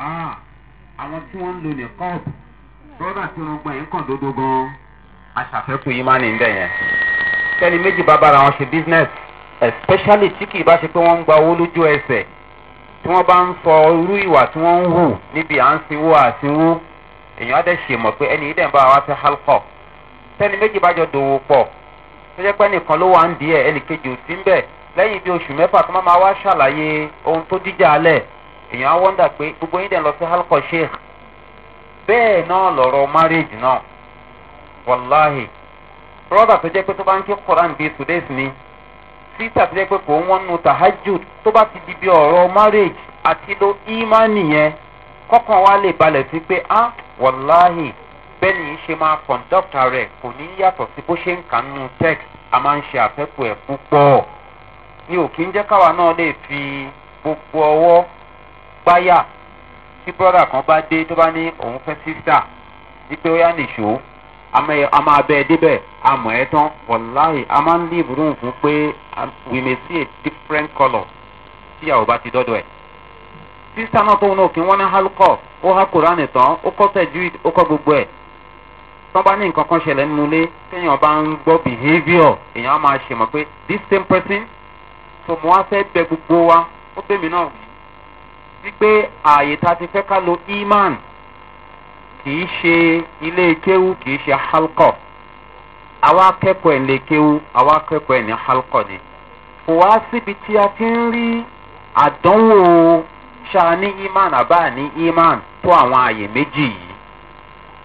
Ah, àwọn tí wọ́n ń lo nìkọ́ọ̀bù rọ́dà tí wọ́n gbọ́n yẹn kàn dódó gan-an. aṣàfẹ́kù yìí máa ní níbẹ̀ yẹn. kẹ́ni méjì bá bára wọn ṣe business especially tí kì í bá ṣe pé wọ́n ń gba owó lójú ẹsẹ̀ tí wọ́n bá ń sọ irú ìwà tí wọ́n ń hù níbi à ń sinwó àsinwó èèyàn á dẹ̀ ṣe mọ̀ pé ẹni yìí dẹ̀ ń bá wa fẹ́ halkọ̀ tẹ́ni méjì bá jọ dòwò pọ̀ tó jẹ́ pé nìkan ló wà ń di ẹ̀ ẹnì kejì ò sí ń bẹ̀ lẹ́yìn bí oṣù mẹ́fà tó má máa wá ṣàlàyé ohun tó díjà alẹ̀ èèyàn á wọ́ndà pé gbogbo yín dẹ̀ lọ sí sheikh bẹ́ẹ̀ náà lọ̀rọ̀ marriage náà wàláhì rọ́bà tó jẹ́ pé tó koran bíi today's ni sísà tó jẹ́ pé kò ń wọ́n nu tahajud ti di bí ọ̀rọ̀ marriage àti lo imani nìyẹn. kọ́kàn wa lè balẹ̀ sí pé ah wàláhì ni ṣe máa kọ̀ǹdọ́kítà rẹ̀ kò ní yàtọ̀ sí bó ṣe ń kà nínú text a máa ń ṣe àfẹ́kù ẹ̀ púpọ̀ ni ò ń fi gbogbo ọwọ́ páyà tí brọ́dà kan bá dé tó bá ní òun fẹ́ sísà wípé ó yá nìṣó a máa bẹ débẹ̀ a mọ̀ ẹ tán wàláhì a máa ń ní ìbúrún fún pé we may see a different colour tí àwọn bá ti dọ́dọ̀ ẹ̀. sísá náà tóun náà kí wọ́n ná hálùkọ́ ó há kúránì tán ó kọ́ tẹ̀jú ó kọ́ gbogbo ẹ̀. tán bá ní nǹkan kan ṣẹlẹ̀ nínú ilé téèyàn bá ń gbọ́ behaviour èèyàn á máa ṣe mọ̀ pé this same person tó mọ́ á fẹ́ bẹ gbogbo wa ó bẹ̀mí náà wí wípé ààyè ta ti fẹ́ ká lo iman kìí ṣe ilé kéwú kìí ṣe halkọ àwa akẹ́kọ̀ọ́ ẹ̀ ń lè kéwú àwa akẹ́kọ̀ọ́ ẹ̀ ní halkọ ni kò wá síbi tí a ti ń rí àdánwò ṣáà ní iman àbá ní iman tó àwọn ààyè méjì yìí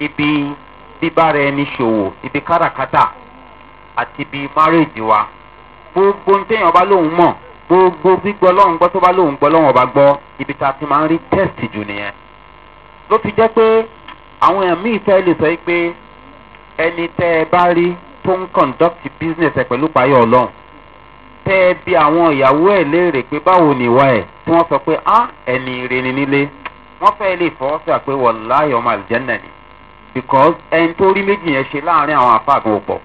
ibi bíbára ẹni ṣòwò ibi káràkátà àti ibi márèèjì wa gbogbo ní téèyàn bá lóun mọ̀ gbogbo gbígbọ́ lọ́hùn gbọ́ tó bá lóhùn gbọ́ lọ́hùn ọba gbọ́ ibi tá a ti máa ń rí test jù nìyẹn ló fi jẹ́ pé àwọn èèyàn míì fẹ́ lè sọ pé ẹni tẹ́ ẹ bá rí tó ń conduct business ẹ pẹ̀lú payọ̀ ọlọ́run tẹ́ ẹ bí àwọn ìyàwó ẹ̀ léèrè pé báwo ni ìwà ẹ̀ tí wọ́n sọ pé á ah, ẹni ire ni nílé wọ́n fẹ́ lè fọwọ́ sí àpé wọ̀láyọ̀ ọmọ àlùjẹ́nà ni because ẹni tó rí méjì yẹn ṣe láàrin àwọn àfáàgùn òpọ̀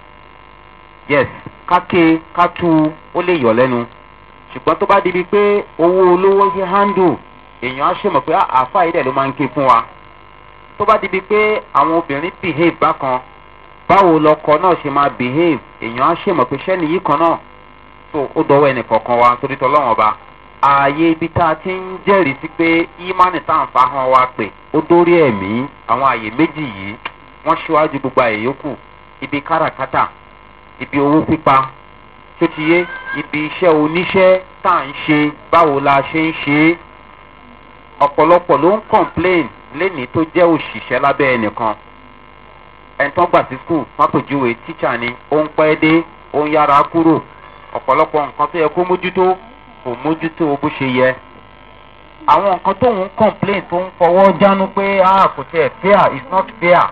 yes káke kátú ó lè yọ̀ lẹ́nu ṣùgbọ́n tó bá dibi pé owó olówó yí handle èèyàn á ṣèmọ̀ pé ah, àáfà yìí dẹ̀ ló máa ń ké fún wa tó bá dibi pé àwọn obìnrin behave bákan báwo lọkọ náà ṣe máa behave èèyàn á ṣèmọ̀ pé ṣẹ́ni yìí kan náà tó ó dọwọ́ ẹnì kọ̀ọ̀kan wa torí tọ́lọ́wọ́n ọba ààyè ibi tá a ti ń jẹ́rìí sí pé ímánì tá à ń fa hàn wa pè ó dórí ẹ̀mí àwọn ààyè méjì yìí wọ́n ṣíwájú gbogbo àyè yòókù ibi káràkátà ibi owó pípa tó ti yé ibi iṣẹ́ oníṣẹ́ tá à ń ṣe báwo la ṣe ń ṣe é ọ̀pọ̀lọpọ̀ ló ń complain lénìí tó jẹ́ òṣìṣẹ́ lábẹ́ ẹnìkan ẹ̀ńtọ́ gbà sí skul mápèjúwe tíṣà ni ó ń pẹ́ dé ó ń yára kúrò ọ̀pọ̀lọpọ̀ nǹkan tó yẹ kó mójútó kò mójútó bó ṣe yẹ àwọn nǹkan tó ń complain tó ń fọwọ́ jánu pé ah kò tẹ̀ fair is not fair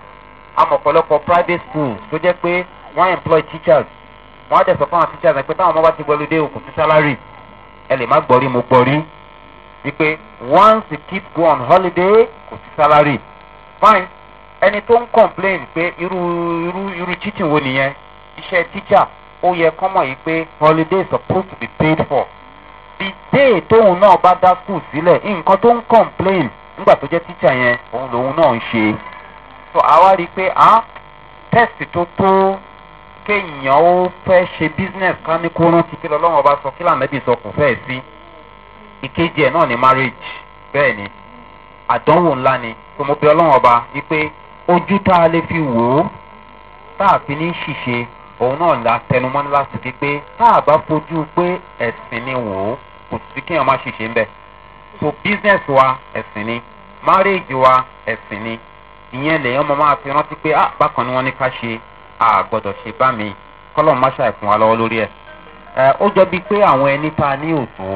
àmọ̀ ọ̀pọ̀lọpọ̀ private schools tó jẹ́ pé wọ́n employ teachers wọn á dẹ̀ sọ fún àwọn tíṣà pé táwọn ọmọ bá ti gbọ́lú dé òkùn sí sálárì ẹ lè má gbọ́rí mo gbọ́rí wípé once the keep go on holiday kò sí sálárì fine ẹni tó ń complain pé irú irú irú cheating wo nìyẹn iṣẹ́ tíṣà ó yẹ kọ́mọ̀ yìí pé holiday is supposed to be paid for the day tóun náà bá dá school sílẹ̀ nǹkan tó ń complain nígbà tó jẹ́ tíṣà yẹn òun lòun náà ń ṣe so àwa rí i pé ah, test tó tó kéèyàn ó fẹ́ ṣe business ká ní kó rántí kí lọ́lọ́wọ́n bá sọ kí lànàbì sọ kò fẹ́ẹ̀ sí ìkejì ẹ̀ náà ni marriage bẹ́ẹ̀ ni àdánwò ńlá ni tó mo bí ọlọ́wọ́n ọba wípé ojú tá a lè fi wò ó tá a fi ní ṣìṣe òun náà la tẹnumọ́ ní láti fi pé tá a bá fojú pé ẹ̀sìn ni wò ó kò sí kéèyàn má ṣìṣe ń so business wa ẹ̀sìn ni marriage wa ẹ̀sìn ni ìyẹn lèèyàn mo máa fi rántí pé ah bákan ni wọ́n ní ká ṣe a gbọdọ̀ ṣe bá mi kọ́lọ́n má ṣàìkún wa lọ́wọ́ lórí ẹ̀. ẹ ó jọ bíi pé àwọn ẹni tá a ní òtó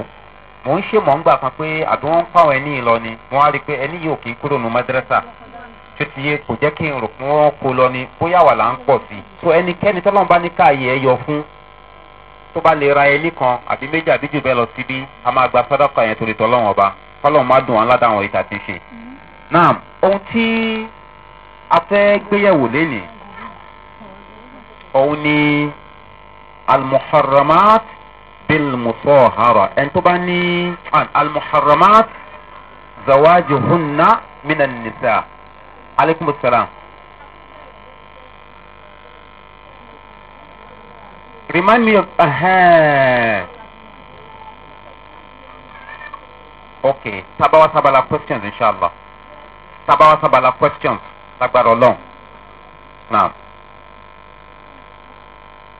mò ń ṣe mọ̀ ń gbà kan pé àbí wọ́n ń pàwọn ẹni ìlọ ni wọ́n á rí i pé ẹni yìí ò kì í kúrò nù mẹ́dẹ́rẹ́sà tó ti yé kò jẹ́ kí n rò pé wọ́n kó lọ ni bóyá wà là ń pọ̀ sí i. tó ẹnikẹ́ni tọ́lọ́n bá ní káàyè ẹ yọ fún tó bá lè ra ẹni kan àbí méjì àbí jù bẹ́ẹ̀ lọ síbí a máa gba sọ́dọ̀kọ̀ yẹn torí tọ́lọ́wọ̀n ọba kọ́lọ́n má dùn wọn ládàá wọn ìtàtí ṣe. náà ohun tí a fẹ́ gbéyẹ̀wò lénìí òun ni almuharramat bilmutahara ẹni tó bá ní ah, almuharramat zawaji hunna minan nisa aleykum salaam. remind me of uh, okay tabawa sabala questions inshallah tabawa sabala questions lagbara ọlọrun now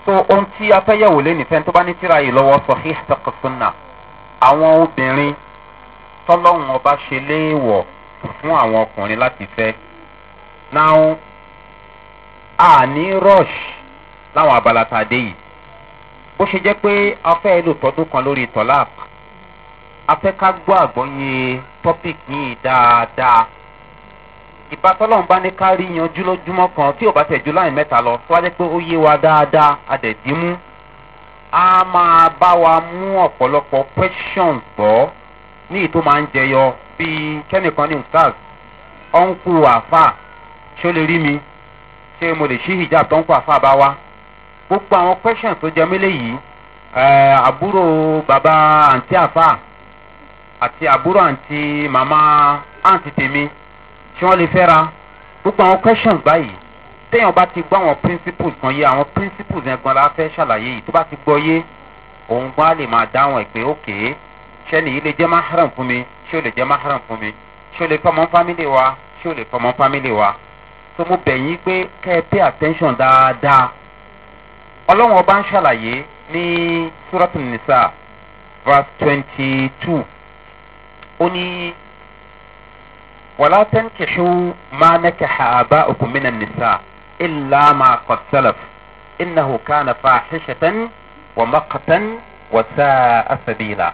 so ohun tí a fẹ́ yẹ̀wò lé nìfẹ́ tó bá ní tíra yìí lọ́wọ́ sọ hí sẹ́kọ̀sọ́nà àwọn obìnrin tọ́lọ́hún ọba ṣe léèwọ̀ fún àwọn ọkùnrin láti fẹ́ náà a ní rush láwọn abala tá a dé yìí bó ṣe jẹ́ pé a fẹ́ lò tọ́dún kan lórí tọ́lá a fẹ́ ká gbọ́ àgbọ́yé topic yìí dáadáa ìbátọ́lọ́n bá ní kárí yanjú lójúmọ́ kan tí ò bá tẹ̀jú láì mẹ́ta lọ tó wájẹ́ pé ó yé wa dáadáa adẹ̀dímú a máa bá wa mú ọ̀pọ̀lọpọ̀ questions bọ́ ní ìtò máa ń jẹyọ bíi kẹ́nìkan ní ustaz ọ̀nkù àfà ṣó lè rí mi ṣé mo lè ṣí hijab tó ń kó àfà bá wa gbogbo àwọn questions tó jẹ mí léyìí eh, àbúrò bàbá àǹtí àfà àti àbúrò àǹtí màmá àǹtí tèmi tí wọ́n lè fẹ́ra gbogbo àwọn questions báyìí téèyàn bá ti gbọ́ àwọn principles kan yé àwọn principles yẹn gan la fẹ́ ṣàlàyé yìí tó bá ti gbọ́ yé òun gan á lè máa dáhùn ẹ̀ pé ókè ṣé nìyí lè jẹ́ mahram fún mi ṣé ó lè jẹ́ mahram fún mi ṣé ó lè fọmọ fámílì wa ṣé ó lè fọmọ fámílì wa tó mo bẹ̀ yín pé kẹ́ ẹ pay attention dáadáa ọlọ́run ọba ń ṣàlàyé ní surat nisa verse twenty two ó ní. ولا tẹ́ǹkìṣu ما نكح ha من النساء إلا ما قد سلف إنه كان فاحشة fa àṣìṣẹ́tẹ́n wà أم wà sá àṣàbílà.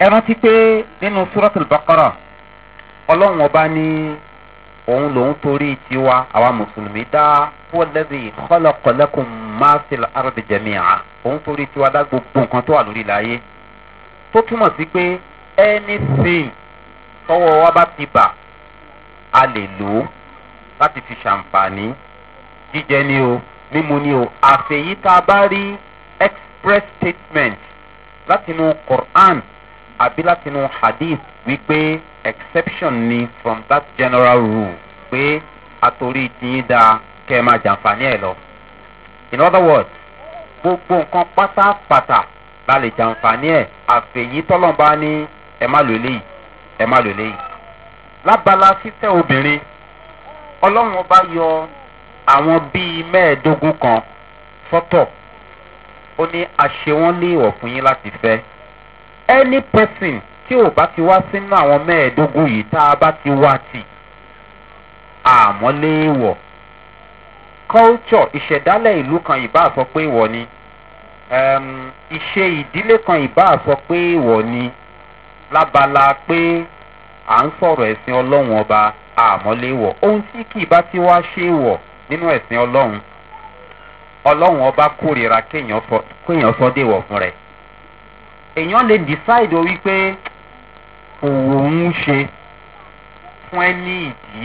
ẹ rántí pé nínú suratul bakara ọlọ́run ọba ní òun lòun torí tiwa àwa mùsùlùmí dá wọ́lẹ́bí kọ́lọ́kọ́lẹ́kùn máa fi òun torí tiwa dá gbogbo nǹkan tó wà lórí ilẹ̀ ayé tó túmọ̀ sí pé anything tọwọ́ wa bá fi bà a lè lò ó láti fi ṣàǹfààní jíjẹ ni o mímu ni o àfẹ̀yí tá bá rí express statement látinú quran àbí látinú hadith wípé exception ni from that general rule pé àtòrí tìyín dáa kẹ́ ẹ máa jàǹfààní ẹ̀ lọ. in other words gbogbo nǹkan pátápátá la lè jàǹfààní ẹ̀ àfẹ̀yí tọ́lọ́mbá ẹ má lò léyìí ẹ má lò léyìí. lábala títẹ́ obìnrin ọlọ́run ọba yọ àwọn bíi mẹ́ẹ̀ẹ́dógún kan sọ́tọ̀ ó ní àṣẹ wọn lé ìwọ̀ yín láti fẹ́ any person tí ò bá ti wá sínú àwọn mẹ́ẹ̀ẹ́dógún yìí tá a bá ti wá tì àmọ́ lé ìwọ̀ culture ìṣẹ̀dálẹ̀ ìlú kan ìbá sọ pé ìwọ ni ìṣe ìdílé kan ìbá sọ pé ìwọ ni lábala pé à ń sọ̀rọ̀ ẹ̀sìn ọlọ́run ọba àmọ́léwọ̀ ohun tí kì í bá ti wá ṣe wọ̀ nínú ẹ̀sìn ọlọ́run ọlọ́run ọba kórìíra kéèyàn sọ déwọ̀ fún rẹ̀ èèyàn lè decide o wípé òun ṣe fún ẹ ní ìdí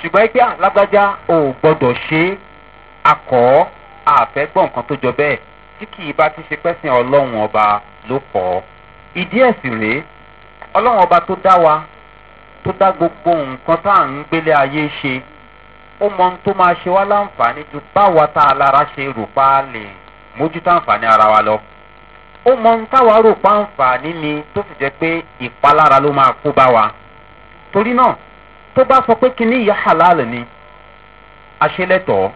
ṣùgbọ́n ẹgbẹ́ alágbájá ò gbọ́dọ̀ ṣe akọ̀ àfẹ́gbọ́n nǹkan tó jọ bẹ́ẹ̀ tí kì í bá ti ṣe pẹ́sìn ọlọ́run ọba ló pọ̀ ìdí ẹ̀sìn rèé ọlọ́run ọba tó dá wa tó dá gbogbo nǹkan tá à ń gbélé ayé ṣe ó mọ ohun tó máa ṣe wá láǹfààní ju báwa tá a lára ṣe rò pa á lè mójútó àǹfààní ara wa lọ ó mọ ohun táwa rò pa àǹfààní ni tó fi jẹ́ pé ìpalára ló máa kó bá wa torí náà tó bá sọ pé kinní ìyá halal ni aṣẹ́lẹ̀tọ̀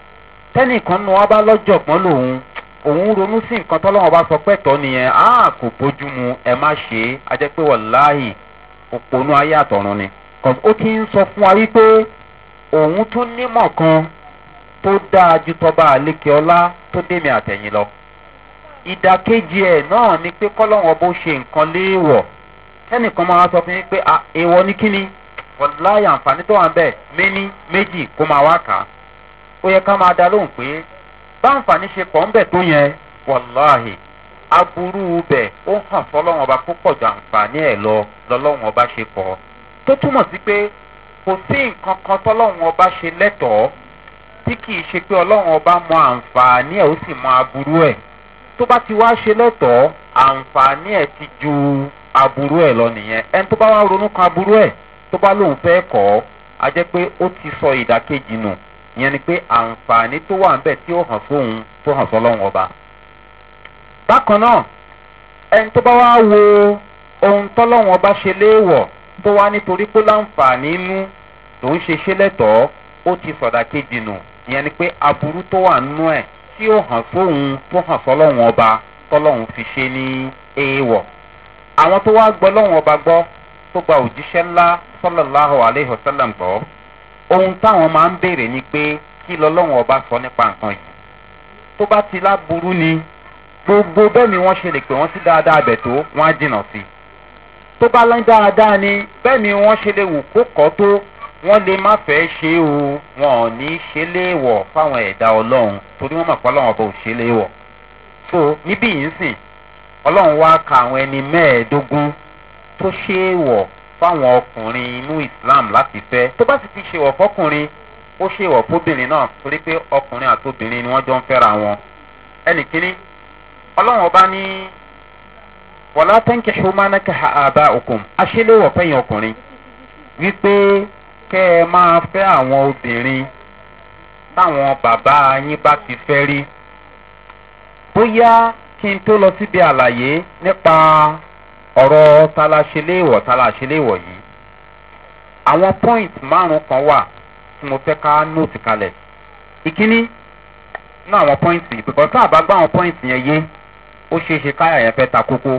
tẹ́nìkan nu wa bá lọ́jọ̀gbọ́n lòun òun ronú sí nǹkan tọ́lọ́wọ́n bá sọ pé tọ́ nìyẹn á kò bójú mu ẹ má ṣe é a jẹ́ pé wàláhì òpònú ayé àtọ̀run ni. ó ti ń sọ fún wa wípé òun tún nímọ̀ kan tó dáa ju tọba àlékè ọlá tó dèmi àtẹ̀yìn lọ. ìdàkejì ẹ̀ náà ni pé kọ́lọ́wọ́n bó ṣe nǹkan léèwọ̀ ẹnìkan máa sọ fún mi pé èèwọ̀ ni kíni wàláhì àǹfààní tó wà ń bẹ̀ méní méjì kó máa wá kà á. ó yẹ ká máa dá lóhùn pé báǹfààní ṣe pọ̀ ń bẹ̀ tó yẹn wàláhì aburú bẹ̀ ó hàn sọ́lọ́wọ́n ọba púpọ̀ jù àǹfààní ẹ̀ lọ lọ́lọ́wọ́n ọba ṣe pọ̀ tó túmọ̀ sí pé kò ọba ṣe lẹ́tọ̀ọ́ tí kì í ṣe pé ọba mọ àǹfààní ẹ̀ ó sì mọ aburú ẹ̀ tó bá ti ṣe lẹ́tọ̀ọ́ àǹfààní ẹ̀ ti ju aburú lọ nìyẹn ẹni tó bá wá ronú kan aburú ẹ̀ tó bá lóun fẹ́ kọ́ ọ a jẹ́ ti sọ ìdákejì nù ìyẹn ni pé àǹfààní tó wà níbẹ̀ tí ó hàn fóun tó hàn sọlọ́run ọba. bákan náà ẹni tó bá wá wo ohun tọ́lọ́run ọba ṣe léèwọ̀ tó wá nítorí pé láǹfààní inú tó ń ṣe ṣe lẹ́tọ̀ọ́ ó ti sọ̀dà kejì nù ìyẹn ni pé aburú tó wà nínú ẹ̀ tí ó hàn fóun tó hàn sọlọ́run ọba tọ́lọ́run fi ṣe ní èèwọ̀. àwọn tó wá gbọ́ lọ́run ọba gbọ́ tó gba òjíṣẹ́ ńlá sọ́lọ́láhùn àlẹ́ ìhọ̀sẹ́lẹ̀ gbọ́ ohun táwọn máa ń béèrè ni pé kí lọ́lọ́run ọba sọ nípa nǹkan yìí tó bá ti láburú ni gbogbo bẹ́ẹ̀ ni wọ́n ṣe lè pè wọ́n sí dáadáa bẹ̀ tó wọ́n á jìnà sí i tó bá lọ́n dáadáa ni bẹ́ẹ̀ ni wọ́n ṣe lè wù kó kọ́ tó wọ́n lè má fẹ́ ṣe o wọn ò ní ṣe léèwọ̀ fáwọn ẹ̀dá ọlọ́run torí wọ́n mọ̀ pé ọlọ́run ọba ò ṣe léèwọ̀ so níbí yìí ń sìn ọlọ́run wá ka àwọn ẹni mẹ́ẹ̀ẹ́dógún tó ṣe é wọ̀ fáwọn ọkùnrin inú islam láti fẹ́ tó bá sì ti ṣe wọ̀ fọkùnrin ó ṣe wọ̀ fóbìnrin náà torí pé ọkùnrin àtòbìnrin ni wọ́n jọ ń fẹ́ra wọn ẹnì kínní ọlọ́run ọba ní wọ̀lá tẹ́ǹkì ṣọ́mánàkà àbá òkun aṣẹ́léwọ̀ fẹ́yìn ọkùnrin wípé kẹ́ ẹ máa fẹ́ àwọn obìnrin táwọn bàbá yín bá ti fẹ́ rí bóyá kí n tó lọ síbi àlàyé nípa ọ̀rọ̀ talasẹ́léèwọ̀ talasẹ́léèwọ̀ yìí àwọn point márùn kan wà tí mo fẹ́ ká nóòtì kalẹ̀ ìkíní náà àwọn point yìí pẹ̀kọ́ tá a bá gbá àwọn point yẹn yé ó ṣeé ṣe káyà yẹn fẹ́ ta kókó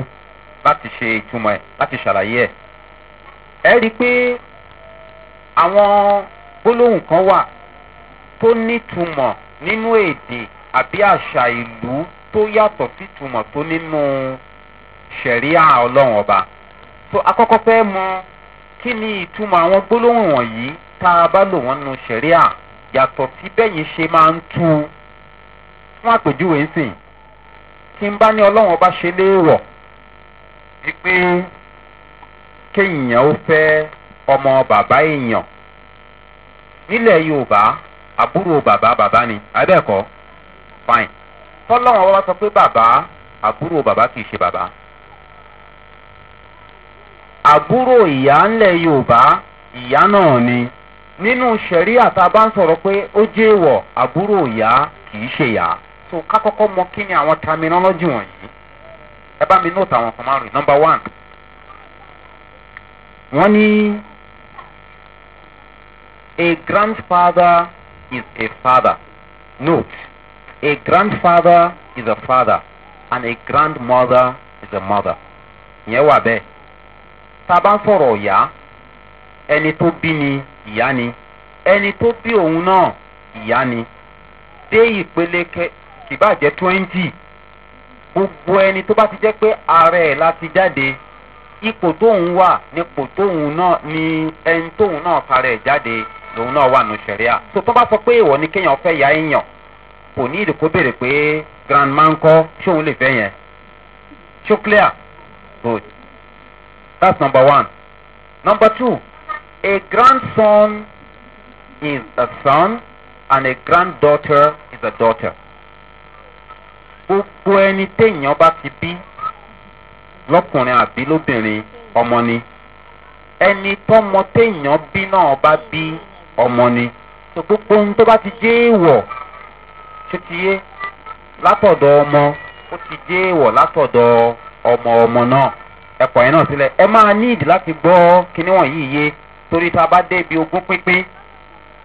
láti ṣe ìtumọ̀ ẹ̀ láti ṣàlàyé ẹ̀ ẹ rí i pé àwọn gbólóhùn kan wà tó nítumọ̀ nínú èdè àbí àṣà ìlú tó yàtọ̀ sí ìtumọ̀ tó nínú ṣẹ̀ríà ọlọ́run ọba. so akọ́kọ́ fẹ́ mọ kí ni ìtumọ̀ àwọn gbólóhùn wọ̀nyí tá a bá lò wọ́n nu ṣẹ̀ríà yàtọ̀ sí bẹ́yìn ṣe máa ń tú u. fún àpèjúwe ńsìn tí n bá ní ọlọ́run ọba ṣe léèwọ̀ wípé kéèyàn ó fẹ́ ọmọ bàbá èèyàn nílẹ̀ yorùbá àbúrò bàbá bàbá ni abẹ́ẹ̀kọ́ fine tọ́lọ́wọ́n bá sọ pé bàbá àbúrò bàbá kì í ṣe bàbá. àbúrò ìyá ńlẹ̀ yorùbá ìyá náà ni nínú sẹ̀rí àtàbá ń sọ̀rọ̀ pé ó jẹ́ ìwọ̀ àbúrò ìyá kì í ṣe ìyá so ká kọ́kọ́ mọ kí ni àwọn terminology wọ̀nyí ẹ bá mi nóòtù àwọn kan márùn number one wọ́n ní a grandfather is a father note a grandfather is a father and a grandmother is a mother ìyẹn wà bẹ́ẹ̀. tábà ń sọ̀rọ̀ ọ̀yá ẹni tó bí ni ìyá ni ẹni tó bí òun náà ìyá ni dé ìpele kìbàjẹ́ twenty gbogbo ẹni tó bá ti jẹ́ pé ààrẹ ẹ̀ láti jáde ipò tóun wà nípò tóun náà ni ẹni tóun náà fara ẹ̀ jáde lòun náà wà nù sẹ̀ríà tó tó bá sọ pé ìwọ ni kéèyàn fẹ́ ya èèyàn kò ní ìdìkó béèrè pé grandma ń kọ́ ṣóun lè fẹ́ yẹn ṣó clear good. That's number one. Number two, a grandson is a son and a granddaughter is a daughter. Gbogbo ẹni téèyàn bá ti bí lọ́kùnrin àbí lóbìnrin ọmọ ni. Ẹni tọ́mọ téèyàn bí náà bá bí ọmọ ni. Gbogbo ohun tó bá ti jẹ́ èèwọ̀ ṣé ti yé látọ̀dọ̀ ọmọ ó ti jẹ́ èèwọ̀ látọ̀dọ̀ ọmọ ọmọ náà ẹ̀kọ́ yẹn náà sílẹ̀ ẹ máa ní ìdí láti gbọ́ kíní wọ̀nyí yé torí tá a bá dé ibi ogún pínpín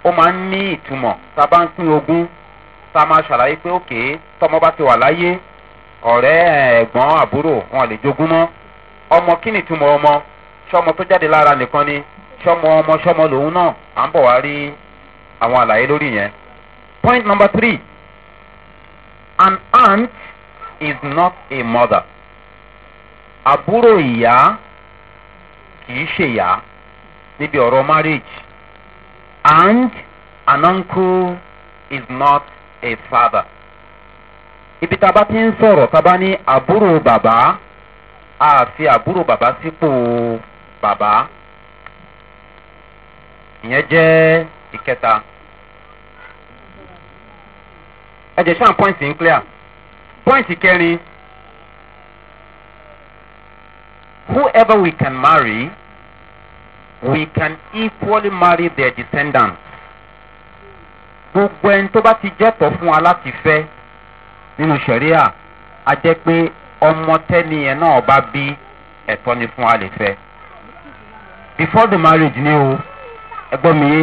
ó máa ń ní ìtumọ̀ tá a bá ń pín ogún tá a máa ṣàlàyé pé òkè tọmọ bá ti wà láyé ọ̀rẹ́ ẹ̀gbọ́n àbúrò wọn lè jogún mọ́ ọmọ kí ni ìtumọ̀ ọmọ ṣọmọ tó jáde lára nìkan ni ṣọmọ ọmọ ṣọmọ lòun náà à ń bọ̀ wá rí àwọn àlàyé lórí yẹn. point number three an aunt is not a mother. àbúrò ìyá kìí ṣèyá níbi ọ̀rọ̀ marriage and an uncle is not a father. ibi tá a bá ti ń sọ̀rọ̀ tá a bá ní àbúrò bàbá a fi àbúrò bàbá sípò bàbá ìyẹn jẹ́ ìkẹta. ẹ jẹ́ sáà pọ́ìntì ń clear pọ́ìntì kẹrin. whoever we can marry, we can equally marry their descendants. gbogbo ẹni tó bá ti jẹ́tọ̀ fún wa láti fẹ́ nínú sẹ̀ríà a jẹ́ pé ọmọ tẹ́ni ẹ̀ náà bá bí ẹ̀tọ́ ni fún wa lè fẹ́. before the marriage ni o ẹgbọ́n mi yé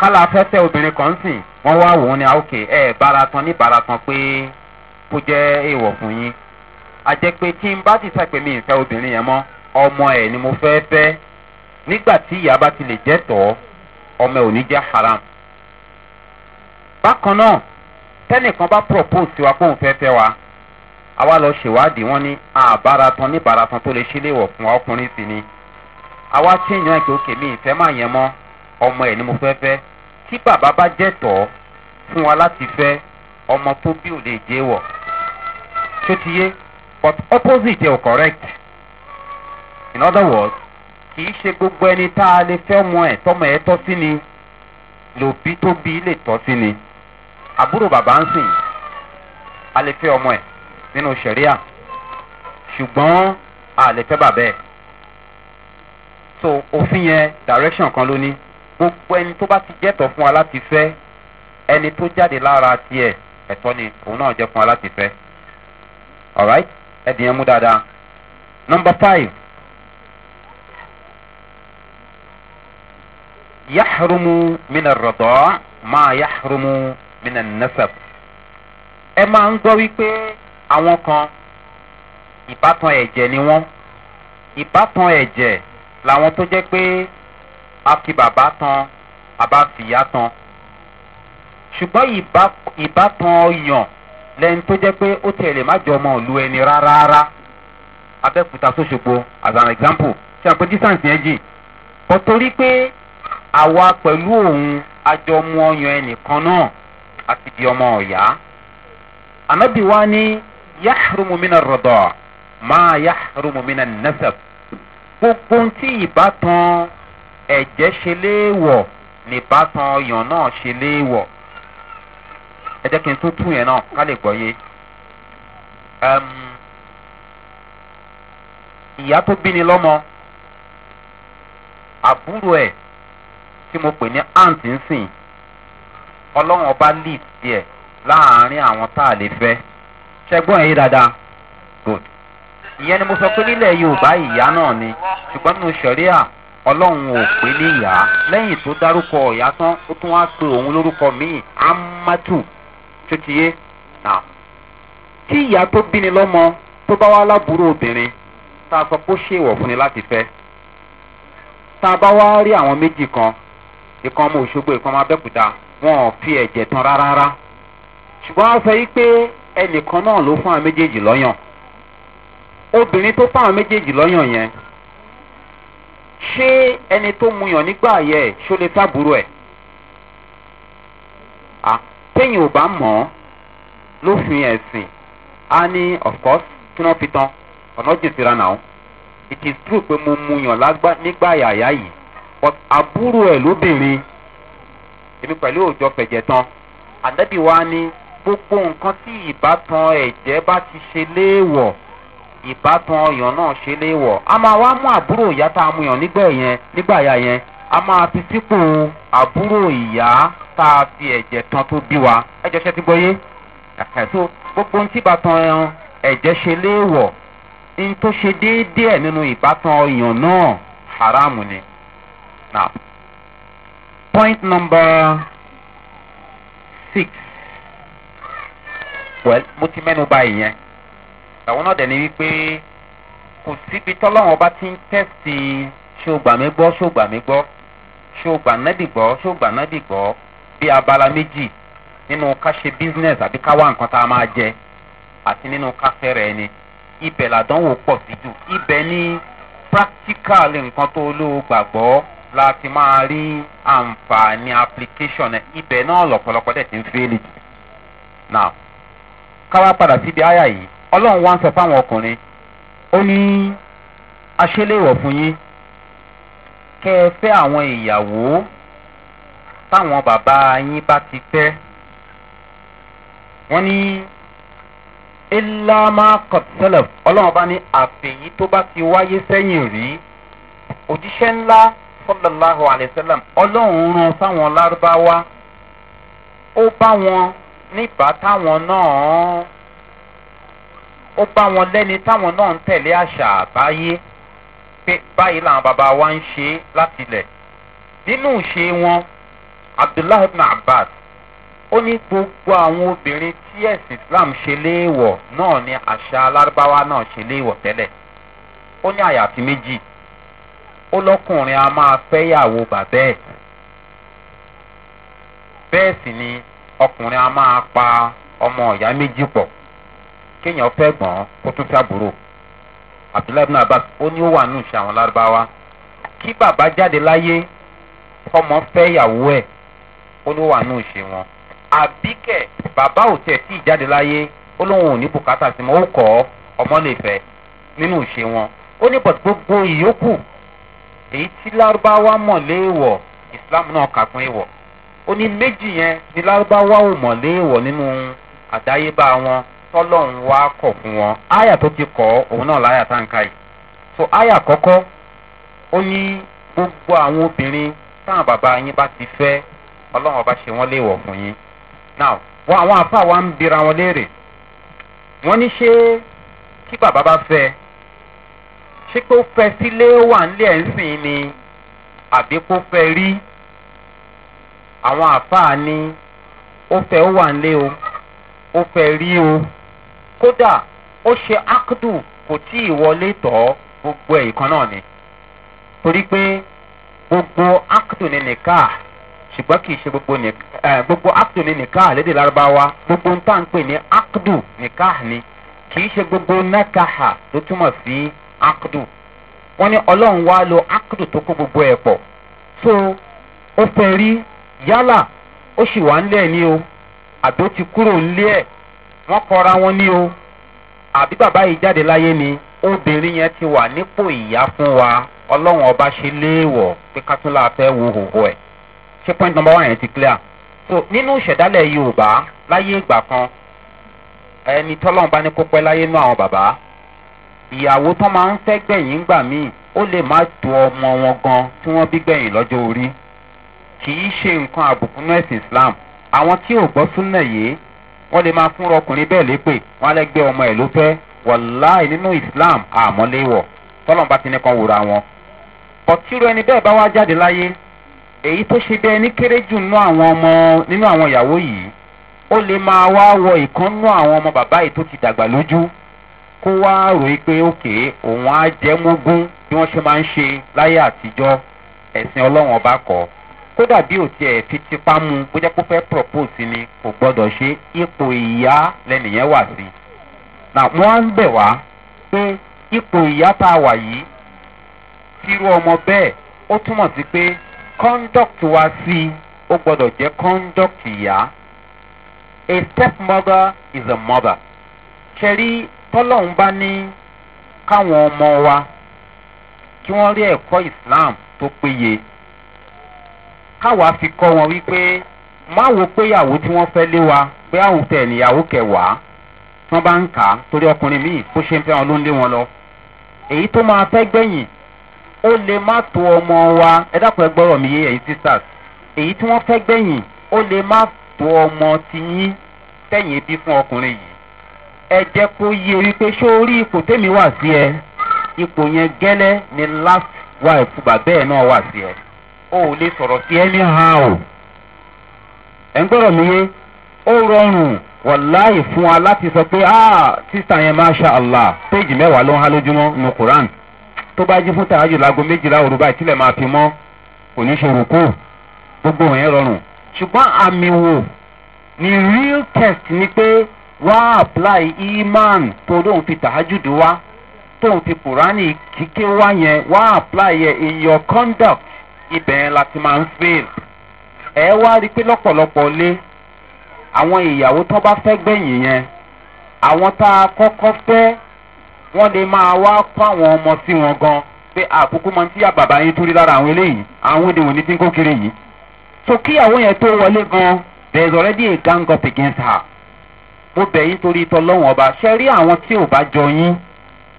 kálá afẹ́fẹ́ obìnrin kan sìn wọ́n wá wò ó ní àókè ah, ẹ̀ bára tán ní bára tán pé kó jẹ́ èèwọ̀ fún yín àjẹ́ pé tí n bá ti sàpè mi ìfẹ́ obìnrin yẹn mọ́ ọmọ ẹ̀ ni mo fẹ́ fẹ́ nígbà tí ìyá bá ti lè jẹ́ tọ́ ọmọ ẹ̀ ò ní jẹ́ haram. bákan náà tẹ́nìkan bá propose sí wa pé òun fẹ́ fẹ́ wa àwa lọ ṣèwádìí wọn ní àbára tán níbàárà tán tó lè ṣe léèwọ̀ fún wa ọkùnrin sì ni àwa tí èèyàn ẹ̀kẹ́ òkè mi ìfẹ́ máa yẹn mọ́ ọmọ ẹ̀ ni mo fẹ́ fẹ́ tí bàbá bá jẹ́ tọ́ fún wa láti fẹ́ ọmọ tó bí ò lè jẹ́ wọ̀ ṣó ti yé but opposite ẹ̀ correct in other words kì í ṣe gbogbo ẹni tá a lè fẹ́ mọ ẹ̀ tọ́mọ ẹ̀ tọ́ sí ni lòbí tó bí lè tọ́ sí ni àbúrò bàbá ń sìn a lè fẹ́ ọmọ ẹ̀ nínú sẹ̀ríà ṣùgbọ́n a lè fẹ́ bàbá ẹ̀ so òfin yẹn direction kan ló ní gbogbo ẹni tó bá ti jẹ́tọ̀ fún wa láti fẹ́ ẹni tó jáde lára tiẹ̀ ẹ̀tọ́ ni òun náà jẹ́ fún wa láti fẹ́ alright ẹ̀dìn ẹ̀mú dada number five yaxrumu mina rọ̀dọ̀ ma yaxrumu mina nasab. ẹ máa ń gbọ́ wípé àwọn kan ìbátan ẹ̀jẹ̀ ni wọ́n ìbátan ẹ̀jẹ̀ làwọn tó jẹ́ pé a tan a tan ṣùgbọ́n ìbátan ọyàn lẹ́yìn tó jẹ́ pé ó tẹ̀lé má jọ ọmọ òlu ẹni rárá abẹ́kúta sóṣogbo as an example ṣe àpò distance yẹn jìn kò torí pé àwa pẹ̀lú òun àjọmú ọyàn ẹnìkan náà àti di ọmọ ọ̀yá anabi wa ni yahrumu mina rọdọ máa yahrumu mina nasab gbogbo tí ìbátan ẹ̀jẹ̀ ṣe léèwọ̀ nìbátan ọyàn náà ṣe léèwọ̀ ẹ jẹ́ kí n tó tú yẹn náà ká lè gbọ́ yé ìyá tó bí ni lọ́mọ àbúrò ẹ̀ tí mo pè ní aunt ń sìn ọlọ́run ọba lead díẹ̀ láàárín àwọn tá a lè fẹ́ ṣẹgbọ́n ẹ̀yìn dáadáa good ìyẹn ni mo sọ pé nílẹ̀ yorùbá ìyá náà ni ṣùgbọ́n nínú sẹ̀ríà ọlọ́run ò pé ní ìyá lẹ́yìn tó dárúkọ ìyá tán ó tún wá pe òun lórúkọ míì amatu tó ti yé nà tí ìyá tó bí ni lọ́mọ tó bá wá lábúrò obìnrin tá a sọ pé ó ṣèwọ̀ fún ni láti fẹ́ tá a bá wá rí àwọn méjì kan ìkan ọmọ òṣogbo ìkan ọmọ abẹ́kúta wọn ò fi ẹ̀jẹ̀ tán rárá ṣùgbọ́n a sọ yí pé ẹnìkan náà ló fún àwọn méjèèjì lọ́yàn obìnrin tó fáwọn méjèèjì lọ́yàn yẹn ṣé ẹni tó mu yàn nígbà yẹ ṣó lè tábúrò ẹ̀ téèyàn ò bá mọ̀ ọ́ lófin ẹ̀sìn á ní of course kí wọ́n fi tán ọ̀nà jìn síra náà it is true pé mo mu yàn lágbá nígbà yàyà yìí but àbúrò ẹ̀ lóbìnrin èmi pẹ̀lú òòjọ́ fẹ̀jẹ̀ tán àdẹ́bí wa ní gbogbo nǹkan tí ìbátan ẹ̀jẹ̀ bá ti ṣe léèwọ̀ ìbátan ọ̀yàn náà ṣe léèwọ̀ a máa wá mú àbúrò ìyá tá a mu yàn nígbà yẹn nígbà yà yẹn a máa fi sípò àbúrò ìyá tá a fi ẹ̀jẹ̀ tan tó bí wa ẹ̀jẹ̀ ṣe ti gbọ́yé so gbogbo ohun tí ìbátan ẹ̀jẹ̀ ṣe léèwọ̀ ní tó ṣe déédéé nínú ìbátan ọ̀yàn náà haram ni. Now, point number six well mo ti mẹ́nu ba ìyẹn àwọn náà dẹ̀ ni wípé kò síbi tọ́lọ́wọ́n bá ti ń tẹ̀sí ṣó gbà mí gbọ́ ṣó gbà mí gbọ́ ṣó gbà nábì gbọ́ ṣó gbọ́ bí abala méjì nínú ká ṣe business àbí ká wá nǹkan tá a máa jẹ àti nínú ká fẹ́rẹ̀ ẹni ibẹ̀ làdánwò pọ̀ sí jù ibẹ̀ ní practical nǹkan tó olówó gbàgbọ́ la máa rí àǹfààní application ibẹ̀ náà ti ń jù. káwá padà síbi àyà yìí ọlọ́run wá ń sọ fáwọn ọkùnrin ó ní fún yín kẹ́ ẹ fẹ́ àwọn ìyàwó táwọn bàbá yín bá ti fẹ́ wọ́n ní ilama kọtẹlẹf ọlọ́run bá ní àfẹ̀yí tó bá ti wáyé sẹ́yìn rí òjíṣẹ́ ńlá sọlọ́láhùn àlẹ́sẹ́lẹ̀m ọlọ́run ran sáwọn lárúbáwá ó bá wọn níbà táwọn náà ó bá wọn lẹ́ni táwọn náà ń tẹ̀lé àṣà àbáyé pé báyìí làwọn bàbá wa ń ṣe láti ilẹ̀ nínú ìṣe wọn abdullahi ibn abbas ó ní gbogbo àwọn obìnrin tí ẹ̀sìn islam ṣe léèwọ̀ náà ni àṣà alárúbáwá náà ṣe léèwọ̀ tẹ́lẹ̀ ó ní àyàfi méjì ó lọ́kùnrin a máa fẹ́yàwó bàbá ẹ̀ bẹ́ẹ̀ sì ni ọkùnrin a máa pa ọmọ ìyá méjì pọ̀ kéèyàn fẹ́ gbọ́n kó tún fẹ́ àbúrò abdullahi ibn abbas ó ní ó wà nù ṣe àwọn lárúbáwá kí bàbá jáde láyé kọmọ fẹ́ ìyàwó ẹ̀ ó ló wà nù ṣe wọn àbíkẹ́ bàbá ò tẹ̀ tí ìjáde láyé ó lóun ò ní bùkátà sí mọ́ ó kọ́ ọmọ lè fẹ́ nínú ṣe wọn ó ní bọ̀t gbogbo ìyókù èyí tí lárúbáwá mọ̀ léèwọ̀ islam náà kà fún èèwọ̀ ó ní méjì yẹn ni lárúbáwá ò mọ̀ léèwọ̀ nínú àdáyébá wọn tọ́lọ́run wá kọ̀ fún wọn àyà tó ti kọ́ òun náà láyà tá n ka yìí so àyà kọ́kọ́ ó ní gbogbo àwọn obìnrin táwọn bàbá yín bá ti fẹ́ ọlọ́run ọba ṣe wọ́n léèwọ̀ fún yín now wọn àwọn àfáà wa ń bira wọn léèrè wọn ní ṣé kí bàbá bá fẹ́ ṣé kó fẹ́ sílé wà nílé ẹ̀ ń ni àbí kó fẹ́ rí àwọn àfáà ni ó fẹ́ ó wà nílé o ó fẹ́ rí o. kódà ó ṣe ákùdù kò tí ì wọlé tọ́ gbogbo náà ni torí gbogbo ákùdù ni nìka ṣùgbọ́n kì í ṣe gbogbo nìka gbogbo ni nìka lédè larabawa gbogbo nta tà pè ní nìka ni kì í ṣe gbogbo nákàhà túmọ̀ sí wọ́n ní lo tó kó gbogbo so ó fẹ́ rí yálà ó sì ń wọ́n kọra wọn ní o àbí bàbá yìí jáde láyé ni obìnrin yẹn ti wà nípò ìyá fún wa ọlọ́run ọba ṣe léèwọ̀ pé kátólà fẹ́ wo hòhò ẹ̀ ṣé point number one yẹn ti clear so nínú ìṣẹ̀dálẹ̀ yorùbá láyé ìgbà kan ẹni tọ́lọ́run bá ní kó pẹ́ láyé nú àwọn bàbá ìyàwó tán máa ń fẹ́ gbẹ̀yìn gbà míì ó lè má tó ọmọ wọn gan tí wọ́n bí gbẹ̀yìn lọ́jọ́ orí kì í ṣe nǹkan àbùkù nú ẹ̀sìn islam àwọn tí ò gbọ́ súnà yìí wọ́n lè máa fúnra ọkùnrin bẹ́ẹ̀ lépè wọ́n á lẹ́gbẹ́ ọmọ ẹ̀ ló fẹ́ wàláì nínú islam àmọ́léwọ̀ tọ́lọ́n bá ti ní kan wòra wọn. bọ̀tírò ẹni bẹ́ẹ̀ bá wá jáde láyé èyí tó ṣe bẹ́ẹ̀ ní kéré jù nínú àwọn ọmọ nínú àwọn ìyàwó yìí ó lè máa wá wọ ìkan nínú àwọn ọmọ bàbá yìí tó ti dàgbà lójú kó wá rò ó pé òkè òun á jẹ́ mógún bí wọ́n ṣe máa ń ṣe láyé àtijọ́ ẹ̀sìn ọlọ́run ọba kọ̀ọ̀ kódà bí ò tiẹ̀ fi tipa mu bó kó fẹ́ propose ni kò gbọ́dọ̀ ṣe ipò ìyá lẹ́nìyẹn wà sí. nà wọ́n á ń bẹ̀ wá pé ipò ìyá tá a wà yìí tírú ọmọ bẹ́ẹ̀ ó túmọ̀ sí pé conduct wa sí ó gbọ́dọ̀ jẹ́ conduct ìyá. a step mother is a mother. ṣẹ̀rí tọ́lọ́hún bá ní káwọn ọmọ wa kí wọ́n rí ẹ̀kọ́ islam tó péye. káwa fi kọ́ wọn wípé má wo tí wọ́n fẹ́ lé wa pé àwọn tẹ̀ níyàwó kẹwàá tí wọ́n bá ń kà á torí ọkùnrin míì kó ṣe ń fẹ́ ló ń lé wọn lọ. èyí tó máa fẹ́ gbẹ̀yìn ó lè má tó ọmọ wa ẹ dákun ẹ gbọ́rọ̀ mi yé ẹ̀yin sisters èyí tí wọ́n fẹ́ gbẹ̀yìn ó lè má tó ọmọ tẹ̀yìn bí fún ọkùnrin yìí. ẹ o ò lè sọ̀rọ̀ sí ẹni hàn o ẹ̀ ń gbọ́dọ̀ mi yé ó rọrùn wàláì fún wa láti sọ pé ah sísá yẹn masha allah péjì mẹ́wàá ló ń há lójúmọ́ nu quran tó bá jí fún tàájú láago méjìlá òru báyìí tílẹ̀ máa fi mọ́ kò ní ṣe rúkú gbogbo yẹn rọrùn ṣùgbọ́n àmì wò ni real test ni pé wá apply iman tó lóun fi tàájú dùn wá tóun fi kùránì kíké wá yẹn wá apply yẹn in your conduct ibẹ̀ yẹn la ti máa ń fail ẹ wá rí i pé lọ́pọ̀lọpọ̀ lé àwọn ìyàwó tó bá fẹ́ gbẹ̀yìn yẹn àwọn tá a kọ́kọ́ fẹ́ wọ́n lè máa wá kọ́ àwọn ọmọ sí wọn gan pé àkókò máa ń tíyà bàbá yín tó lára àwọn eléyìí àwọn èdè wòní tí kiri yìí so kíyàwó yẹn tó wọlé gan there is already a gang up against her mo bẹ̀ yín torí tọ́lọ́wọ̀n ọba ṣe rí àwọn tí ò bá jọ yín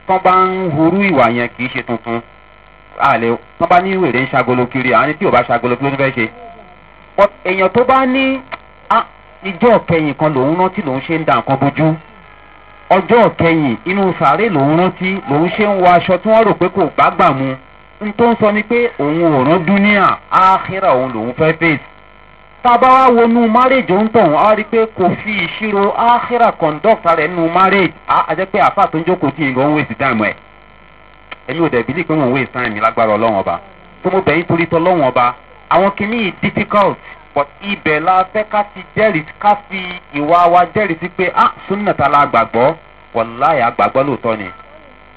tán bá ń horú ìwà yẹn kì í ṣe tuntun àlè tó bá ní wèrè ń ṣagolo kiri àwọn tí o bá ṣagolo kiri ló ń fẹ́ ṣe. èèyàn tó bá ní ijó kẹyìn kan lòún rántí lòún ṣe ń da nǹkan bójú ọjọ́ kẹyìn inú sàárè lòún rántí lòún ṣe ń wọ aṣọ tí wọ́n rò pé kò gbàgbà mu n tó ń ni pé òun ò rán dúníà lòún fẹ́ wá wọnú márèjì tọ̀hún á rí pé kò fi ìṣirò áhírà èmi ò dẹ̀bi lè pé mò ń waste time mi lágbára ọlọ́wọ́n ọba tó mo bẹ̀yìn torí tọ́ lọ́wọ́n ọba àwọn kìíní yìí difficult but ibẹ̀ la fẹ́ ká ti jẹ́rìí ká fi ìwà wa jẹ́rìí sí pé ah sunna ta la gbàgbọ́ wàláì àgbàgbọ́ lóòótọ́ ni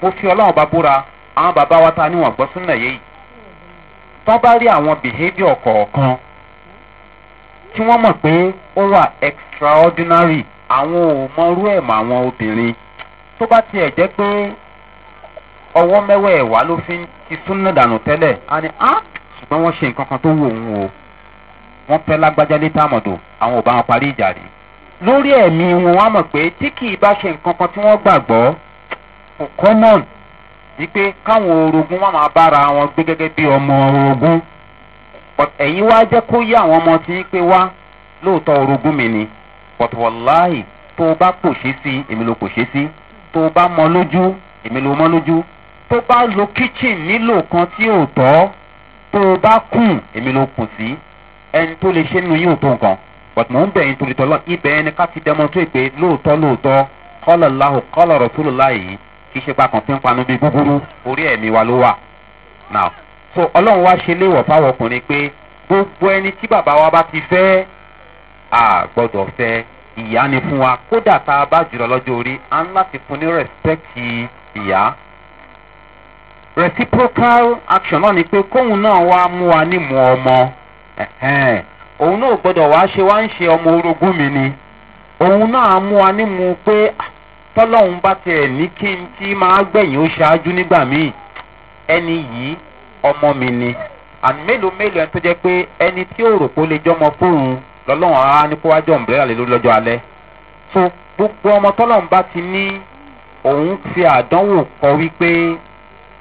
mo fi ọlọ́wọ́n ọba búra àwọn bàbá wa ta ni wọ́n gbọ́ sunna yé yìí tó bá rí àwọn behaviour kọ̀ọ̀kan tí wọ́n mọ̀ pé ó wà extraordinary àwọn ò mọrú ẹ̀ mọ́ àwọn obìnrin tó bá tiẹ̀ jẹ́ pé ọwọ́ mẹ́wẹ̀ẹ̀wá ló fi ń ti súnà dànù tẹ́lẹ̀ á ní á ṣùgbọ́n wọ́n ṣe nǹkan kan tó wù òun o wọ́n pẹ́ lágbájá létà àmọ̀dò àwọn ò wọn parí ìjà rí lórí ẹ̀mí wọn wọ́n mọ̀ pé tí kì í bá ṣe nǹkan kan tí wọ́n gbàgbọ́ kò common wípé káwọn orogún wọn máa bára wọn gbé gẹ́gẹ́ bí ọmọ orogún ẹ̀yin wá jẹ́ kó yé àwọn ọmọ tí pé wá lóòótọ́ orogún mi ni but tó o bá pòṣe sí èmi ló pòṣe sí tó o bá mọ lójú èmi ló mọ lójú tó bá lo kitchen nílò kan tí ò tọ́ tó o bá kùn èmi ló kùn sí ẹni tó lè ṣe nínú yìí ò tó nǹkan but mò ń bẹ̀yìn torí tọ́lọ́ ibẹ̀ ẹni ká ti demonstrate pé lóòótọ́ lóòótọ́ kọ́lọ̀ láhùn kọ́lọ̀ rọ̀túrò láyìí kì í ṣe pàkàn tí ń panu bíi búburú orí ẹ̀mí wa ló wà now so ọlọ́run wá ṣe léwọ̀ fáwọn ọkùnrin pé gbogbo ẹni tí bàbá wa bá ti fẹ́ à gbọ́dọ̀ fẹ́ ìyá ni fún wa kódà tá a bá jùlọ lọ́jọ́ orí à ń láti fún ní rẹ̀spẹ́kì ìyá reciprocal action náà ni pé kóun náà wá mú wa mu ọmọ òun náà gbọdọ̀ wá ṣe wá ń ṣe ọmọ orogún mi ni òun náà mú wa mu pé tọ́lọ́hún bá tiẹ̀ ní kí n tí máa gbẹ̀yìn ó ṣáájú nígbà míì ẹni yìí ọmọ mi ni àmì mélòó mélòó ẹni tó jẹ́ pé ẹni tí ò rò pé ó lè jọmọ fóun lọ́lọ́run á ní kó wá jọ ọ̀mbrẹ́là lé lórí lọ́jọ́ alẹ́ so gbogbo ọmọ tọ́lọ́hún bá ti ní òun fi àdánwò kọ wípé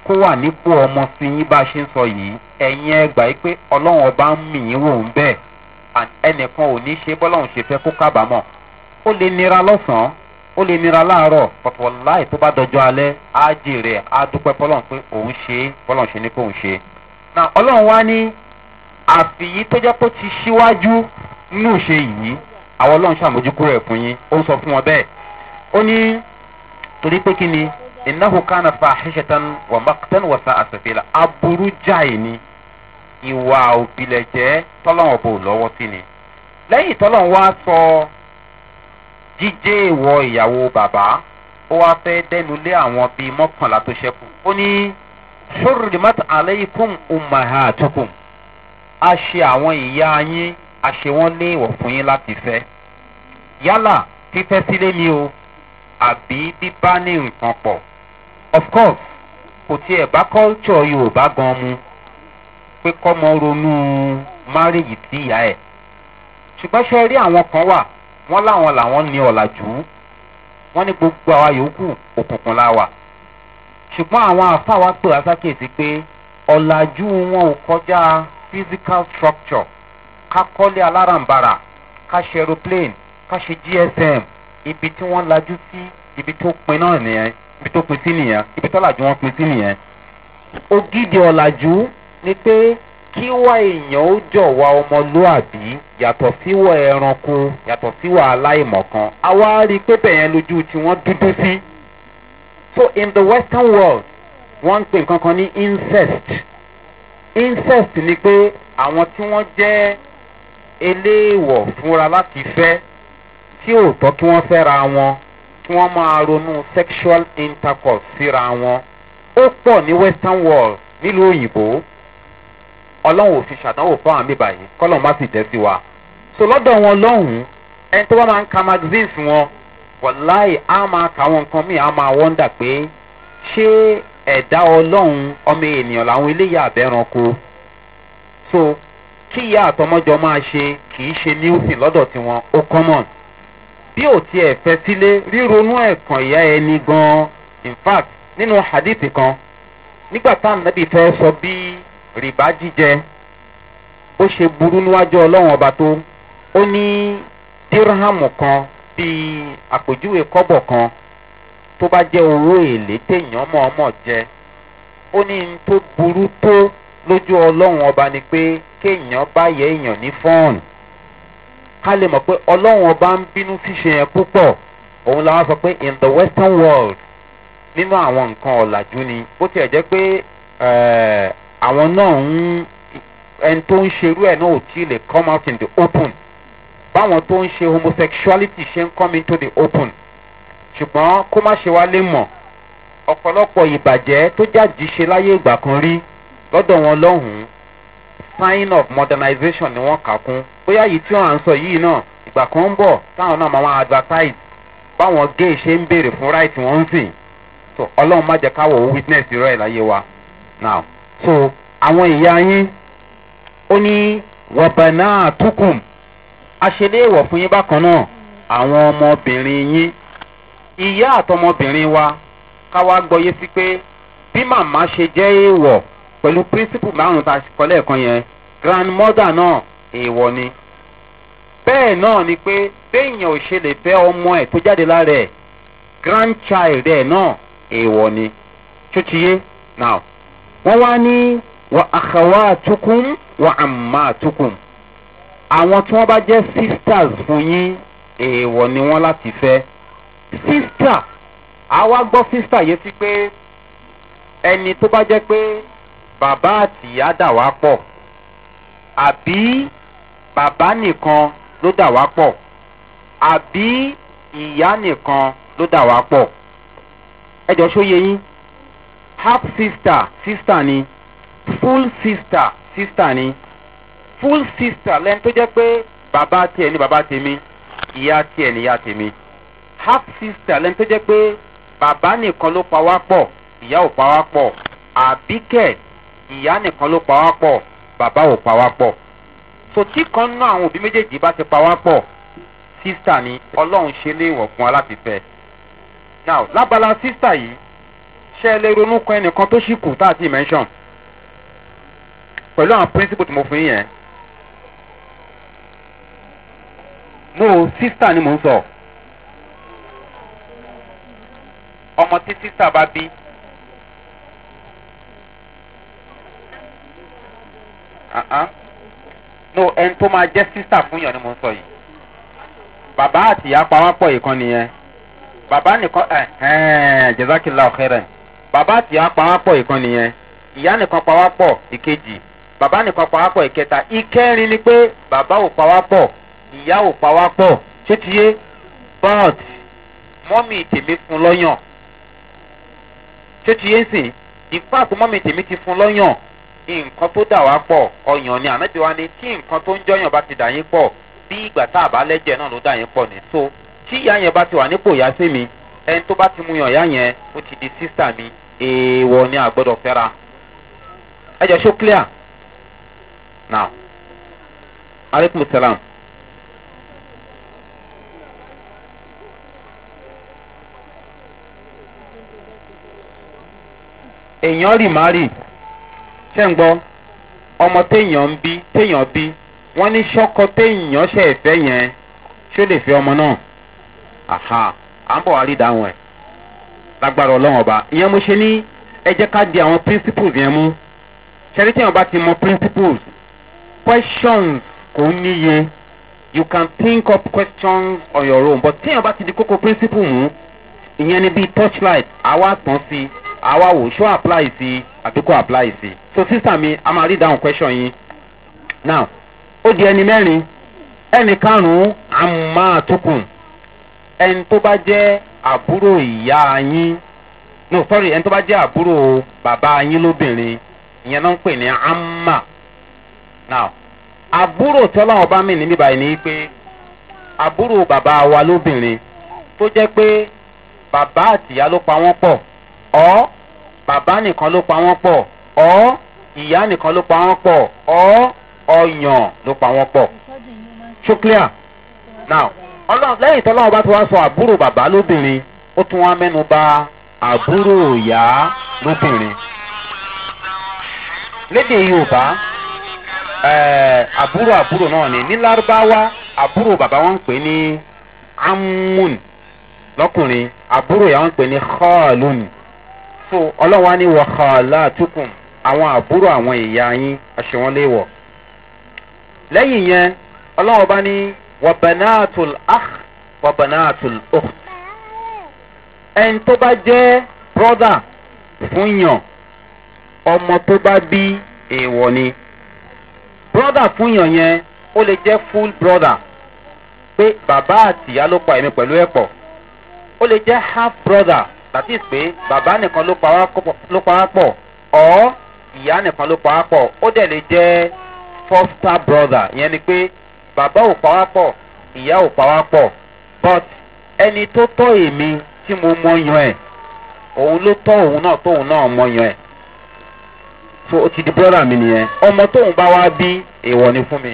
kó wà nípò ọmọ sí yín bá a ṣe ń sọ yìí ẹ̀yin ẹ gbà pé ọlọ́run ọba ń mì yín wò ń bẹ́ẹ̀ ẹnìkan ò ní ṣe bọ́lọ́run ṣe fẹ́ kó kábàámọ̀ ó lè nira lọ́sàn-án ó lè nira láàárọ̀ pọ̀pọ̀ láì tó bá dọjọ́ alẹ́ á jèrè á dúpẹ́ bọ́lọ́run pé òun ṣe é bọ́lọ́run ṣe ní kóun ṣe na ọlọ́run wá ní àfìyí tó jẹ́ pé ti ṣíwájú nínú ìṣe yìí àwọn ọlọ́run ṣàmójúkúrò ẹ̀ fún yín ó ń sọ fún wọn bẹ́ẹ̀ ó ní torí pé kí ni innahu kana fahishatan wa maqtan wa sa'a safila aburú jáì ni ìwà òbílẹ̀ jẹ́ tọ́lọ́wọ̀n bò lọ́wọ́ sí ni lẹ́yìn tọ́lọ́wọ̀n wá sọ jíjẹ́ ìwọ ìyàwó bàbá ó wá fẹ́ dẹnu lé àwọn bíi mọ́kànlá tó ṣẹ́kù ó ní ṣòrìdìmọ́tò aleikum umahatukum a ṣe àwọn ìyá yín a ṣe wọ́n ní ìwọ̀ fún yín láti fẹ́ yálà fífẹ́ sílé ni o àbí bíbá ní nǹkan pọ̀ of course kò tiẹ̀ bá culture yorùbá gan mu pé kọ́mọ ronú márèjì tí ìyá ẹ̀ ṣùgbọ́n ṣe rí àwọn kan wà wọ́n láwọn làwọn ní ọ̀làjú wọ́n ní gbogbo àwa yòókù òkùnkùn la wà ṣùgbọ́n àwọn àfáà wa pè àsákèsí pé ọ̀làjú wọn ò kọjá physical structure ká kọ́lé alárànbarà ká ṣe aeroplane ká ṣe gsm ibi tí wọ́n lajú sí ibi tó pin náà nìyẹn ibi tó nìyẹn ibi làjú wọn pin nìyẹn. ògidì ọ̀làjú ni pé kíwá èèyàn ó jọ̀wá ọmọlúàbí yàtọ̀ síwọ̀ ẹranko yàtọ̀ síwọ̀ aláìmọ̀kan àwa rí i pé lójú tí wọ́n dúdú sí. so in the western world wọ́n ń pè nǹkan kan ní incest incest ni pé àwọn tí wọ́n jẹ́ eléèwọ̀ fúnra láti fẹ́ tí ò tọ́ kí wọ́n fẹ́ra wọn kí wọ́n máa ronú sexual intercourse síra wọn ó pọ̀ ní western world nílùú òyìnbó ọlọ́run ò fi ṣàdánwò fún àwọn mìíràn yìí kọ́lọ̀ má sì tẹ́sí wa so lọ́dọ̀ wọn lọ́hùn-ún ẹni tó bá máa ń ka magazines wọn wàláì á máa ka àwọn nǹkan míì á máa wọ́ndà pé ṣé ẹ̀dá ọlọ́run ọmọ ènìyàn làwọn eléyà àbẹ̀ranko so kí ìyá àtọmọ́jọ máa ṣe kì í ṣe níwùsì lọ́dọ̀ tiwọn ó common bí ti tiẹ̀ fẹ́ sílé ríronú ẹ̀kàn ìyá ẹni gan in fact nínú hadithi kan nígbà táwọn nàbì sọ bí rìbá jíjẹ ó ṣe burú níwájú ọba tó ó ní kan bíi àpèjúwe kọ́bọ̀ kan tó bá owó èlé téèyàn jẹ ó ní n tó burú tó lójú ọba ni pé kéèyàn bá yẹ èèyàn ní ká mọ̀ pé ọlọ́run ọba ń bínú síṣe yẹn púpọ̀ òun làwọn sọ pé in the western world nínú àwọn nǹkan ọ̀làjú ni bó tiẹ̀ jẹ́ pé eh, àwọn náà ń ẹni tó ń ṣerú ẹ̀ náà ò tí ì lè come out in the open báwọn tó ń ṣe homosexuality ṣe ń come into the open ṣùgbọ́n kó má ṣe wá lè mọ̀ ọ̀pọ̀lọpọ̀ ìbàjẹ́ tó jáde ṣe láyé ìgbà kan rí lọ́dọ̀ wọn lọ́hùn-ún sign of modernization ni wọ́n kà kún bóyá yìí tí wọ́n à ń sọ yìí náà ìgbà kan ń bọ̀ táwọn náà máa wá advertise báwọn gay ṣe ń béèrè fún right wọn ń sìn so ọlọ́run má jẹ́ káwọ̀ ó witness irọ́ ẹ̀ láyé wa now so àwọn ìyá yín ó ní wọ̀bẹ̀nà tukùn aṣeléèwọ̀ fún yín bákan náà àwọn ọmọbìnrin yín ìyá àtọmọbìnrin wa káwá gbọ́yé sí pé bí màmá ṣe jẹ́ èèwọ̀ pẹ̀lú píríncípù márùn-ún tá a kọ́ lẹ́ẹ̀kan yẹn grandmother náà èèwọ̀ ni bẹ́ẹ̀ náà ni pé béèyàn ò ṣe lè fẹ́ ọmọ ẹ̀ tó jáde lára ẹ̀ grandchild ẹ̀ náà èèwọ̀ ni ṣótiyé now wọ́n wá ní wà àkàwà tukùn wà àmà tukùn àwọn tí wọ́n bá jẹ́ sisters fún yín èèwọ̀ ni wọ́n láti fẹ́ sister àwa gbọ́ sister yẹn sí pé ẹni tó bá jẹ́ pé bàbá àtìyá dà wá pọ̀ àbí bàbá nìkan ló dà wá pọ̀ àbí ìyá nìkan ló dà wá pọ̀. ẹ jọ ṣó yín half sister sister ni full sister sister ni full sister lẹ́ni tó jẹ́ pé bàbá tiẹ̀ ni bàbá tèmi ìyá tiẹ̀ ni ìyá tèmi half sister lẹ́ni tó jẹ́ pé bàbá nìkan ló pa wá pọ̀ ìyá ò pa wá pọ̀ àbíkẹ́ ìyá nìkan ló pa wá pọ̀ bàbá ò pa wá pọ̀ so tí kan náà àwọn òbí méjèèjì bá ti pa wá pọ̀ sísítà ni ọlọ́run ṣe lé ìwọ̀n fún wa láti fẹ́ now lábala sísítà yìí ṣe é lè ronú kan ẹnìkan tó ṣì tá a ti mention pẹ̀lú àwọn píríncípù tí mo fún yẹn no sísítà ni mò ń sọ ọmọ tí sísítà bá bí. ahàn ah. no ẹni tó máa jẹ́ sísà fún yàn ni mo ń sọ yìí bàbá àti ìyá pawápọ̀ yìí kan nìyẹn bàbá nìkan ẹ̀hẹ́n jẹ́sàkìlá ọ̀kẹ́rẹ̀ bàbá àti ìyá pawápọ̀ yìí kan nìyẹn ìyá nìkan pawápọ̀ ìkejì bàbá nìkan pawápọ̀ ìkẹta ìkẹrin ni pé bàbá ò pawápọ̀ ìyá ò pawápọ̀ ṣé ti yé bọ́ọ̀d mọ́mì tèmi fún lọ́yàn ṣé ti yé sìn ìfáàkù mọ́mì tèmi ti fún lọ́yàn nǹkan tó dà wá pọ̀ ọyàn ni ànábi wa ni tí nǹkan tó ń jọyàn bá ti dà yín pọ̀ bí ìgbà tá a bá lẹ́jẹ̀ náà ló dà yín pọ̀ ní. so tí ìyá yẹn bá ti wà nípò ìyá sí mi ẹni tó bá ti mu yàn ìyá yẹn ó ti di sísà mi èèwọ̀ ni àgbọ̀dọ̀ fẹ́ra. ẹ jẹ́ ṣó clear now aleykum salaam. èèyàn rì má rì. ṣé ń gbọ́ ọmọ téèyàn ń bí téèyàn bí wọ́n ní ṣọ́kọ téèyàn ṣe ẹ̀fẹ́ yẹn ṣó lè fẹ́ ọmọ náà àhà à ń bọ̀ wá rí ìdáhùn ẹ̀ lágbára ọlọ́run ọba ìyẹn mo ṣe ní ẹ jẹ́ ká di àwọn principles yẹn mú ṣẹ́rí tí wọ́n bá ti mọ principles questions kò níye you can think up questions on your own but tí wọ́n bá ti di kókó principle mú ìyẹn ni bíi torchlight àwa tán sí àwa wò ṣó apply sí i. àbí kò apply sí. so sista mi a máa rí dáhùn question yín now ó di ẹni mẹ́rin ẹni karùn-ún àmàtúkùn ẹni tó bá jẹ́ àbúrò ìyá yín no sorry ẹni tó bá jẹ́ àbúrò bàbá yín lóbìnrin ìyẹn náà ń pè ní amma now àbúrò tí ọlọ́run bá mi ní bíbá ni pé àbúrò bàbá wa lóbìnrin tó jẹ́ pé bàbá àtìyá ló pa wọ́n pọ̀ ọ́ bàbá nìkan ló pa wọ́n pọ̀ ọ́ ìyá nìkan ló pa wọ́n pọ̀ ọ́ ọ̀yàn ló pa wọ́n pọ̀ ṣúkìlíà now ọlọ́run lẹ́yìn tó lọ́wọ́ bá ti wá sọ àbúrò bàbá lóbìnrin ó tún wá mẹ́nu ba àbúrò ìyá lóbìnrin lédè yorùbá àbúrò àbúrò náà ni ní lárúbáwá àbúrò bàbá wọn ń pè ní amun lọkùnrin àbúrò ìyá wọn ń pè ní kọ́ọ̀lùnì so ọlọ́wọ́n á ní wàhálà àtúkùn àwọn àbúrò àwọn ìyá yín àṣewọ́n léwọ̀ lẹ́yìn yẹn ọlọ́wọ́n bá ní wàbẹ̀nàtul akh wàbẹ̀nàtul ukh ẹni tó bá jẹ́ brọ́dà fún yàn ọmọ tó bá bí èèwọ̀ ni brọ́dà fún yàn yẹn ó lè jẹ́ full brọ́dà pé bàbá àtìyá ló pa ẹ̀mí pẹ̀lú ẹ̀pọ̀ ó lè jẹ́ half brother that is pé bàbá nìkan ló pa wá pọ̀ ọ́ ìyá nìkan ló pa wá pọ̀ ó dẹ̀ lè jẹ́ foster brother ìyẹn ni pé bàbá ò pa wá pọ̀ ìyá ò pa wá pọ̀ but ẹni tó tọ́ èmi tí mo mọyàn ẹ̀ òun ló tọ́ òun náà tóun náà mọyàn ẹ̀ so ó ti di brother mi nìyẹn ọmọ tóun bá wá bí èèwọ̀ ni fún mi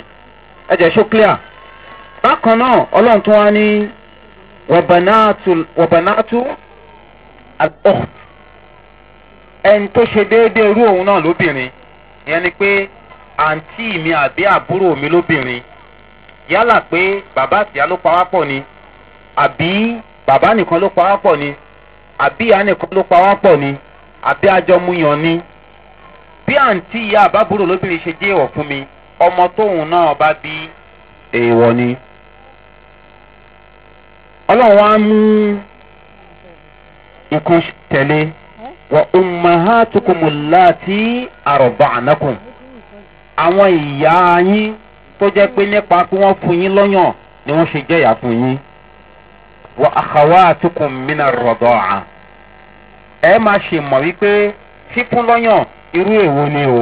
ẹ jẹ́ ṣó clear bákan náà ọlọ́run tó wá ní wàbánáàtú al-ukht ẹni tó ṣe déédéé irú òun náà lóbìnrin ìyẹn ni pé àǹtí mi àbí àbúrò mi lóbìnrin yálà pé bàbá àtìyá ló pawápọ̀ ni àbí bàbá nìkan ló pawápọ̀ ni àbí ìyá nìkan ló pawápọ̀ ni àbí ajọmúyàn ni bí àǹtí ìyá àbábúrò lóbìnrin ṣe jẹ́ èèwọ̀ fún mi ọmọ tóun náà bá bí èèwọ̀ ni. ọlọ́run wa mú ikú tẹ̀lé wà umahatukumulati arọ̀bànakun àwọn ìyá yín tó jẹ́ pé nípa pé wọ́n fún yín lọ́yàn ni wọ́n ṣe jẹ́yà fún yín wà àkàwàtukùn mìíràn rọ̀dọ̀ à ẹ máa ṣe mọ̀ wípé fífún lọ́yàn irú èwo ni o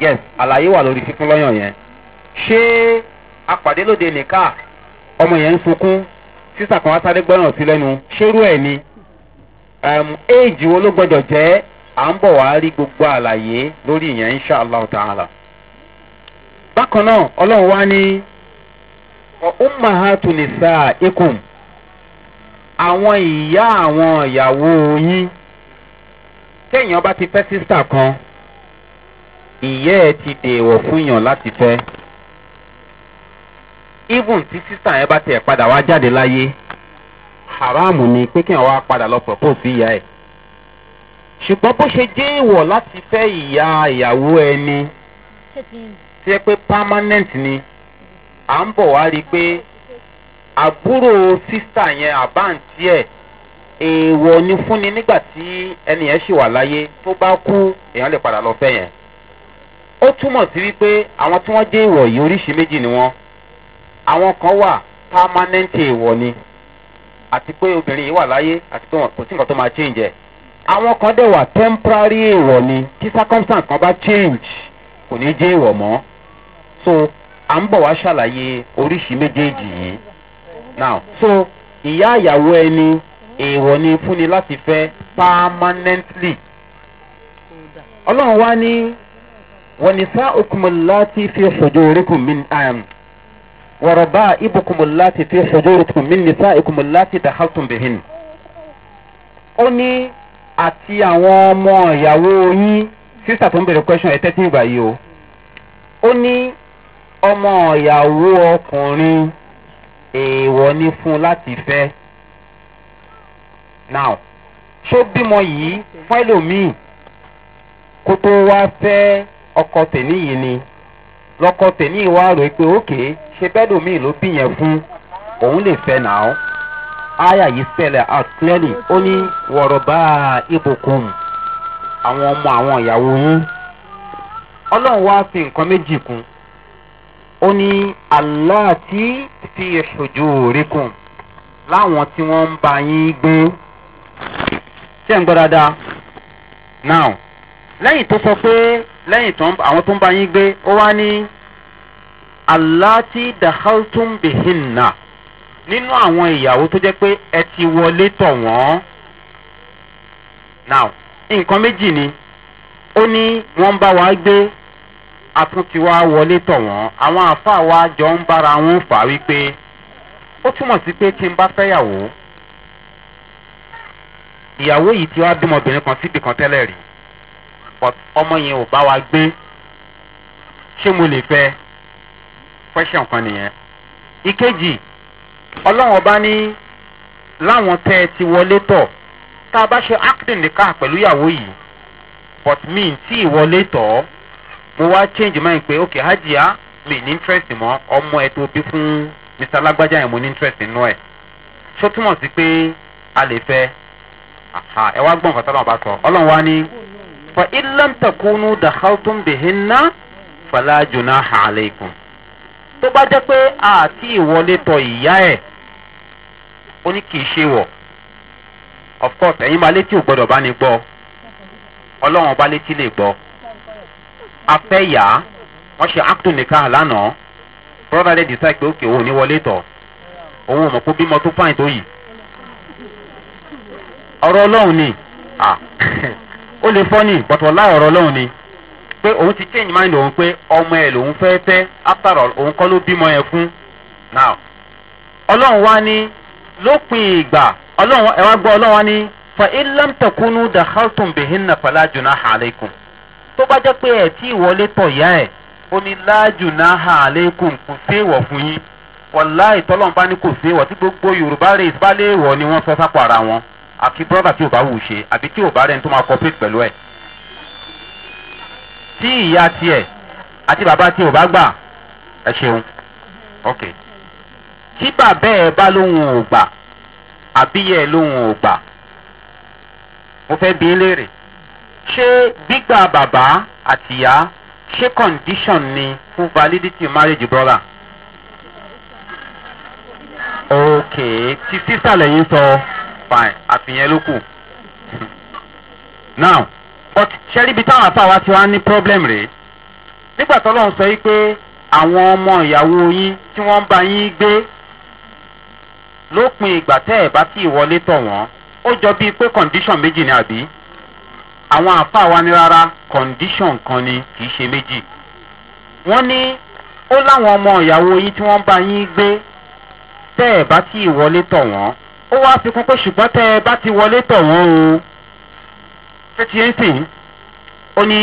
yes àlàyé wà lórí fífún lọ́yàn yẹn ṣé apàdé lóde nìka ọmọ yẹn ń sunkún sísà kan sáré gbọ́ràn sí lẹ́nu ṣérú ẹ̀ ni. éèjì wo ló gbọ́dọ̀ jẹ́ à ń bọ̀ wá rí gbogbo àlàyé lórí ìyẹn insha allah ta'ala. bákan náà ọlọ́run wá ní ummahatu nisa ikum àwọn ìyá àwọn ìyàwó yín téèyàn bá ti fẹ́ sísà kan ìyẹ́ ẹ ti dèèwọ̀ fún yàn láti fẹ́ even tí sísà yẹn bá tiẹ̀ padà wá jáde láyé haramu ni pé kí wọ́n wá padà lọ propose sí ìyá ẹ̀ ṣùgbọ́n bó ṣe jẹ́ ìwọ̀ láti fẹ́ ìyá ìyàwó ẹni tí ẹ pé permanent ni à ń bọ̀ wá rí i pé àbúrò sísà yẹn àbáǹtí ẹ̀ èèwọ̀ ni fúnni nígbà tí ẹni yẹn ṣì wà láyé tó bá kú èèyàn lè padà lọ fẹ́ yẹn ó túmọ̀ sí wípé àwọn tí wọ́n jẹ́ ìwọ̀ yìí oríṣi méjì ni wọ́n àwọn kan wà permanent èèwọ̀ ni àti pé obìnrin yìí wà láyé àti pé kò sí nǹkan tó máa change ẹ̀. àwọn kan dẹ̀ wà temporary èèwọ̀ ni tí circumstance kan bá change kò ní jẹ́ èèwọ̀ mọ́ so à ń bọ̀ wá ṣàlàyé oríṣi méjèèjì yìí now so ìyá àyàwó ẹni èèwọ̀ ni fúnni láti fẹ́ permanently ọlọ́run wá ní wọ́n ní sáà okùnmọ̀ láti fi ṣòjò oríkùn mi wọ̀rọ̀bá ibùkún láti fi ṣojúrùkún mí nìsa ìkún láti dàkàtún àti àwọn ọmọ ìyàwó yín sísà tó ń bèrè question ẹ̀ tẹ́tí ìgbà yìí o. ó ní ọmọ ìyàwó ọkùnrin èèwọ̀ ni fún láti fẹ́. now ṣó bímọ yìí fún kó tó wá fẹ́ ọkọ tèmi yìí ni. lọkọ tèmi ìwà rò pé òkè ṣe bẹ́ẹ̀dù mi ló bí yẹn fún òun lè fẹ́ nà ó. aya yìí sẹlẹ̀ out clearly ó ní wọ̀rọ̀bá ibùkún àwọn ọmọ àwọn ìyàwó yín. ọlọ́run wá fi nǹkan méjì kún ó ní aláàtí fi ṣojú òrí kùn láwọn tí wọ́n ń bá yín gbé. ṣé ń gbọ́ dáadáa? now lẹ́yìn tó sọ pé. lẹ́yìn tó àwọn tó ń bá yín gbé ó wá ní aláti dàkàtún bìhìnnà nínú àwọn ìyàwó tó jẹ́ pé ẹ ti wọlé tọ̀ wọ́n. now nǹkan méjì ni ó ní wọ́n ń bá wa gbé atúntiwa wọlé tọ̀ wọ́n àwọn àáfàá wa jọ ń bára wọn fà wípé ó túmọ̀ sí pé tí n bá fẹ́yàwó ìyàwó yìí ti wá bímọ obìnrin kan síbì kan tẹ́lẹ̀ rí but ọmọ yẹn ò bá wa gbé ṣé mo lè fẹ́ question kan nìyẹn. ìkejì ọlọ́run ọba ní láwọn tẹ́ ẹ ti wọlé tọ̀ tá a bá ṣe acting nìkan pẹ̀lú ìyàwó yìí but mi tí ìwọlé tọ̀ mo wá change mind pé ok hajia mi ní interest mọ́ ọmọ ẹ tó bí fún mr alágbájá yẹn mo ní interest nínú ẹ̀ ṣó túmọ̀ sí pé a lè fẹ́ ẹ wá gbọ́ nǹkan tọ́lọ́mọba sọ ọlọ́run wá ní fa ilam takunu dakhaltum bihinna fala junaha aleikum. tó bá jẹ́ pé àti ìwọlé tọ ìyá ẹ̀ ó ní kì í ṣe wọ̀ of course ẹ̀yin máa létí ò gbọ́dọ̀ bá ní gbọ́ ọlọ́run bá létí lè gbọ́ afẹ́yà wọ́n ṣe acton nìkan lánàá brother lady sọ pé òkè òun ní wọlé tọ̀ òun ò mọ̀ pé bímọ tó fáìn tó yìí ọ̀rọ̀ ọlọ́run ni. Ah. ó lè fọ́nì pọ̀tọ̀ láọ̀rọ̀ lọ́hùn ni pé òun ti change mind òun pé ọmọ ẹ̀ lòun fẹ́ fẹ́ after all òun kọ́ ló bímọ ẹ̀ fún now ọlọ́run wá ní lópin ìgbà ọlọ́run ẹ gbọ́ ọlọ́run fa ilam takunu da haltun bihin na falaju na tó bá jẹ́ pé ẹ̀ tí ìwọlé tọ̀ yá ẹ̀ ó ní na kò sí fún yín wàláì tọ́lọ́mbá bá lè wọ̀ àfi brọ́dà tí o bá wù ṣe àbí tí ò bá rẹ̀ ń tó máa cooperate pẹ̀lú ẹ̀. tí ìyá tiẹ̀ àti bàbá tí ò bá gbà ẹ ṣeun ok tí bàbá ẹ bá lóhùn ò gbà àbíyẹ lóhùn ò gbà mo fẹ́ bí léèrè ṣé gbígbà bàbá àtìyá ṣé condition ni fún validity marriage brother ok ti sísàlẹ̀ yín sọ. So, fine àfihàn ló kù. now but ṣẹ́ríbi táwọn àtàwọn ti wá ní problem rèé nígbà tó lọ́n sọ yí pé àwọn ọmọ ìyàwó yín tí wọ́n ń bá yín gbé lópin ìgbà tẹ́ ẹ̀ bá tí ìwọlé tọ̀ wọ́n ó jọ bíi pé condition méjì ni àbí àwọn àáfàá wa ní rárá condition kan ni kì í ṣe méjì wọ́n ní ó láwọn ọmọ ìyàwó yín tí wọ́n ń bá yín gbé tẹ́ ẹ̀ bá tí ìwọlé tọ̀ wọ́n ó wá fi kún pé ṣùgbọ́n tẹ́ ẹ bá ti wọlé tọ̀ wọ́n o ṣé ti ń sìn ó ní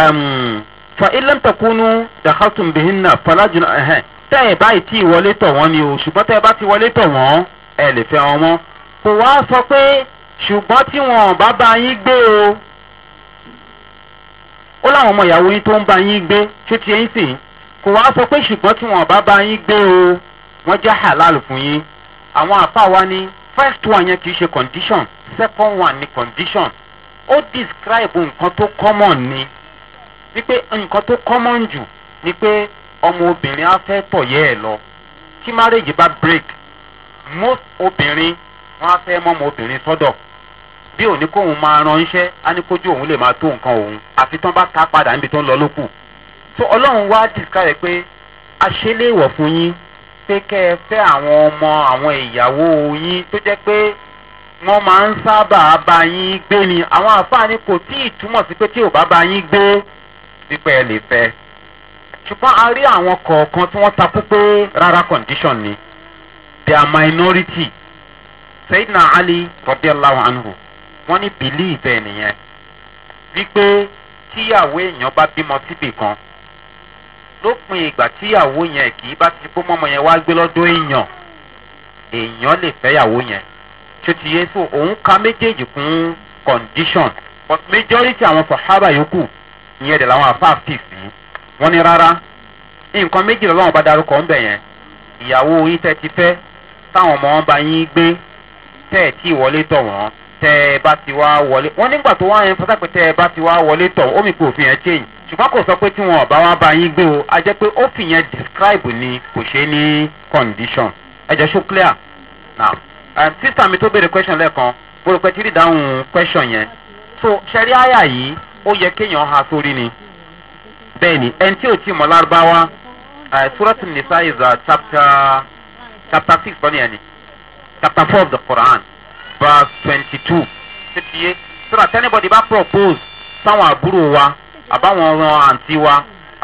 um, fa ilẹ̀ tọkunu dàkátùn bìhínà fọlájùnà ẹ̀hẹ́n tẹ́ ẹ báyìí tí ìwọlé tọ̀ wọ́n ni o ṣùgbọ́n tẹ́ ẹ bá ti wọlé tọ̀ wọ́n ẹ lè fẹ́ wọn mọ́ kò wá sọ pé ṣùgbọ́n tí wọn bá bá yín gbé o ó láwọn ọmọ ìyàwó yín tó ń bá yín gbé ṣé ti ń sìn kò wá sọ pé ṣùgbọ́n tí wọn bá bá yín gbé o wọ́n jẹ́ halal fún yín àwọn àfa wa ní first one yẹn kì í ṣe condition second one ni condition ó describe nǹkan tó common ni wípé nǹkan tó common jù ni pé ọmọ obìnrin á fẹ́ tọ̀yẹ́ ẹ̀ lọ tí marriage bá break most obìnrin wọn á fẹ́ mọ́mọ obìnrin sọ́dọ̀ bí òní kóun máa ránṣẹ́ á ní kójú òun lè máa tó nǹkan òun àfi tán bá ta padà níbi tó ń lọ lókù so ọlọ́run wá describe pé aṣẹ́léèwọ̀ fún yín pé kẹ́ ẹ fẹ́ àwọn ọmọ àwọn ìyàwó yín tó jẹ́ pé wọ́n máa ń sábà bá yín gbé ni àwọn àfáàní kò tí ì túmọ̀ sí pé tí ò bá bá yín gbé pípẹ́ ẹ lè fẹ́ ṣùgbọ́n a rí àwọn kọ̀ọ̀kan tí wọ́n takú pé rárá condition ni their are minority sayidina ali rọdíàláwọ anhu wọ́n ní believe ẹ̀ nìyẹn wípé tíyàwó èèyàn bá bímọ síbì kan lópin ìgbà tíyàwó yẹn kì í bá ti kó mọ́mọ́ yẹn wá gbé lọ́dún èèyàn èèyàn lè fẹ́yàwó yẹn tó ti yẹ fún òun ka méjèèjì kún condition but majority àwọn sọ̀hábà yòókù ìyẹn dẹ̀ làwọn àfa fi sí wọn ni rárá nǹkan méjì lọ́wọ́ bá darúkọ ń bẹ̀ yẹn ìyàwó yín ti fẹ́ táwọn ọmọ wọn bá yín gbé tẹ́ ẹ̀ tí ìwọlé tọ̀ wọ́n tẹ́ ẹ bá ti wá wọlé wọ́n nígbà tó wá yẹn fọ́sápẹ́ tẹ́ ẹ bá ti wá wọlé tọ̀ ó mì pé òfin yẹn change ṣùgbọ́n kò sọ pé tí wọn ọba wa bá yín gbé o a jẹ́ pé ó fìyẹn describe ni kò ṣe é ní condition ẹ jẹ́ ṣó clear now um, sísà mi tó béèrè question lẹ́ẹ̀kan mo rò pé tí rí ìdáhùn question yẹn so ṣẹ̀rí àyà yìí ó yẹ kéèyàn ha sórí ni bẹ́ẹ̀ ni ẹni tí ò tí mọ̀ lárúbáwá uh, suratul nisa is uh, chapter chapter six bọ́ni ẹni chapter four of the quran verse twenty two ṣé ti yé so that anybody bá propose sáwọn àbúrò wa àbáwọn ọ̀ràn àǹtí wa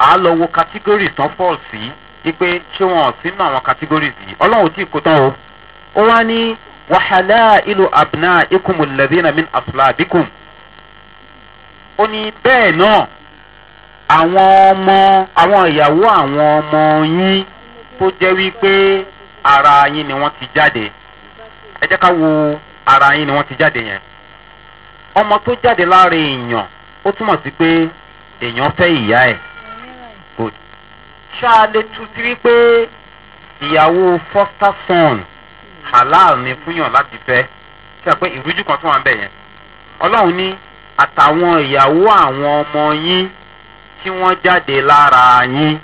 à á lọ wo categories tán fall sí wípé ṣé wọn ò sínú àwọn categories yìí ọlọ́run tí kò tán o ó wá ní wàhálà ìlú abna ikumu lẹ́dínà min asulabikum ó ní bẹ́ẹ̀ náà àwọn ọmọ àwọn ìyàwó àwọn ọmọ yín tó jẹ́ wípé ara yín ni wọ́n ti jáde ẹ jẹ́ ká wo ara yín ni wọ́n ti jáde yẹn ọmọ tó jáde láàrin èèyàn ó túmọ̀ sí pé èèyàn fẹ́ ìyá ẹ̀ kò ṣáà lè tu tiri pé ìyàwó foster son halal ni fúnyàn láti fẹ́ ṣe àpé ìrújú kan tó wà ń bẹ̀ yẹn ọlọ́run ní àtàwọn ìyàwó àwọn ọmọ yín tí wọ́n jáde lára yín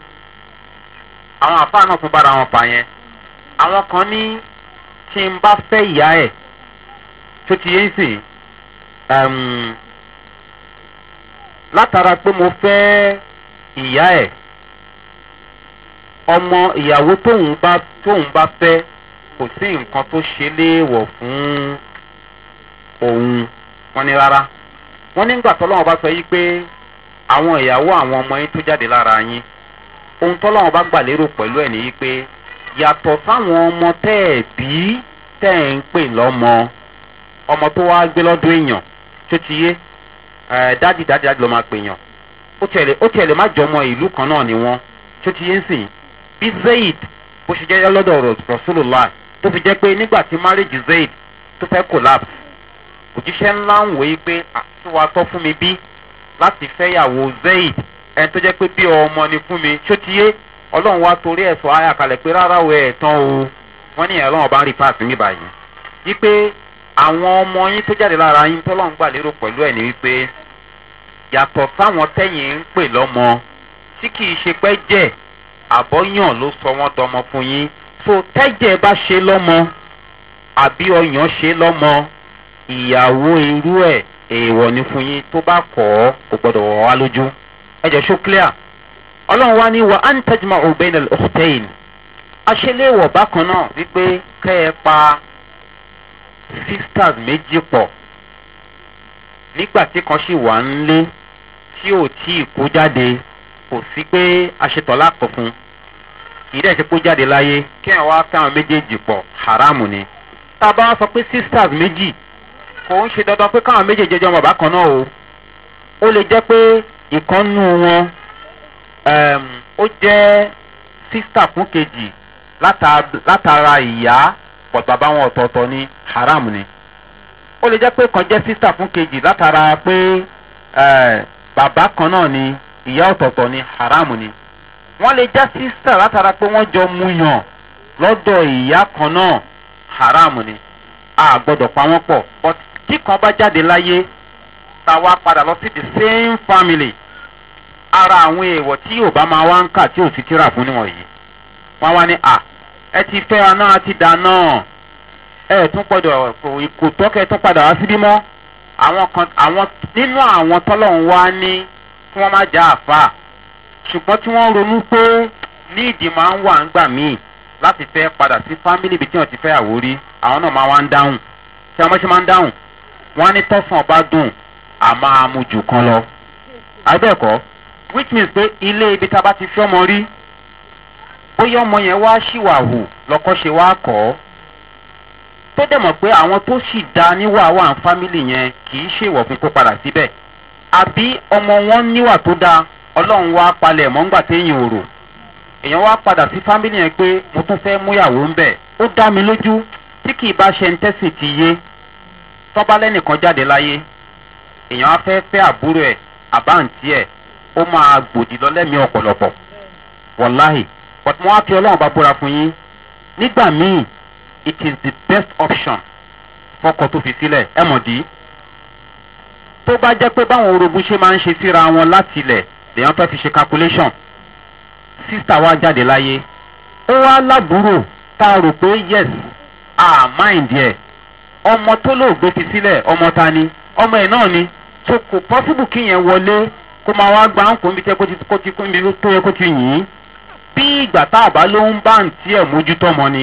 àwọn àfáà náà tún bára wọn fà yẹn àwọn kan ní tí n bá fẹ́ ìyá ẹ̀ tó ti yé sìn látara pé mo fẹ́ ìyá ẹ̀ ọmọ ìyàwó tóun bá tóun bá fẹ́ kò sí nǹkan tó ṣe léèwọ̀ fún òun wọn ni rárá wọn nígbà tọ́lọ́wọ́n bá sọ yí pé àwọn ìyàwó àwọn ọmọ yín tó jáde lára yín ohun tọ́lọ́wọ́n bá gbà lérò pẹ̀lú ẹ̀ nìyí pé yàtọ̀ sáwọn ọmọ tẹ́ ẹ̀ bí tẹ́ ẹ̀ ń pè lọ́mọ ọmọ tó wá gbé lọ́dún èèyàn tó ti yé ẹ dádì dádì dádì ló máa pè yàn ó tẹ̀lé ó tẹ̀lé má jọmọ ìlú kan náà ni wọn tó ti yé ń sìn bí zayid bó ṣe jẹ́ lọ́dọ̀ rasulillah tó fi jẹ́ pé nígbà tí marriage zayid tó fẹ́ collapse òjíṣẹ́ ńlá ń wòye pé àtiwá tọ́ fún mi bí láti fẹ́yàwó zayid ẹni tó jẹ́ pé bí ọmọ ni fún mi tó ti yé ọlọ́run wá torí ẹ̀sọ́ ayàkálẹ̀ pé rárá o ẹ̀ tán o wọ́n ní ìyẹn ọlọ́run bá ń rí pass mi báyìí àwọn ọmọ yín tó jáde lára yín tọ́lọ́ ń gbà lérò pẹ̀lú ẹ̀ ní wípé yàtọ̀ sáwọn tẹ́yìn ń pè lọ́mọ tí kìí ṣe pẹ́ jẹ́ àbọ̀yàn ló sọ wọ́n dọmọ fún yín tó tẹ́jẹ̀ bá ṣe lọ́mọ àbí ọyàn ṣe lọ́mọ ìyàwó irú ẹ̀ èèwọ̀ ni fún yín tó bá kọ̀ ọ́ kò gbọ́dọ̀ wọ̀ wá lójú ẹ jẹ́ ṣó ọlọ́run wá ní wa antajima obìnrin ọ̀tẹ́yìn aṣeléwọ̀ bákan náà wípé kẹ́ ẹ pa sisters méjì pọ̀ nígbà tí kan sì wà ń lé tí ò tí ì kó jáde kò sí pé aṣetọ̀lá kọ̀ fún kì í dẹ̀ ṣe kó jáde láyé kí ẹ̀ wá káwọn méjèèjì pọ̀ haram ni. tá a bá sọ pé sisters méjì kò ń ṣe dandan pé káwọn méjèèjì jẹun bàbá kan náà o ó lè jẹ́ pé ìkànnù wọn ó jẹ́ sista fún kejì látara ìyá but bàbá wọn ọ̀tọ̀ọ̀tọ̀ ni haram ni ó lè jẹ́ pé kan jẹ́ sísà fún kejì látara pé eh, bàbá kan náà ni ìyá ọ̀tọ̀ọ̀tọ̀ ni haram ni wọ́n lè já sísà látara pé wọ́n jọ muyàn lọ́dọ̀ ìyá kan náà haram ni a gbọ́dọ̀ pa wọ́n pọ̀ but tí kan bá jáde láyé ta wá padà lọ sí the same family ara àwọn èèwọ̀ tí yóò bá máa wá ń kà tí ò fi tíra fún níwọ̀nyí wọ́n wá ní a ẹ ti fẹ́ ọ náà ti dáná ẹ tún gbọ́dọ̀ kò tọ́kẹ́ tún padà wá síbí mọ́ àwọn kan àwọn nínú àwọn tọ́lọ́hún wá ní kí wọ́n má já àfà ṣùgbọ́n tí wọ́n ronú pé ní ìdí máa ń wà ń gbà míì láti fẹ́ padà sí fámìlì ibi tí wọ́n ti fẹ́ àwórí àwọn náà máa wá ń dáhùn tí wọ́n ṣe máa ń dáhùn wọ́n á ní tọ́sán ọba dùn àmọ́ amujù kan lọ. àbẹ́ẹ̀kọ́ which means pé ilé ibi tá a bá ti fi ọmọ rí bóyá ọmọ yẹn wá ṣìwàhù lọkọ ṣe wá kọ ọ tó dẹ̀ mọ̀ pé àwọn tó sì da níwà wà ń fámìlì yẹn kì í ṣèwọ̀ fún kó padà síbẹ̀ àbí ọmọ wọn níwà tó da ọlọ́run wá palẹ̀ mọ́ngbà téèyàn òrò èèyàn wá padà sí fámìlì yẹn pé mo tún fẹ́ múyàwó ń bẹ̀ ó dá mi lójú tí kì í bá ṣe ń tẹ́sì ti yé tọ́balẹ́nìkan jáde láyé èèyàn á fẹ́ fẹ́ àbúrò ẹ̀ àbáǹtí ẹ̀ ó máa gbòdì lọ ọ̀pọ̀lọpọ̀ wọ̀láhì but mo wá fi ọlọ́run bá búra fún yín nígbà míì it is the best option fọkọ tó fi sílẹ̀ ẹ mọ̀ dí. tó bá jẹ́ pé báwọn orogún ṣe máa ń ṣe síra wọn láti ilẹ̀ lèyàn fẹ́ fi ṣe calculation sísà wa jáde láyé ó wá lábúrò tá a rò pé yes ah mind yẹ ọmọ tó lóògbé fi sílẹ̀ ọmọ ta ni ọmọ ẹ̀ náà ni tó kò possible kí yẹn wọlé kó máa wá gbà ń kó níbi tó yẹ kó ti yìn ín bí ìgbà tá a bá ló ń bá ń tiẹ̀ mójútó mọ́ ni.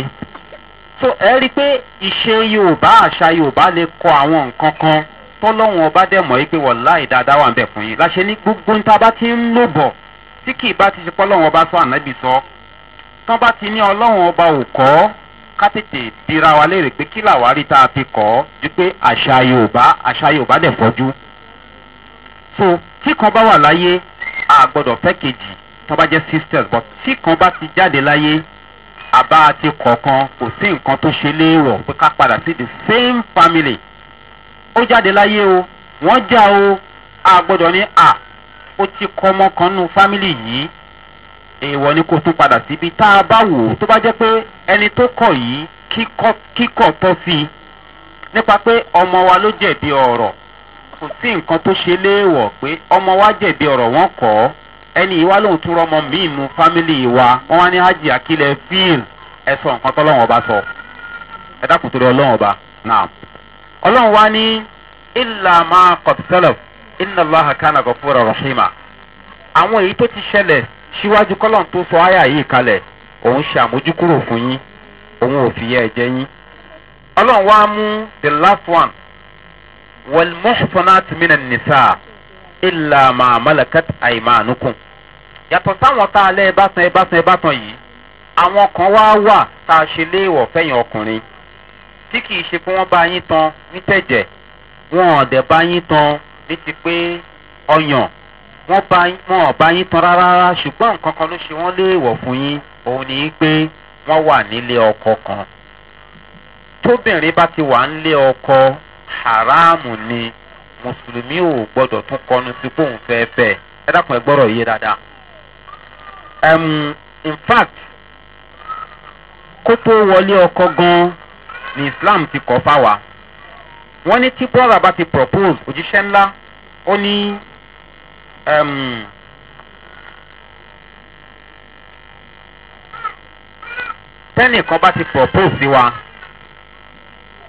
so ẹ rí i pé ìṣe yorùbá àṣà yorùbá lè kọ àwọn nǹkan kan tọ́lọ́wọ́n ọba dẹ̀ mọ́ pé wọ̀lá ìdáadáa wà ń bẹ̀ fún yín láṣẹ ní gbogbo níta bá ti ń lò bọ̀ tí kì í bá ti ṣe pọ́lọ́wọ́n ọba sọ ànábì sọ tán bá ti ní ọlọ́wọ́n ọba ò kọ́ ká tètè dira wa léèrè pé kí làwárí tá a fi kọ́ ju pé àṣà yorùbá àṣà yorùbá dẹ̀ fọ́jú. so tí kan bá wà láyé a gbọ́dọ̀ fẹ́ kejì tọ́ba jẹ́ sisters but tí kan bá ti jáde láyé àbá àti kọ̀ọ̀kan kò sí nǹkan tó ṣe léèwọ̀ pé ká padà sí the same family ó jáde láyé o wọ́n já o a gbọ́dọ̀ ní à ó ti kọ́ ọmọ kan nínú family yìí èèwọ̀ ni kò tún padà síbi tá a bá wò ó tó bá jẹ́ pé ẹni tó kọ̀ yìí kíkọ̀ tọ́ sí i nípa pé ọmọ wa ló jẹ̀bi ọ̀rọ̀ kò sí nǹkan tó ṣe léèwọ̀ pé ọmọ wa jẹ̀bi ọ̀rọ̀ wọ́n kọ̀ ọ́ ẹni ìwá lòun tún rọmọ míì nu fámìlì wọn wá ní hajj akílẹ̀ fíìl ọba sọ ẹ dákun torí ọba náà ọlọ́wọ́n wá ní ilà kọ̀tẹ́lẹ̀ iná kánà gọ̀fúrọ̀ rọ̀ṣìmà àwọn èyí tó ti ṣẹlẹ̀ síwájú kọ́lọ́n tó sọ yìí kalẹ̀ òun ṣe àmójúkúrò fún yín òun ò fi yẹ the last one ilà máa malakat àìmánukùn. yàtọ̀ sáwọn tá a lẹ́ bá san ẹ bá san ẹ bá tán yìí àwọn kan wá wà tá a ṣe léèwọ̀ fẹ́yìn ọkùnrin tí kì í ṣe pé wọ́n bá yín tan ní tẹ̀jẹ̀ wọn ò dẹ̀ bá yín tan ní ti pé ọyàn wọn ò bá yín tan rárá ṣùgbọ́n nǹkan kan ló ṣe wọ́n léèwọ̀ fún yín òun ní pé wọ́n wà nílé ọkọ kan tóbìnrin bá ti wà nílé ọkọ haramu ni mùsùlùmí ò gbọdọ̀ tún kọnu sí fóun fẹ́ẹ́ ẹ dákun ẹ gbọ́rọ̀ yé dáadáa. in fact kó tó wọlé ọkọ gan ni islam ti kọ́ fáwa wọ́n ní tí brother bá ti propose òjíṣẹ́ ńlá ó ní tẹ́nìkan bá ti propose sí wa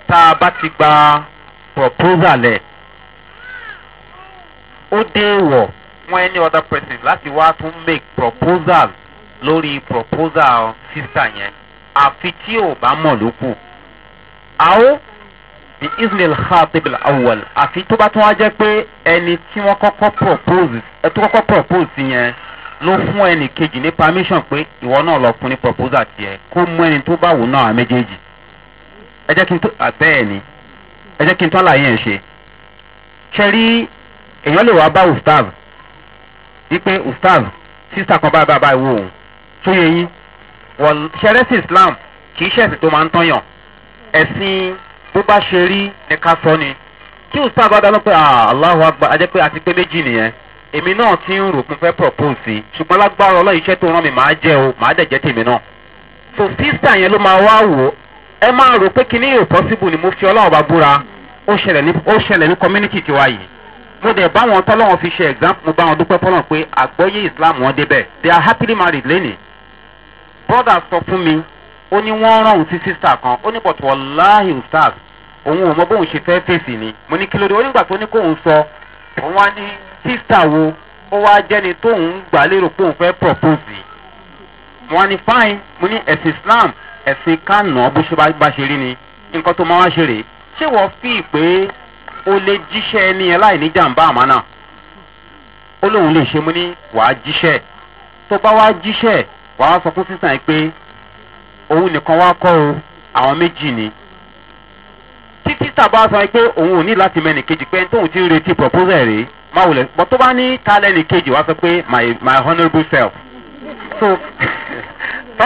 tá a bá ti gba proposal ẹ̀ ó déèwọ̀ fún any other person láti wá tún make proposal lórí proposal sister. yẹn àfi tí ò bá mọ̀ ló kù. àó the ismail khatib awal àfi tó bá tún wá jẹ́ pé ẹni tí wọ́n kọ́kọ́ propose ẹ tó kọ́kọ́ propose yẹn ló fún ẹnì kejì ní permission pé ìwọ náà lọ fún ní proposal tiẹ̀ kó mú ẹni tó bá wò náà méjèèjì ẹ jẹ́ kí n tó àbẹ́ẹ̀ ni ẹ jẹ́ kí n tó àlàyé yẹn ṣe. ṣe èèyàn lè wá bá ustaz wípé ustaz sísà kan bá bá bá ìwò òun tó yẹ yín wọn ṣẹrẹsì islam kì í ṣẹ̀sìn tó máa ń tọ́yàn ẹ̀sìn bó bá ṣe rí ni ká sọ ni kí ustaz bá dáná pé aláhu agba ajẹ́ pé àti pé méjì nìyẹn èmi náà ti ń rò pé fẹ́ propose sí ṣùgbọ́n lágbára ọlọ́run iṣẹ́ tó rán mi màá jẹ́ o màá dẹ̀ jẹ́ tèmi náà so sísà yẹn ló máa wá wò ẹ máa rò pé kíní yóò possible ni mo fi ọlọ́run bá búra ó ṣẹlẹ̀ ní community tiwa yìí mo dẹ̀ bá wọn tọ́lọ́wọ́n fi ṣe example mo bá wọn dúpẹ́ fọlọ́n pé àgbọ́yé islam wọn débẹ̀ they are happily married lẹ́nìí brother sọ fún mi ó ní wọ́n rán òun sí sísà kan ó ní but wàláhì ustaz òun ò mọ bóun ṣe fẹ́ fèsì ni mo ní kí ló dé onígbà tó ní kóun sọ òun wá ní sísà wo ó wá jẹ́ni tóun gbà lérò pé òun fẹ́ propose mo wá ní fine mo ní ẹ̀sìn islam ẹ̀sìn kánà bó ṣe bá ṣe rí ni nǹkan tó máa wá ṣe rèé ṣé wọ́n fi pé o lè jíṣẹ́ ẹni ẹ láì ní jàǹbá àmánà ó lóun lè ṣe mú ní wàá jíṣẹ́ tó bá wá jíṣẹ́ wàá sọ fún sísan pé òun nìkan wá kọ́ o àwọn méjì ni títí tàbá sọ pé òun ò ní láti mẹ́ni kejì pé tóun ti ń retí proposal rèé má wulẹ̀ bọ́ tó bá ní talẹ́ni kejì wá sọ pé my my honourable self so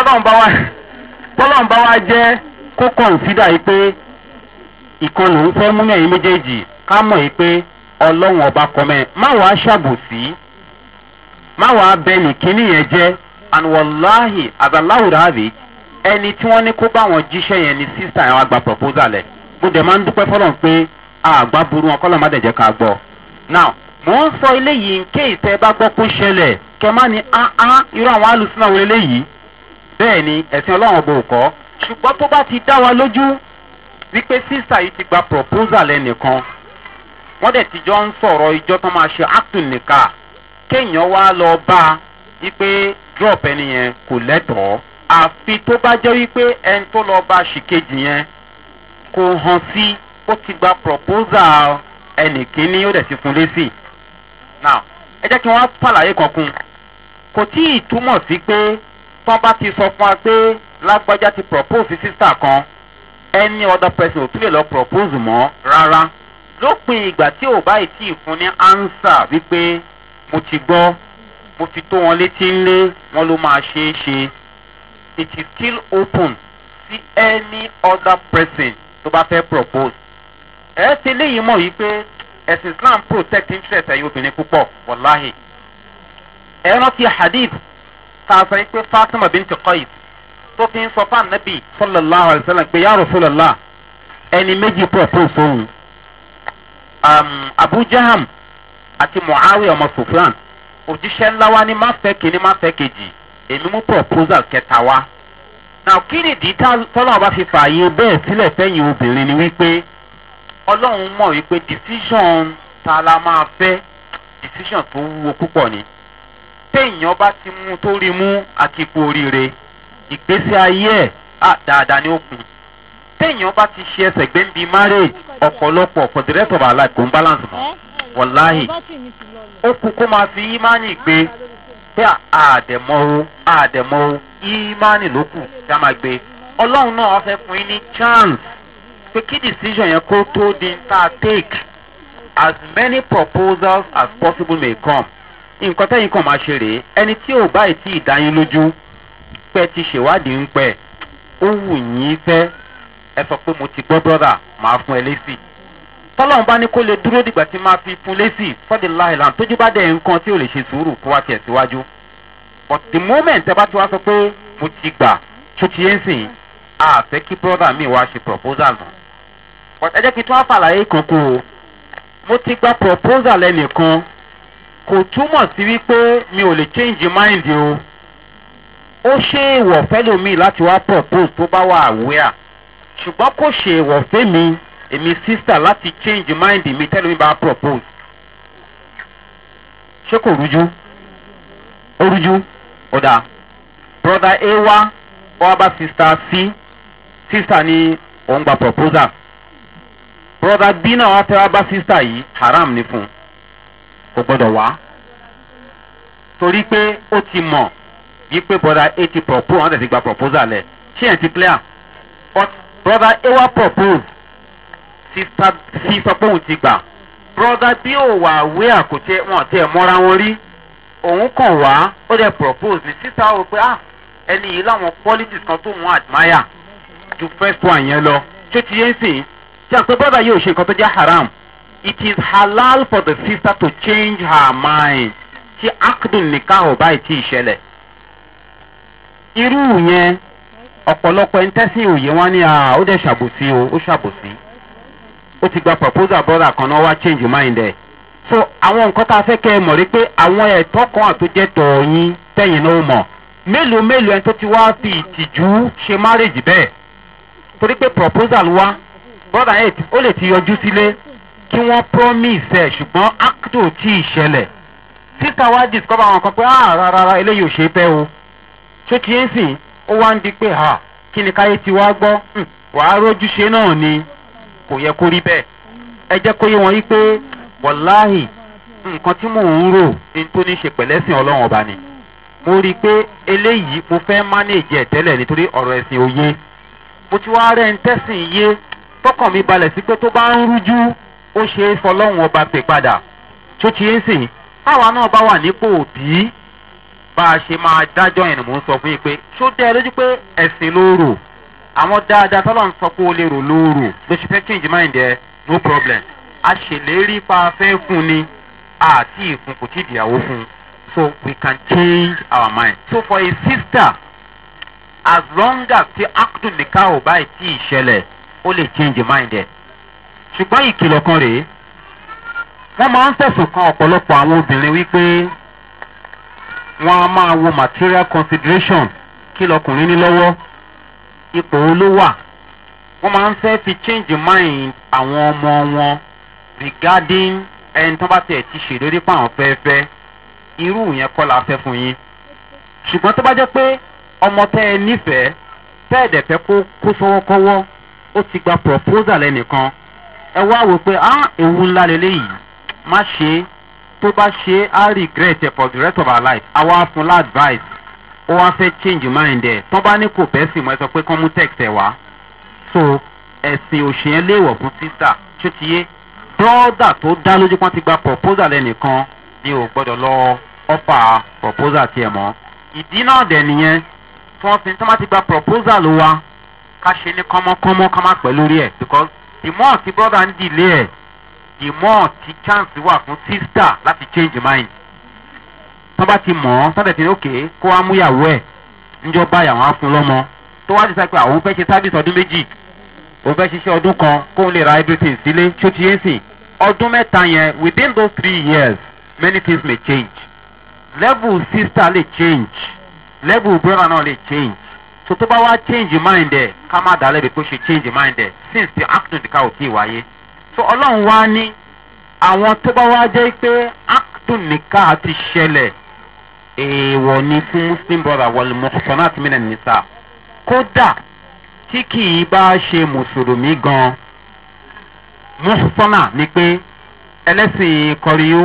tọ́lọ́mùbá wa jẹ́ kó kọ̀ǹsídà yìí pé. ìkan lòún fẹ́ múnú ẹ̀yìn méjèèjì ká mọ̀ yìí pé ọlọ́run ọba kọ́mẹ́ má wàá ṣàbòsí má wàá bẹ nìkíní yẹn jẹ́ and wàláhì ẹni tí wọ́n ní kó bá wọn jíṣẹ́ yẹn ni sísá yẹn gba proposal mo dẹ̀ máa ń dúpẹ́ fọlọ́n pé àgbà burú wọn má dẹ̀ jẹ́ sọ eléyìí bá gbọ́ kó ṣẹlẹ̀ kẹ má ní áá ah, ah, irú àwọn ni ẹ̀sìn ọlọ́run kọ́ ṣùgbọ́n tó bá ti wa lójú wípé sísà yìí ti gba proposal ẹnìkan wọ́n dẹ̀ tijọ́ ń sọ̀rọ̀ ijọ́ tó máa ṣe acton nìka kéèyàn wá lọ bá a wípé drop ẹni yẹn kò lẹ́tọ̀ọ́ àfi tó bá jẹ́ wípé ẹni tó lọ bá ṣìkejì yẹn kò hàn sí ó ti gba proposal ẹnì kíní ó dẹ̀ ti fún lésì. now ẹ jẹ́ kí wọ́n pàlàyé kankun kò tí ì túmọ̀ sí pé tán bá ti sọ fún wa pé lágbájá ti propose sí sísà kan any other person ò tún lè lọ propose mọ́ rárá lópin ìgbà tí ò báyìí tí fún ní answer wípé mo ti gbọ́ mo fi tó wọn létí ńlé wọn ló máa ṣe é ṣe it is still open sí any other person tó bá fẹ́ propose. ẹ ti léyìí mọ̀ yìí pé ẹ̀sìn islam protect interest ẹ̀yin obìnrin púpọ̀ wàláhì. ẹ rántí hadith tá a sọ pé fatima binti qais tó fi ń sọ fún anabi sallallahu alayhi wa sallam pé yàrá sallallahu ẹni méjì propose fóun abu jaham àti muawi ọmọ sufran òjíṣẹ́ ńlá wa ni má fẹ́ kíní má fẹ́ kejì èmi mú proposal kẹta wa now kí ni ìdí tọ́lọ́wọ́ bá fi fààyè bẹ́ẹ̀ sílẹ̀ fẹ́yìn obìnrin ni wípé ọlọ́run mọ̀ wípé decision ta la máa fẹ́ decision tó wúwo púpọ̀ ni téèyàn bá ti mú tó mú àti ipò oríire ìgbésí ayé ẹ̀ à dáadáa ni ó kù téèyàn bá ti ṣe ẹsẹ̀ gbẹ́ǹbi marriage ọ̀pọ̀lọpọ̀ for the rest of our life kò ń balance mọ́ wọláhì ó kú kó máa fi ímánì gbé pé àdèmọ́wó àdèmọ́wó ímánì ló kù kí a máa gbé ọlọ́run náà wọ́n fẹ́ fún yín ní chance pé kí decision yẹn kó tó di ta take as many proposals as possible may come nǹkan tẹ́yìn kan máa ṣe rèé ẹni tí ò báyìí tí ì dá yín lójú pẹ́ ti ṣèwádìí ń pẹ́ ó wù yín fẹ́ ẹ sọ pé mo ti gbọ́ brọ́dà máa fún ẹ lésì tọ́lọ́run bá ní kó lè dúró dìgbà tí máa fi fún lésì fọ́dí láìlan tójú bá dẹ̀ nǹkan tí ò lè ṣe sùúrù kó wá tiẹ̀ síwájú but the moment ẹ bá ti wá sọ pé mo ti gbà tó ti yé sìn á fẹ́ kí brọ́dà mi wá ṣe proposal nù but ẹ jẹ́ kí tí wọ́n fàlàyé kan kó o mo ti gba proposal ẹnìkan kò túmọ̀ sí wípé mi ò lè change mind o ó ṣe èèwọ̀ fẹ́lòmíì láti wá propose tó bá wà àwíà ṣùgbọ́n kò ṣe èèwọ̀ fẹ́mi èmi sísà láti change mind mi tẹ́lómi bá propose ṣé kò rújú ó rújú ọ̀dà brother a wá wá bá sista c Sister ni òun gba proposal brother b náà wá fẹ́ bá sista yìí haram ni fún un kò gbọ́dọ̀ wá torí pé ó ti mọ̀ yí pé brother a ti propose wọ́n tẹ̀ ti gba proposal lẹ̀ ṣé ẹ̀ ti clear but brother a wá propose sister c sọ pé òun ti gbà brother b ò wà wé àkótẹ́ wọn tẹ̀ mọ́ra wọn rí òun kàn wá ó dẹ̀ propose ní sister o pé ah ẹni yìí láwọn qualities kan tó wọn admire ju first one yẹn lọ tó ti yẹn sìn ṣe àpé brother yóò ṣe nǹkan tó jẹ́ haram it is halal for the sister to change her mind ṣé akdun nìkan ò báyìí tí ṣẹlẹ̀ irú yẹn ọ̀pọ̀lọpọ̀ ẹni tẹ́sí òye wọn ni ó dẹ̀ ṣàbòsí o ó ṣàbòsí ó ti gba proposal brother kan náà wá change mind ẹ̀ so àwọn nǹkan tá a fẹ́ kẹ́ ẹ mọ̀ rí pé àwọn ẹ̀tọ́ kan àtúnjẹ́ tọ̀ yín tẹ̀yìn náà mọ̀ mélòó mélòó ẹni tó ti wá fi ìtìjú ṣe marriage bẹ́ẹ̀ torí pé proposal wá brother ẹ̀ ó lè ti yọjú sílé kí wọ́n promise ẹ̀ ṣùgbọ́n acto tí ì ṣẹlẹ̀ sísá wá discover àwọn kan pé ah rárá eléyìí ò ṣe é fẹ́ o ṣé tí ń sìn ó wá ń di pé ha kí ni káyé ti wá gbọ́ wàá rójúṣe náà ni kò yẹ kó rí bẹ́ẹ̀ ẹ jẹ́ kó yé wọn yí pé wàláhì nǹkan tí mò ń rò ní tó ní ṣe pẹ̀lẹ́sìn ọlọ́run ọba ni mo rí i pé eléyìí mo fẹ́ mánéèjì ẹ̀ tẹ́lẹ̀ nítorí ọ̀rọ̀ ẹ̀sìn òye mo ti wá rẹ̀ ń tẹ̀sìn yé tọkàn mi balẹ̀ sí pé tó bá ń rújú ó ṣe é fọlọ́run ọba pè padà tó ti ń sìn táwa náà bá wà nípò òbí bá a ṣe máa dájọ́ yẹn ni mò ń sọ fún yín pé ṣó dẹ́ ẹ lójú pé ẹ̀sìn ló rò àwọn dáadáa tọ́lọ̀ ń sọ pé ó lè rò ló rò ló ṣe fẹ́ change mind ẹ no problem a ṣèlérí pa fẹ́ fún ni àti ìfun kò tí ì dìyàwó fún so we can change our mind. so for a sister as long as ti akdun nìka ò báyìí tí ì ṣẹlẹ̀ ó lè change mind ẹ ṣùgbọ́n ìkìlọ̀ kan rèé wọ́n máa ń fẹ̀sùn kan ọ̀pọ̀lọpọ̀ àwọn obìnrin wípé wọn a máa wo material consideration kí lọkùnrin ní lọ́wọ́ ipò olówà wọn máa ń fẹ́ fi change mind àwọn ọmọ wọn regarding ẹni tó bá tiẹ̀ ti ṣèlérí pa àwọn fẹ́ẹ́fẹ́ irú yẹn kọ́ la fẹ́ fún yín ṣùgbọ́n tó bá jẹ́ pé ọmọ tẹ́ ẹ nífẹ̀ẹ́ tẹ́ ẹ̀dẹ̀ fẹ́ kó kó sọ́wọ́kọ́wọ́ ó ti gba proposal ẹnìkan ẹ wá wò pé ah ewu ńlá lélẹ́yìí má ṣe é tó bá ṣe á regret ẹ̀ for the rest of our life àwa fún la advice ó wá fẹ́ change mind ẹ̀ tó bá ní kò bẹ́ sì mọ́ ẹ sọ pé kán mú text ẹ̀ wá so ẹ̀sìn òṣè yẹn léèwọ̀ fún sísà tó ti yé brọ́dà tó dá lójú pọ́n ti gba proposal ẹnìkan ni ò gbọ́dọ̀ lọ ọ́fà proposal tiẹ̀ mọ́ ìdí náà dẹ̀ nìyẹn tí wọ́n fi tí wọ́n ti gba proposal wa ká ṣe ní kánmọ́kánmọ́ ká má pẹ́ lórí ẹ̀ because the more ti brọ́dà ń dìlé ẹ̀ the more ti chance wà fún sista láti change mind tán bá ti mọ̀ ọ́n sọ́dẹ̀ tí ní òkè kó wá múyàwó ẹ̀ níjọ́ báyà wọn á fún lọ́mọ tó wá ti sá pé àwọn ah, fẹ́ ṣe sábìsì ọdún méjì òun fẹ́ ṣiṣẹ́ ọdún kan kóun lè ra everything sílé tí ó ti yé sìn ọdún mẹ́ta yẹn within those three years many things may change level sista lè change level brother náà lè change so tó bá wá change mind ẹ̀ ká má dàá lẹ́bi pé ó ṣe change mind ẹ̀ since the afternoon ká ò tí ì wáyé so ọlọ́run wá ní àwọn tó bá wá jẹ́ pé acton nìkan àti ṣẹlẹ̀ èèwọ̀ ni fún muslim brother wọlé mọ̀kànlá àti mílẹ̀ nìta kódà tí kì í bá ṣe mùsùlùmí gan mọ̀kànlá ni pé ẹlẹ́sìn kọriyó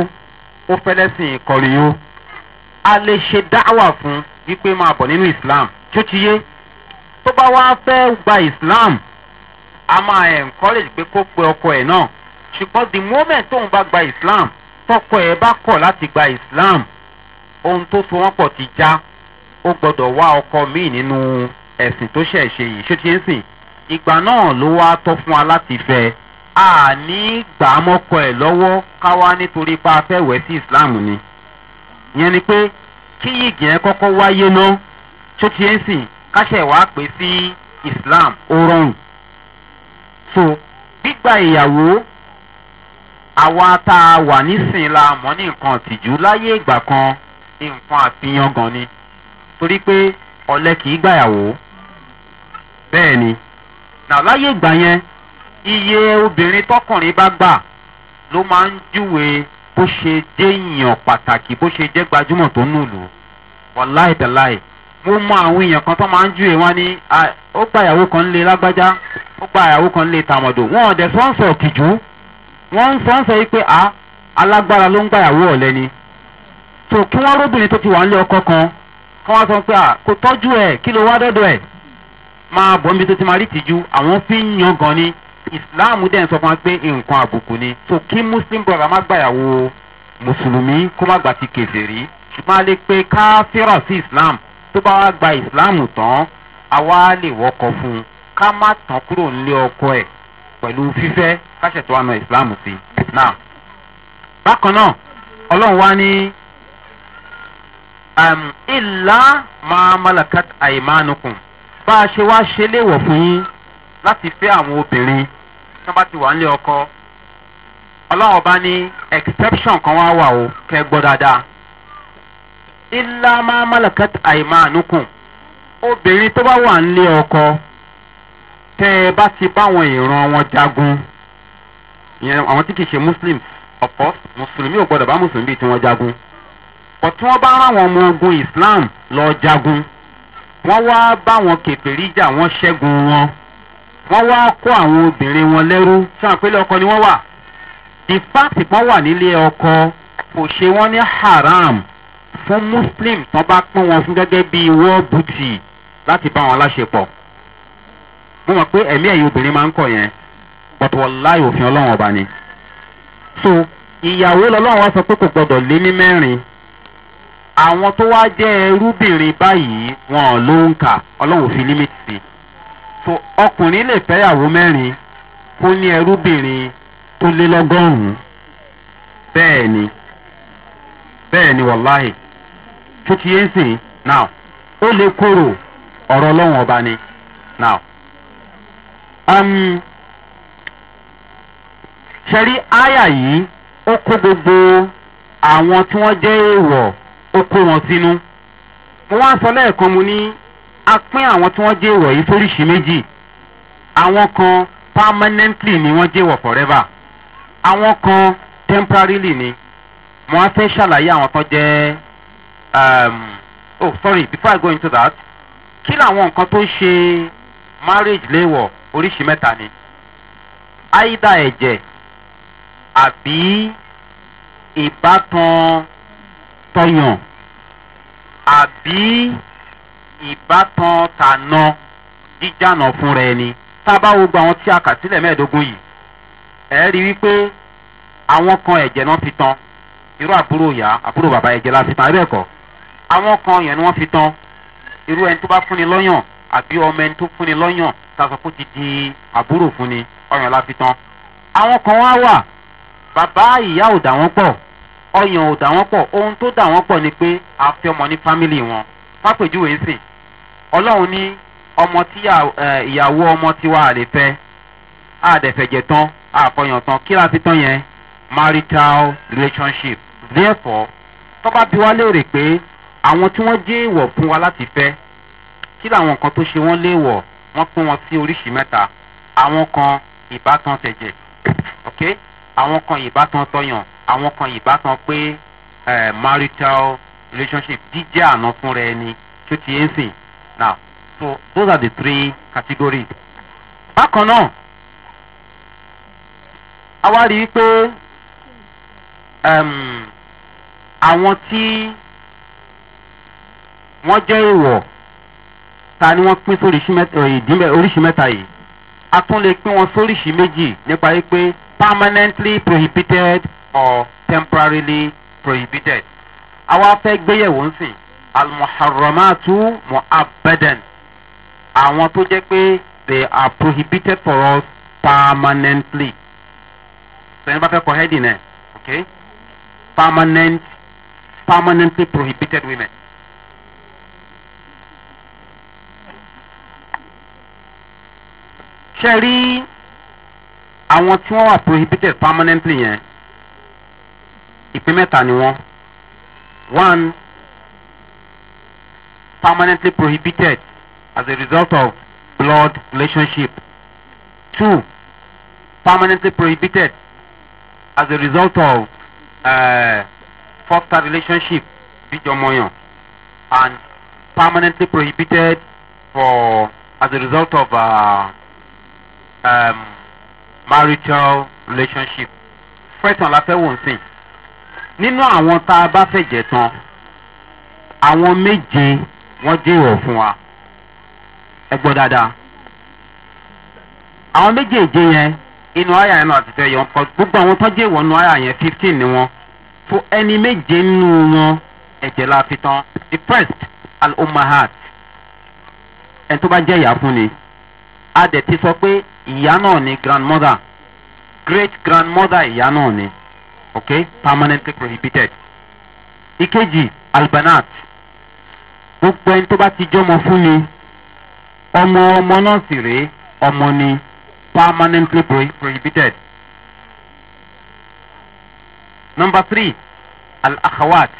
ó fẹ́lẹ́sìn kọriyó a lè ṣe dáwà fún wípé máa bọ̀ nínú islam tó ti yé tó bá wá fẹ́ gba islam a máa encourage pé kó pe ọkọ ẹ̀ náà ṣùgbọ́n the moment tóun bá gba islam tọkọ ẹ̀ bá kọ̀ láti gba islam ohun tó so wọ́n pọ̀ ti já ó gbọ́dọ̀ wá ọkọ míì nínú ẹ̀sìn tó ṣẹ̀ ṣe yìí ṣó ti ń sìn ìgbà náà ló wá tọ́ fún wa láti fẹ́ a ní gbà á mọ́kọ ẹ̀ lọ́wọ́ káwá nítorí pa afẹ́wẹ́ sí islam ni yẹn ni pé kí yìgì yẹn kọ́kọ́ wáyé náà ṣó ti ń sìn káṣẹ̀ wàá pè sí islam ó rọrùn. so gbígba ìyàwó àwa tá a wà nísìn la mọ̀ ní nǹkan tìjú láyé ìgbà kan nǹkan àfihàn gan ni torí pé ọ̀lẹ́ kì í gbàyàwó bẹ́ẹ̀ ni nà láyé ìgbà yẹn iye obìnrin tọkùnrin bá gbà ló máa ń júwe bó ṣe jẹ́ èèyàn pàtàkì bó ṣe jẹ́ gbajúmọ̀ tó nùlù wọ́n láìdáláì. mo mọ àwọn èèyàn kan tó máa ń júwe wọn ní ó gba ìyàwó kan lé lágbájá ó gba ìyàwó kan lé tàmọ̀dò wọn ọ̀dẹ̀ sọ́nsọ̀ kìjú wọ́n ń sọ́nsọ̀ yìí pé a alágbára ló ń gba ìyàwó ọ̀lẹ́ ni tó kí wọ́n róbìnrin tó ti wà nílé ọkọ kan kí wọ́n sọ pé a kò tọ́jú ẹ̀ kí ló wá dọ́dọ̀ ẹ̀ máa bọ̀ níbi tó ti máa rí tìjú àwọn fi ń yan gan ni islam dẹ̀ ń sọ fún wa pé nǹkan àbùkù ni tó kí muslim brother má gba ìyàwó mùsùlùmí kó má gbà ti kèfèrí ṣùgbọ́n a lè pe káfíra sí islam tó bá wá gba ìsìláàmù tán àwa lè wọkọ̀ fún un ká má tàn kúrò nílé ọkọ ẹ̀ pẹ̀lú fífẹ́ káṣẹ̀tọ́ àna ìsìláàmù sí i náà. bákan náà ọlọ́run wá ní ìlà máa malakat àìmánukùn bá a ṣe wá ṣe léèwọ̀ fún yín láti fẹ́ àwọn obìnrin tí wọ́n bá ti wà nílé ọkọ ọlọ́run bá ní exception kan wá wà o kẹ́ gbọ́ dáadáa ilá máa malakat àìmánukùn obìnrin tó bá wà nílé ọkọ tẹ ẹ bá ti báwọn ìran wọn jagun ìyẹn àwọn tí kì í ṣe muslim ọ̀pọ̀ mùsùlùmí ò gbọ́dọ̀ bá mùsùlùmí bíi tí jagun kò tí wọ́n bá ráwọn ọmọ ogun islam lọ jagun wọ́n wá báwọn kẹfẹ́rí jà wọ́n ṣẹ́gun wọn wọ́n wá kó àwọn obìnrin wọn lẹ́rú tí wọ́n àpélé ọkọ ni wọ́n wà the fact pọ́n wà nílé ọkọ kò ṣe wọ́n ní haram fún muslim tó bá pọ́n wọn fún gẹ́gẹ́ bíi wọ́ọ̀bù tì láti bá wọn láṣepọ̀ mo mọ̀ pé ẹ̀mí ẹ̀yìn obìnrin máa ń kọ̀ yẹn but wàláì òfin ọlọ́run ọba ni. so ìyàwó lọ́lọ́run wá sọ pé kò gbọ́dọ̀ lé ní mẹ́rin àwọn tó wá jẹ́ ẹrúbìnrin báyìí wọn ló ń kà ọlọ́run òfin límìtì sí. so ọkùnrin lè fẹ́yàwó mẹ́rin kó ní ẹrúbìnrin tó lé lọ́gọ́rùn-ún bẹ́ẹ̀ ni bẹ́ẹ̀ ni wàláì títí yẹn sìn now ó lè kóró ọ̀rọ̀ ọlọ́run ọba ni now. Um, ṣẹ́rí àyà yìí ó kó gbogbo àwọn tí wọ́n jẹ́ èèwọ̀ ó kó wọn sínú. mo wá sọ lẹ́ẹ̀kan mu ní a pín àwọn tí wọ́n jẹ́ èèwọ̀ yìí sóríṣi méjì àwọn kan permanently ni wọ́n jẹ́wọ̀ forever àwọn kan temporarily ni mo wá fẹ́ ṣàlàyé àwọn kan jẹ́ um, oh sorry before i go into that kí làwọn nǹkan tó ń ṣe marriage léwọ̀ oríṣi mẹ́ta ni àìdá ẹ̀jẹ̀ àbí ìbátan tọyàn àbí ìbátan tànà jíjànà fúnra ẹni tá a bá wo gba àwọn tí a kà sílẹ̀ mẹ́ẹ̀ẹ́dógún yìí ẹ̀ rí wípé àwọn kan ẹ̀jẹ̀ náà fi tan irú àbúrò ìyá àbúrò bàbá ẹ̀jẹ̀ la fi tan abẹ́ẹ̀kọ́ àwọn kan yẹn ni wọ́n fi tán irú ẹni tó bá fúnni lọ́yàn àbí ọmọ ẹni tó fúnni lọ́yàn tàbí kó ti di àbúrò fúnni ọyàn la fi tán. àwọn kan wá wà bàbá ìyá ò dà wọ́n pọ̀ ọyàn ò dà wọ́n pọ̀ ohun tó dà wọ́n pọ̀ ni pé àfẹ́ ọmọ ní fámìlì wọn wọ́n ń sìn ọlọ́run ní ọmọ tí ìyàwó ọmọ tí wàá lè fẹ́ àdẹ̀fẹ̀jẹ̀ tán àfọyàn tán kí la fi tán yẹn marital relationship therefore tọ́ba bí wá léèrè pé àwọn tí wọ́n jẹ́ èèwọ̀ fún wa láti fẹ́ kí làwọn nǹkan tó ṣe wọ́n léèwọ̀ wọ́n pín wọn sí oríṣi mẹ́ta àwọn kan ìbátan tẹ̀jẹ̀ ok àwọn kan ìbátan tọyàn àwọn kan ìbátan pé marital relationship jíjẹ́ àná fúnra ẹni tó ti ń sìn now so those are the three categories. bákan náà a wá rí i pé àwọn tí wọ́n jẹ́ ìwọ̀ ta ni wọ́n pín sóríṣi eh, mẹ́ta yìí a tún lè pín wọn sóríṣi méjì nípa wípé permanently prohibited or temporarily prohibited. àwa fẹ́ gbéyẹ̀wò ń sìn almuharramatu muabadan àwọn tó jẹ́ pé they are prohibited for us permanently. sẹ́yìn bá fẹ́ kọ hẹ́dì náà okay permanent permanently prohibited women. ṣe rí àwọn tí wọ́n wà prohibited permanently yẹn ìpín mẹ́ta ni wọ́n one permanently prohibited as a result of blood relationship two permanently prohibited as a result of uh, foster relationship bijomoyan and permanently prohibited for as a result of. Uh, um, marital relationship fẹ́tàn la fẹ́ wò ń sìn nínú àwọn tá a bá fẹ̀jẹ̀ tán àwọn méje wọ́n jẹ́ ìwọ̀ fún wa ẹ gbọ́ dáadáa àwọn méjèèje yẹn inú àyà yẹn náà ti fẹ́ yọ gbogbo àwọn tó jẹ́ ìwọ̀ nínú àyà yẹn fifteen ni wọ́n fún ẹni méje nínú wọn ẹ̀jẹ̀ la fi tán the al-umahat ẹ̀ tó bá jẹ́ ìyá fún ni a dẹ̀ ti sọ pé ìyá náà ni grandmother great grandmother ìyá náà ni ok permanently prohibited. ìkejì albanat gbogbo ẹni tó bá ti jọmọ fún ni ọmọ ọmọ náà sì rèé ọmọ ni permanently prohibited. number three al-akhawat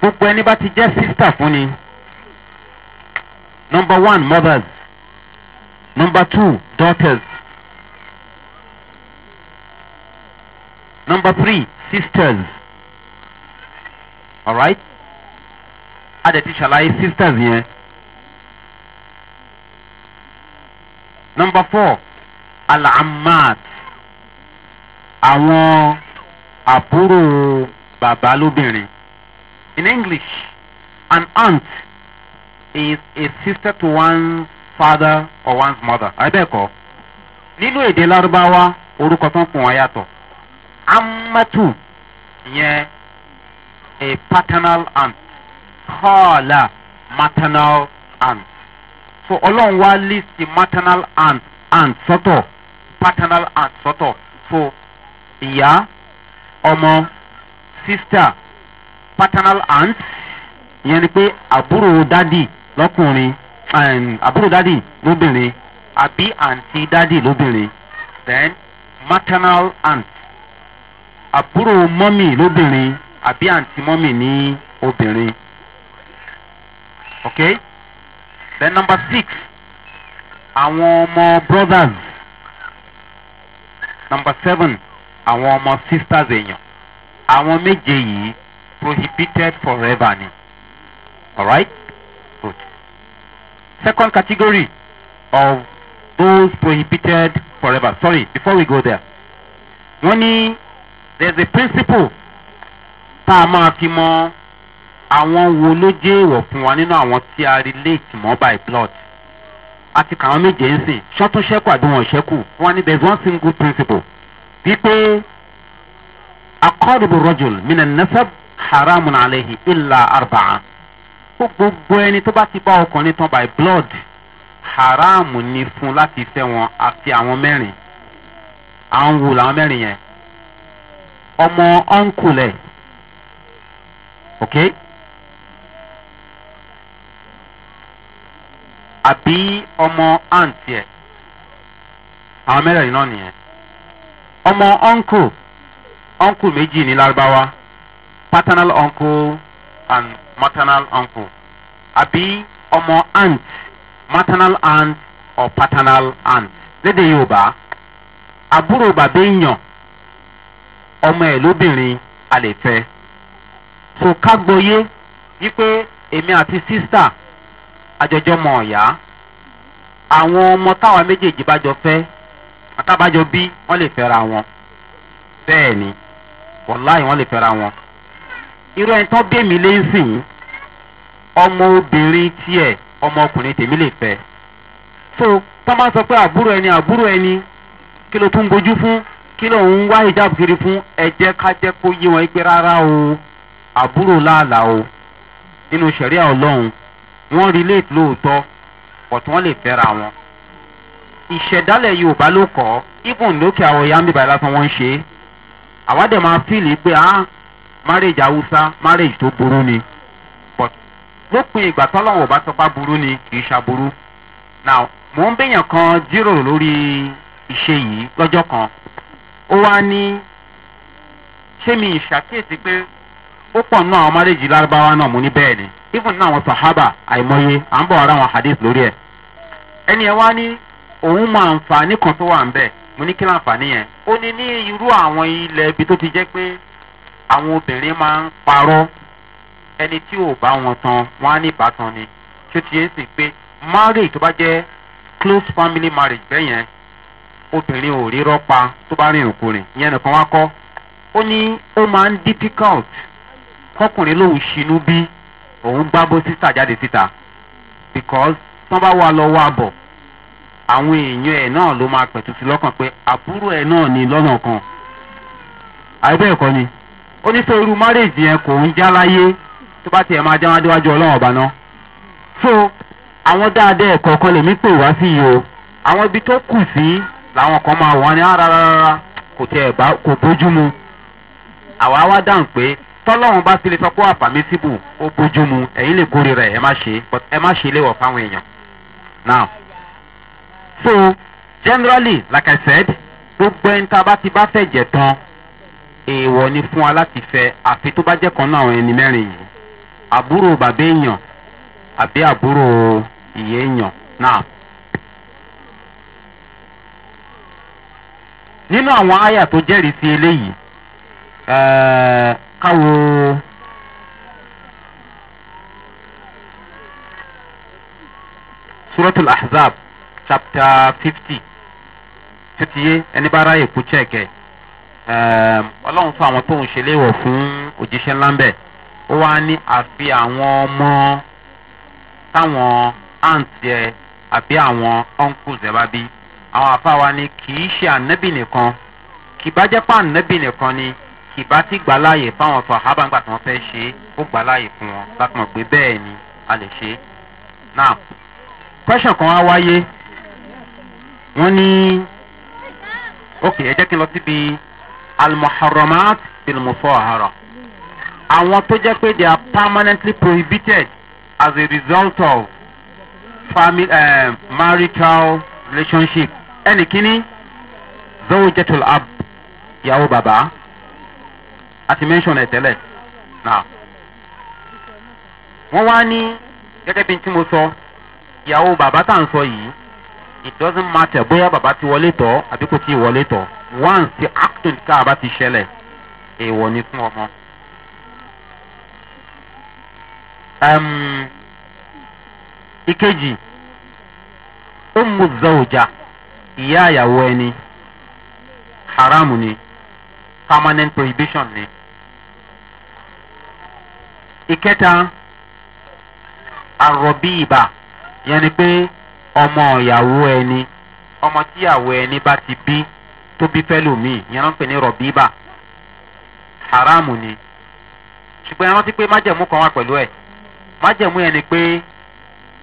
gbogbo ẹni bá ti jẹ́ sista fún ni number one mothers. Number two, daughters. Number three, sisters. All Alright? Adẹ̀tí ṣàlàyé sisters here. Number four, al-ammat. Àwọn àbúrò bàbá lóbìnrin. In English, an aunt is a sister to one's father or one's mother abẹ́ẹ̀kọ́ nínú èdè lárúbáwá orúkọ tó ń pọ̀ wọ́n yàtọ̀ amatu yẹn a paternal aunt kọ́ọ̀là maternal aunt so ọlọ́run wá list maternal aunt aunt sọ́tọ̀ paternal aunt sọ́tọ̀ so ìyá ọmọ sister paternal aunt yẹn ni pé àbúrò dádì lọ́kùnrin àbúrò dádì lóbìnrin àbí àǹtí dádì lóbìnrin then maternal aunt àbúrò mọ́mì lóbìnrin àbí àǹtí mọ́mì ní obìnrin okay then number six àwọn ọmọ brothers number seven àwọn ọmọ sisters èèyàn àwọn méje yìí prohibited forever ni alright second category of those prohibited forever. Sorry, before we go there. Wọ́n ní there is a principle tá a máa fi mọ àwọn wo ló jẹ́ èèwọ̀ fún wa nínú àwọn tí a relate mọ́ by blood. Àti kàwọn méje ń sìn ṣọ́tún ṣẹ́kù àbí wọn ṣẹ́kù. Wọ́n ní there is one single principle wípé akọ́dùbò rọ́jòl mìíràn nẹ́sẹ̀ haramun àlehi illa arba'a pé gbogbo ẹni tó bá ti bá ọkùnrin tán by blood haramu ni fún láti fẹ́ wọn àti àwọn mẹ́rin àwọn wù làwọn mẹ́rin yẹn ọmọ ọ̀nkùlẹ̀ ok àbí ọmọ àǹtí ẹ̀ àwọn mẹ́rin náà nìyẹn ọmọ ọ̀nkù ọ̀nkù méjì ní lárúbáwá paternal uncle and maternal uncle àbí ọmọ aunt maternal aunt or paternal aunt lédè yorùbá àbúrò bàbá èèyàn ọmọ ẹ̀ lóbìnrin a lè fẹ́ so ká gbọ́yé wípé èmi àti sísà àjọjọ́ mọ̀ ọ̀yá àwọn ọmọ táwa méjèèjì bá jọ fẹ́ àtàbájọ bí wọ́n lè fẹ́ra wọn bẹ́ẹ̀ ni wọ́n láì wọ́n lè fẹ́ra wọn. irú ẹni tó bèmí lẹ́sìn ọmọ obìnrin tiẹ̀ ọmọkùnrin tèmi lè fẹ́ so tó máa sọ pé àbúrò ẹni àbúrò ẹni kí ló tún bójú fún kí ló ń wá hijab kiri fún ẹjẹ kájẹ kó yé wọn pé rárá o àbúrò láàlà o nínú sẹ̀ríà ọlọ́run wọ́n rí léètì lóòótọ́ pọ̀tù wọ́n lè fẹ́ra wọn. ìṣẹ̀dálẹ̀ yorùbá ló kọ́ ibùn lókè àwọn ìyá mi bàyá lásán wọ́n ṣe é máa fíìlì pé ah marriage haúsá marriage tó burú ni but lópin ìgbà tọ́lọ́wọ̀ bá tọ́pá burú ni kì í ṣàburú now mò ń bèèyàn kan jíròrò lórí ìṣe yìí lọ́jọ́ kan ó wá ní ṣé mi ìṣàkíyèsí pé ó pọ̀ nínú àwọn marriage lárúbáwá náà mo ní bẹ́ẹ̀ ni even nínú àwọn sahaba àìmọye à ń bọ̀ wá ráwọn hadith lórí ẹ̀ ẹni ẹ wá ní òun mọ àǹfààní kan tó wà ń bẹ̀ mo ní kí láǹfààní yẹn ó ní ní irú àwọn ilẹ̀ ibi tó ti jẹ́ pé àwọn obìnrin máa ń parọ́ ẹni tí ò bá wọn tan wọn á ní ìbátan ni tí ó ti yé sí pé marriage tó bá jẹ́ close family marriage bẹ́ẹ̀ yẹn obìnrin ò rí rọ́pa tó bá rìn òkú rìn ìyẹn nìkan wá kọ́ ó ní ó máa ń difficult kọkùnrin lòun ṣinú bí òun gbábó sísà jáde síta because tán bá wà lọ́wọ́ àbọ̀ àwọn èèyàn ẹ̀ náà ló máa pẹ̀tù sí lọ́kàn pé àbúrò ẹ̀ náà ni lọ́nà kan àìbẹ́ẹ̀ kọ́ ni ó ní sọ irú márèèjì yẹn kò ń já láyé tó bá tiẹ̀ máa já déwájú ọlọ́run ọba náà. so àwọn dáadáa ẹ̀kọ́ kan lèmi pè wá sí yìí o àwọn ibi tó kù sí làwọn kan máa wọ́n ní ah, rárá kò tiẹ̀ bá kò bójú mu àwa wá dáhùn pé tọ́lọ́run bá tilẹ̀ sọ pé àfàmì síbù ó bójú mu ẹ̀yin lè kórè rẹ̀ ẹ má ṣe ẹ léwọ̀ fáwọn èèyàn now so generally like i said gbogbo ẹni tá a bá ti bá fẹ̀jẹ̀ tán èèwọ̀ ni fún wa láti fẹ́ àfi tó bá jẹ́ kan náà àwọn ẹni mẹ́rin yìí àbúrò bàbá èèyàn àbí àbúrò ìyá èèyàn náà. nínú àwọn àyà tó jẹ́rìí sí eléyìí eh, káwo suratul ahzab chapter fifty títí ẹni bá ráyè kú chẹ́ẹ̀kẹ́. ọlọ́run fún àwọn tó ń ṣe léwọ̀ fún òjíṣẹ́ ńlá ń bẹ̀ ó wá ní àfi àwọn ọmọ táwọn aunt ẹ àbí àwọn uncles ẹ bá bí àwọn àfa wa ni kì í ṣe ànábì nìkan kì bá jẹ́ pé ànábì nìkan ni kì bá ti gbà láàyè fáwọn sọ àhábàǹgbà tí wọ́n fẹ́ ṣe é ó gbà láàyè fún wọn lápọn pé bẹ́ẹ̀ ni a lè ṣe é. now question kan wá wáyé wọ́n ní ok ẹ jẹ́ kí n lọ síbi almuharramat ilmufahara àwọn tó jẹ́ pé they are permanently prohibited as a result of family uh, marital relationship ẹnì kíní zawjatul ab yàwó bàbá àti mention ẹ̀ tẹ́lẹ̀ náà wọ́n wá ní gẹ́gẹ́ bí n tí mo sọ ìyàwó bàbá tá à ń sọ yìí it doesn't matter bóyá bàbá ti wọlé tọ́ àbí kò tí wọlé tọ́ once the acting ká bá ti ṣẹlẹ̀ èèwọ̀ ni fún ọmọ. ìkejì ó mú zọ́ọ̀jà ìyá àyàwó ẹni haram ni permanent prohibition ni. ìkẹta àròbí ìbà yẹn ni pé. ọmọ ìyàwó ẹni ọmọ tíyàwó ẹni bá ti bí tó bí mi, yẹn ló ń pè ní rọ̀bíbà haramu ni ṣùgbọ́n ẹ rántí pé májẹ̀mú kan wà pẹ̀lú ẹ̀ májẹ̀mú yẹn ni pé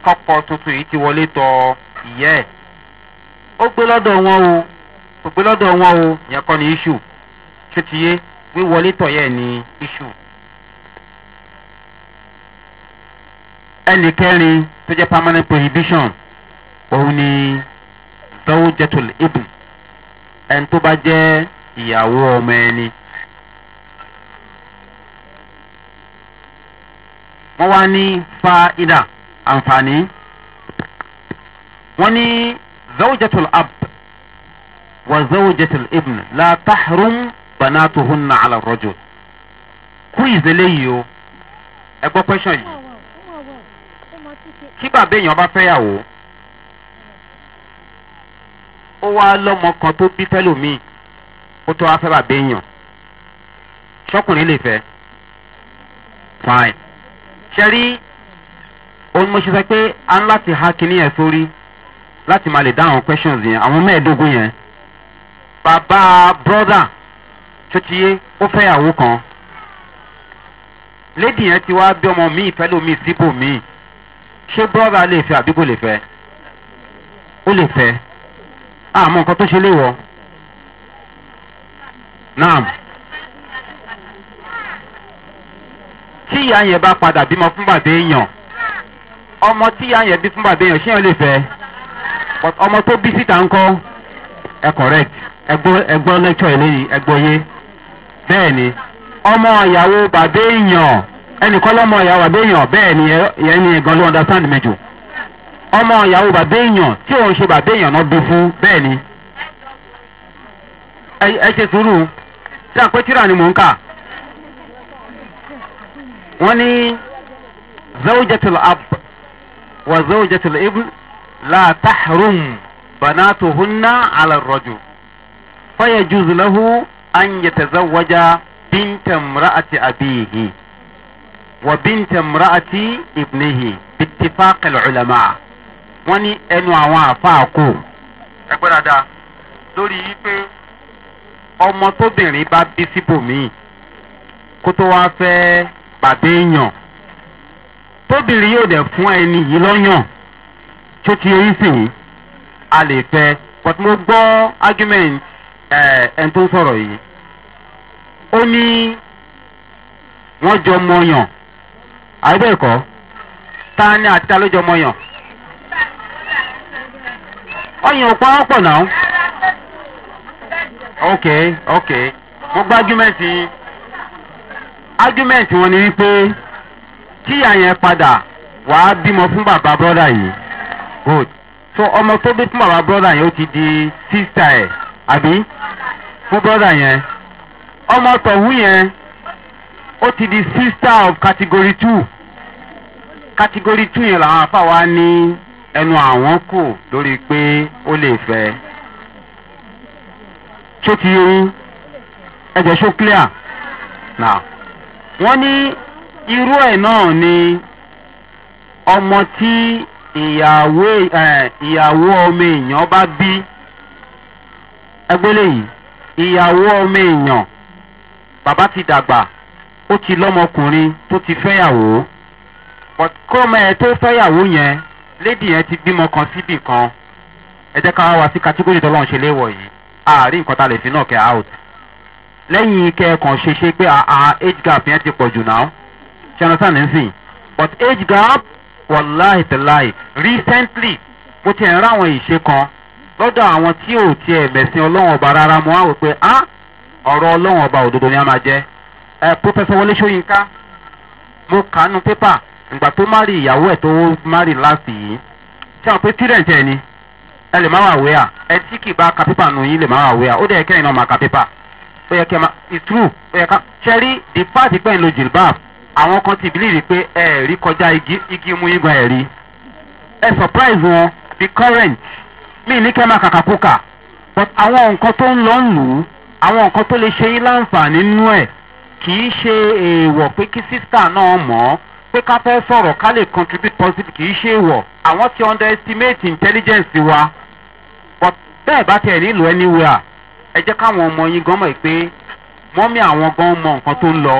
kọ́kọ́ tuntun yìí ti wọlé tọ ìyẹ́ ẹ̀ ó gbé lọ́dọ̀ wọn o kò gbé lọ́dọ̀ wọn o yẹn kọ́ ni iṣu ṣé ti yé wíwọlé tọ̀ yẹn ni iṣu. ẹnì kẹrin tó jẹ́ permanent prohibition. òun ni zawjatul ibn ẹni tó bá jẹ́ ìyàwó ọmọ ẹni. wọ́n wá ní fa ìdá àǹfààní wọ́n ní zawjatul ab wa zawjatul ibn la tahrum banatuhunna ala rojul kú ìzẹlẹ yìí o ẹ gbọ́ pẹ́sọ̀n yìí kí bàbá èèyàn bá fẹ́ yàwó ó wá lọ́mọ kan tó bí fẹ́lòmíì ó tó wá fẹ́ bàbá èèyàn ṣọkùnrin lè fẹ́ fine ṣẹ́rí ohun mo ṣe sọ pé a ń láti ha kinní yẹn sórí láti máa lè dá àwọn questions yẹn àwọn mẹ́ẹ̀ẹ́dógún yẹn bàbá brother tó ti yé ó fẹ́yàwó kan lédi yẹn ti wá bí ọmọ míì fẹ́lòmíì síbòmíì ṣé brother lè fẹ́ àbí kò lè fẹ́ ó lè fẹ́. àmọ́ ah, nkan tó ṣe léwọ́ naam tí ìyá yẹn bá padà bímọ fún bàbá èèyàn ọmọ tí ìyá yẹn bí fún bàbá èèyàn ṣé yẹn lè ọmọ tó bí síta ń ẹ correct ọmọ ìyàwó bàbá èèyàn ẹnìkan ìyàwó bàbá èèyàn ni ọmọ ìyàwó bàbá èèyàn tí òun ṣe bàbá èèyàn náà bí fún bẹ́ẹ̀ ni. ẹ ṣe sùúrù tí àpẹtìrà ni mò ń kà. wọ́n ní zawjatul ab wa zawjatul ibn la tahrum banatuhunna ala rọjò. fọyẹ jùzù lahu an yatazawwaja binta mra'ati abiyihi wa binta mra'ati ibnihi bittifaqil ulama wọ́n ní ẹnu àwọn àáfàá kù. ẹgbẹ́ dada lórí wípé ọmọ tóbìnrin bá bí síbòmíì kó tó wá fẹ́ bàbá èèyàn tóbìnrin yóò dẹ̀ fún ẹni yìí lọ́yàn tó ti orí sìn a lè fẹ́ but mo gbọ́ argument ẹni tó ń sọ̀rọ̀ yìí ó ní wọ́n jọ mọ̀yàn àìbẹ́ẹ̀kọ́ ta àti ta ọyàn ọpọlọ pọ náà. ok ok mo gba argument yín argument wọn ni wípé tí àyẹn padà wàá bímọ fún bàbá brọ́dà yìí good so ọmọ tó bí fún bàbá brọ́dà yẹn ó ti di sista ẹ̀ àbí fún brọ́dà yẹn ọmọ tọ̀hún yẹn ó ti di sísítà of category two category two yẹn làwọn wa ní. ẹnu àwọn kù lórí pé ó lè fẹ́ tó ti yẹn ẹjẹ ṣó clear na wọ́n ní irú ẹ̀ náà ni ọmọ tí ìyàwó ìyàwó ọmọ èèyàn bá bí ẹgbẹ́lẹ̀ yìí ìyàwó ọmọ èèyàn bàbá ti dàgbà ó ti lọ́mọkùnrin tó ti fẹ́yàwó kọ́mọ ẹ tó fẹ́yàwó yẹn lédi yẹn ti bímọ kan síbì kan ẹ jẹ́ ká wá sí kátígórì tọ́lọ́run ṣe léwọ̀ yìí àárín nǹkan tá a lè fi náà kẹ́ out lẹ́yìn kẹ́ẹ̀kan ṣe ṣe pé àà ah, ah, age gap yẹn ti pọ̀ jù náà jonathan nsìn but age gap wàláhì tẹ̀láì recently mo ti ẹ̀ ń ráwọn ìṣe kan lọ́dọ̀ àwọn tí ò tiẹ̀ mẹ̀sìn ọlọ́run ọba rárá mo á wò pé á ah, ọ̀rọ̀ ọlọ́run ọba òdodo ni a máa jẹ́ ẹ pọ́fẹ́sọ wọlé sọ́yìnká mo kà á nu pépà ìgbà tó má ìyàwó ẹ̀ tó má láti yìí tí àwọn pé student ẹ̀ ẹ lè má wà wẹ́à ẹ tí kì bá ka pépà nù yín lè má wà wẹ́à ó dẹ̀ kẹ́yìn náà má ka pépà ó yẹ kẹ́ ma it's true ó yẹ ká ṣẹ́rí the part pẹ́ ń lo jilbab àwọn kan ti believe pé ẹ rí kọjá igi igi mú yín gan ẹ̀ rí ẹ surprise wọn the current mi ní kẹ́ máa kàkà kúkà but àwọn nǹkan tó ń lọ ń lù ú àwọn nǹkan tó lè ṣe yín láǹfààní nínú ẹ̀ kì í ṣe èèwọ̀ pé kí sísà náà mọ̀ ọ́ pé ká fẹ́ sọ̀rọ̀ ká lè contribute positive kì í ṣe wọ̀ àwọn ti underestimate intelligence wa but bẹ́ẹ̀ bá tẹ̀ nílò anywhere ẹ jẹ́ káwọn ọmọ yín gan mọ̀ pé mọ́mí àwọn gan mọ nǹkan tó ń lọ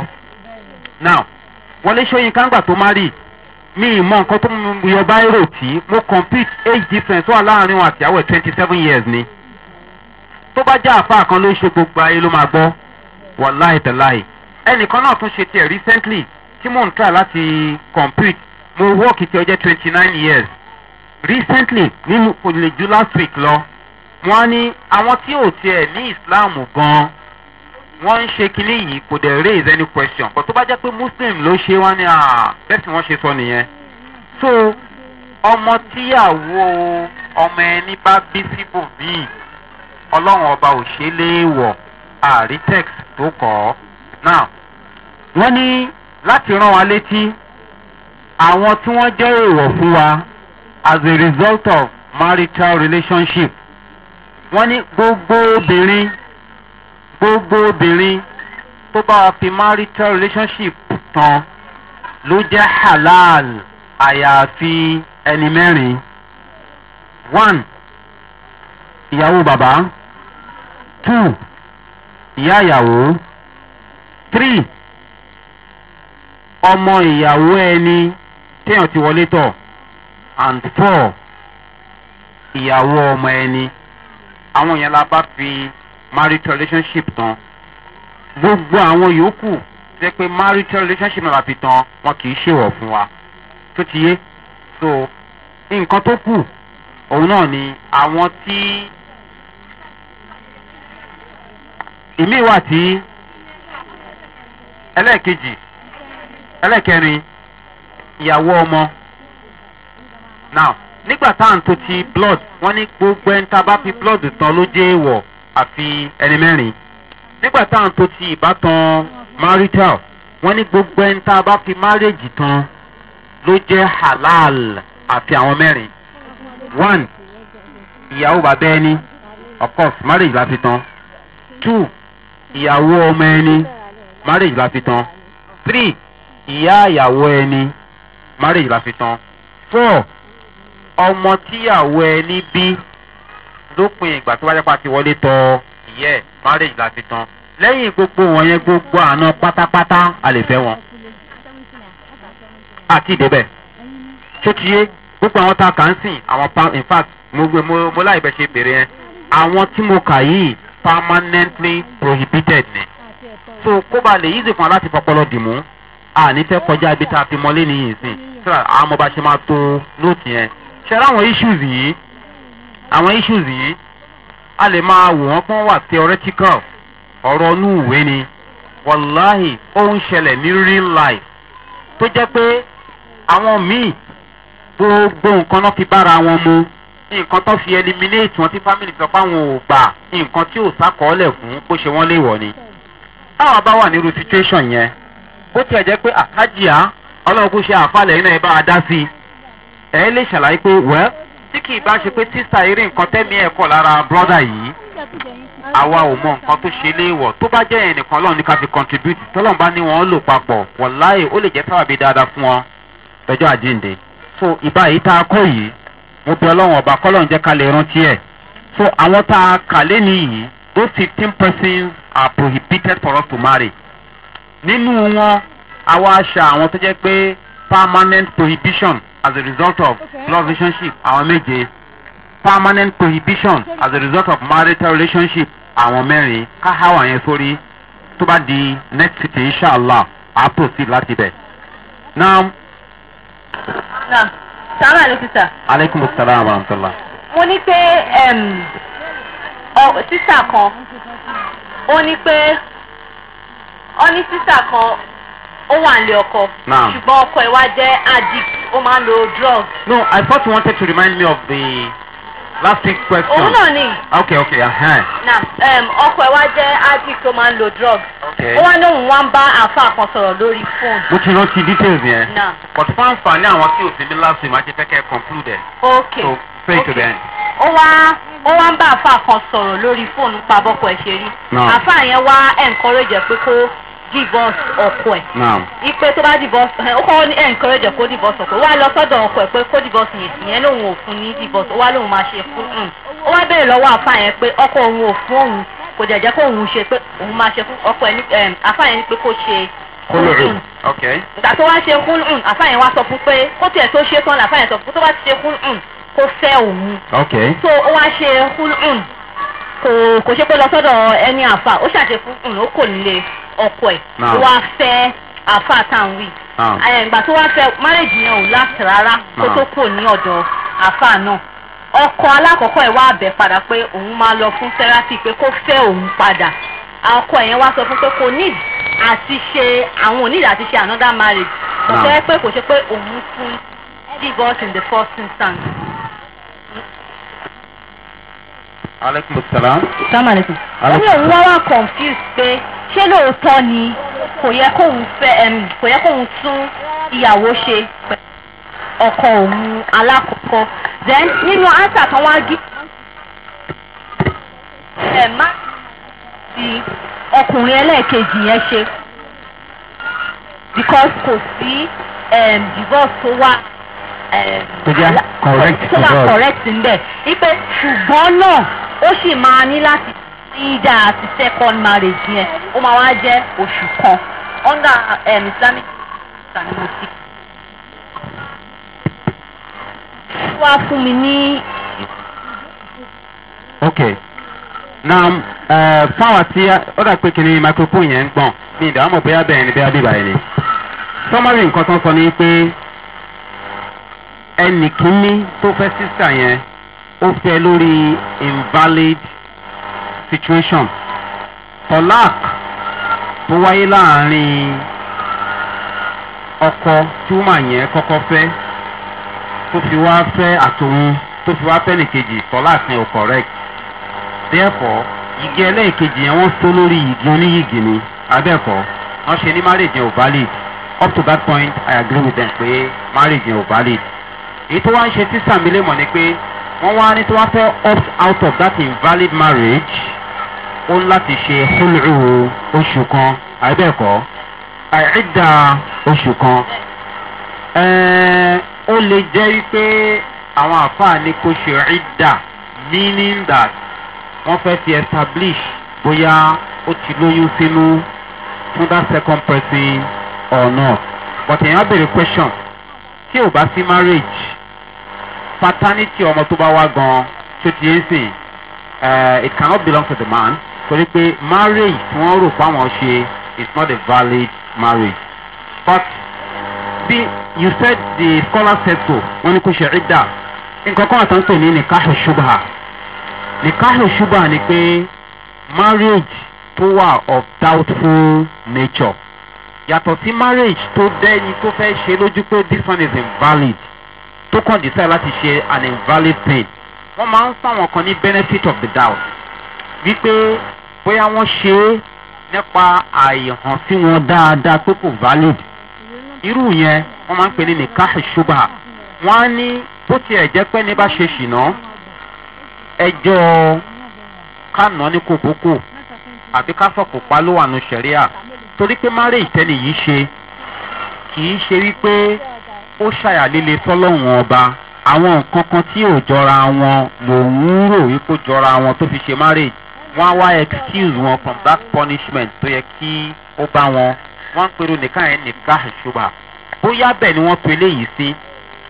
now wọlé sọyìn kángbà tó má rì mi ì mọ nǹkan tó yọ báírò tí mo compete age difference wà láàrin wọn àti àwẹ̀ twenty seven years ni tó bá jẹ́ àfa kan ló ń ṣe gbogbo ayé ló máa gbọ́ wàláì tẹ̀láì ẹnìkan náà tún ṣe tiẹ̀ recently tí mò ń try láti compete mo work ti ọjọ́ twenty nine years recently nínú kò lè last week lọ wọ́n ní àwọn tí ò tiẹ̀ ní islam gan wọ́n ń ṣe kinní yìí kò dẹ̀ raise any question but tó bá jẹ́ pé muslim ló ṣe wọ́n ní ah, bẹ́ẹ̀ tí wọ́n ṣe sọ nìyẹn so ọmọ tíyàwó ọmọ ẹni bá bí síbò míì ọlọ́run ọba ò ṣe é léèwọ̀ àrí text tó kọ́ now wọ́n ní láti rán wa létí àwọn tí wọ́n jẹ́ èrò fún wa as a result of marital relationship wọ́n ní gbogbo obìnrin gbogbo obìnrin tó bá fi marital relationship tán ló jẹ́ halal àyàfi ẹni mẹ́rin one ìyàwó bàbá two ìyá ìyàwó three ọmọ ìyàwó ẹni téèyàn ti wọlé tọ̀ and four ìyàwó ọmọ ẹni àwọn yẹn la bá fi marital relationship tán gbogbo àwọn yòókù jẹ́ pé marital relationship náà la fi tán wọn kì í ṣèwọ̀ fún wa tó ti yé so nǹkan tó kù òun náà ni àwọn tí ìmíì wà tí ẹlẹ́ẹ̀kejì ẹlẹ́kẹrin ìyàwó ọmọ now nígbà tá à ń to blood wọ́n ní gbogbo ẹni tá a bá fi blood tán ló jẹ́ èèwọ̀ àfi ẹni mẹ́rin nígbà tá à ń to ti ìbátan marital wọ́n ní gbogbo ẹni tá a bá fi marriage tán ló jẹ́ halal àfi àwọn mẹ́rin one ìyàwó bàbá ẹni of course marriage la fi tán two ìyàwó ọmọ ẹni marriage la fi tán three ìyá ìyàwó ẹni marriage la fi tan four ọmọ tíyàwó ẹni bí lópin ìgbà tó bá jẹ́ pa ti wọlé tọ ìyẹ́ yeah, marriage la fi tan lẹ́yìn gbogbo wọ̀nyẹn gbogbo àna pátápátá a lè fẹ́ wọn. àti ìdébẹ̀ tó ti yé gbogbo àwọn tá a kà ń sìn àwọn pa in fact mo gbé mo mo láì bẹ ṣe bèrè yẹn àwọn tí mo kà yìí permanently prohibited ni so kó ba lè yí ìsìnkú aláti fọpọlọ dì mú àní fẹ́ kọjá ibi tá a fi mọ́lé nìyí sìn sọ àwọn ọmọ bá ṣe máa tó nóòtì yẹn ṣẹlẹ àwọn issues yìí àwọn issues yìí a lè máa wò wọ́n pọ́n wà theoretical ọ̀rọ̀ inú ìwé ni wàláhì ó ń ṣẹlẹ̀ ní real life tó jẹ́ pé àwọn míì gbogbo nǹkan náà fi bára wọn mu nǹkan tó fi eliminate wọn tí family sọ fáwọn ò gbà nǹkan tí ò sákọọ́lẹ̀ fún bó ṣe wọ́n léèwọ̀ ni. táwọn bá wà nírú situation yẹn bó tiẹ̀ jẹ́ pé àkájìá ọlọ́run kò ṣe àfàlẹ̀ yìí náà ẹ bá a dá sí i ẹ lè ṣàlàyé pé wẹ́ tí kì í bá ṣe pé tíṣà eré nǹkan tẹ́mi ẹ̀ kọ́ lára brọ́dà yìí àwa ò mọ nǹkan tó ṣe léèwọ̀ tó bá jẹ́ ẹnìkan ọlọ́run ní ká fi contribute tọ́lọ́run bá ní wọn ó lò papọ̀ wọ̀láì ó lè jẹ́ sábàbí dáadáa fún wọn lọ́jọ́ àjíǹde so ìbá yìí tá a kọ́ yìí mo bí ọlọ́run ọba kọ́lọ́run jẹ́ ká lè rántí ẹ̀ so àwọn tá a kà lé nìyí those fifteen persons are prohibited for us to marry nínú wọn àwa aṣa àwọn tó jẹ́ pé permanent prohibition as a result of okay. love relationship àwọn méje permanent prohibition as a result of marital relationship àwọn mẹ́rin káháwà yẹn sórí tó bá di next city inshallah a proceed láti bẹ̀. naam. naam salaam aleykum sir. aleykum salaam wa rahmatulah. mo ní pé sísà kan ó ní pé ọ́ní sísà kan ó wà ní ọkọ. ṣùgbọ́n ọkọ ẹ̀ jẹ́ addict ó máa ń lo drug. no i thought you wanted to remind me of the last week question. òun náà ni. ok ok ahan. Uh-huh. na um, ọkọ ẹ̀ jẹ́ addict ó máa ń lo drug. ó wá lóun wá ń bá àáfà kan sọ̀rọ̀ lórí fóònù. mo ti rántí details yẹn. na but fún àǹfààní àwọn tí ò sí mi last week máa ṣe fẹ́ kẹ́ ẹ conclude ẹ̀. so pray okay. to the end. ó wá ó wá ń bá àáfà kan sọ̀rọ̀ lórí fóònù pa bọ́kọ̀ ẹ̀ ṣe rí. àáfà yẹn wá encourage ẹ̀ pé kó divorce ọkọ ẹ. ipe tó bá divorce ẹ ó kọ́ encourage ẹ kó divorce ọkọ wá lọ sọ́dọ̀ ọkọ ẹ pé kó divorce yẹn ìyẹn lòun ò fún ní divorce ó wá lòun máa ṣe fún un mm. ó wá bèrè lọ́wọ́ àfa yẹn pé ọkọ òun ò fún òun kò jẹ́ jẹ́ kó òun ṣe pé òun máa ṣe fún ọkọ ẹ àfa yẹn ni pé kó ṣe kúlùrù mm. ìgbà tó wá ṣe kúlùrù mm, àfa yẹn wá sọ fún pé kó tiẹ̀ tó ṣe tán làfa yẹn sọ fún tó bá ti ṣe kúlùrù kó fẹ́ òun. so ó wá ṣe kúlùrù kò kò ṣe pé lọ sọ́dọ̀ ẹni àfa ó ṣàṣekú ó kò nílé ọkọ ẹ̀ wá fẹ́ àfa táwọn wí. ìgbà tó wá fẹ́ márèjì yẹn ò láti rárá kó tó kò ní ọ̀dọ̀ àfa náà ọkọ alákọ̀ọ́kọ́ ẹ̀ wá bẹ̀ padà pé òun máa lọ fún tẹ́rápì pé kó fẹ́ òun padà ọkọ yẹn wá sọ fún pé kò need àti ṣe àwọn onídìí àti ṣe another marriage kò fẹ́ pé kò ṣe pé òun fún divorce in the first instance aleykum salaam. salaam aleykum. wọ́n ní òun wá wá confused pé ṣé lóòótọ́ ni kò yẹ kóun fẹ́ kò yẹ kóun tún ìyàwó ṣe ọkọ òun alákọ̀ọ́kọ́ then nínú answer kan wá gí. ẹ má ti ọkùnrin ẹlẹ́ẹ̀kejì yẹn ṣe because kò sí divorce tó wà. tó máa correct ṣùgbọ́n náà ó sì máa ní láti àti second marriage yẹn ó máa wá jẹ́ oṣù kan under um, islamic wá fún mi ok uh, fáwọn tí ó dà pé microphone yẹn ń gbọ̀n ní bóyá bẹ́ẹ̀ ni ni sọ ni pé. ẹnì kínní tó fẹ́ sísà yẹn ó fẹ́ lórí invalid situation tọ́lák tó wáyé láàrin ọkọ tí ó mà yẹn kọ́kọ́ fẹ́ tó fi wá fẹ́ àtòun tó fi wá fẹ́ nìkejì tọ́lák yẹn ò correct therefore ìgé ẹlẹ́ẹ̀kejì yẹn wọ́n so lórí ìgé oníyìgì ni abẹ́ẹ̀kọ́ wọ́n ṣe ní marriage yẹn ò valid up to that point i agree with them pé marriage yẹn ò valid èyí tó wá ń ṣe tí sàmílẹ̀ mọ̀ ni pé wọ́n wá ní tí wọ́n fẹ́ opt out of that invalid marriage ó ń láti ṣe húlù oṣù kan àìbẹ́ẹ̀kọ́ àìdá oṣù kan ó lè jẹ́ wípé àwọn àfáà ní kó ṣe àìdá meaning that wọ́n fẹ́ fi establish bóyá ó ti lóyún sínú fún that second person or not but èèyàn á bèrè question tí ò bá sí marriage paternity ọmọ tó bá wá gan tó ti ń sìn eh, it cannot belong to the man torí pé marriage tí wọ́n rò fáwọn ṣe is not a valid marriage but bí you said the scholar said so wọ́n ní kò ṣe rí dà nǹkan kan àtàn tó ní nìkáhù ṣubha nìkáhù ṣubha ni pé marriage tó wà of doubtful nature yàtọ̀ sí marriage tó dẹ́ni tó fẹ́ ṣe lójú pé this one is invalid tó kàn decide láti ṣe an invalid pain wọ́n máa ń fáwọn kan ní benefit of the doubt wípé bóyá wọ́n ṣe é nípa àìhàn sí wọn dáadáa pé kò valid irú yẹn wọ́n máa ń pè ní nìkan ṣùgbà wọ́n á ní bó tiẹ̀ jẹ́ pé ní bá ṣe ṣìnà ẹjọ́ kánà ní kòkókò àbí káfọ̀kò pa ló wà nù sẹ̀ríà torí pé márèèjì tẹ́nì yìí ṣe kì í ṣe wípé ó ṣàyàlélẹ̀ sọ́lọ́hún ọba àwọn nǹkan kan tí ò jọra wọn lòun ń rò wípé jọra wọn tó fi ṣe marriage wọ́n á wá excuse wọn from that punishment tó yẹ kí ó bá wọn wọ́n ń pèrò nìkan yẹn nìka ṣùgbà bóyá bẹ́ẹ̀ ni wọ́n pe léyìí sí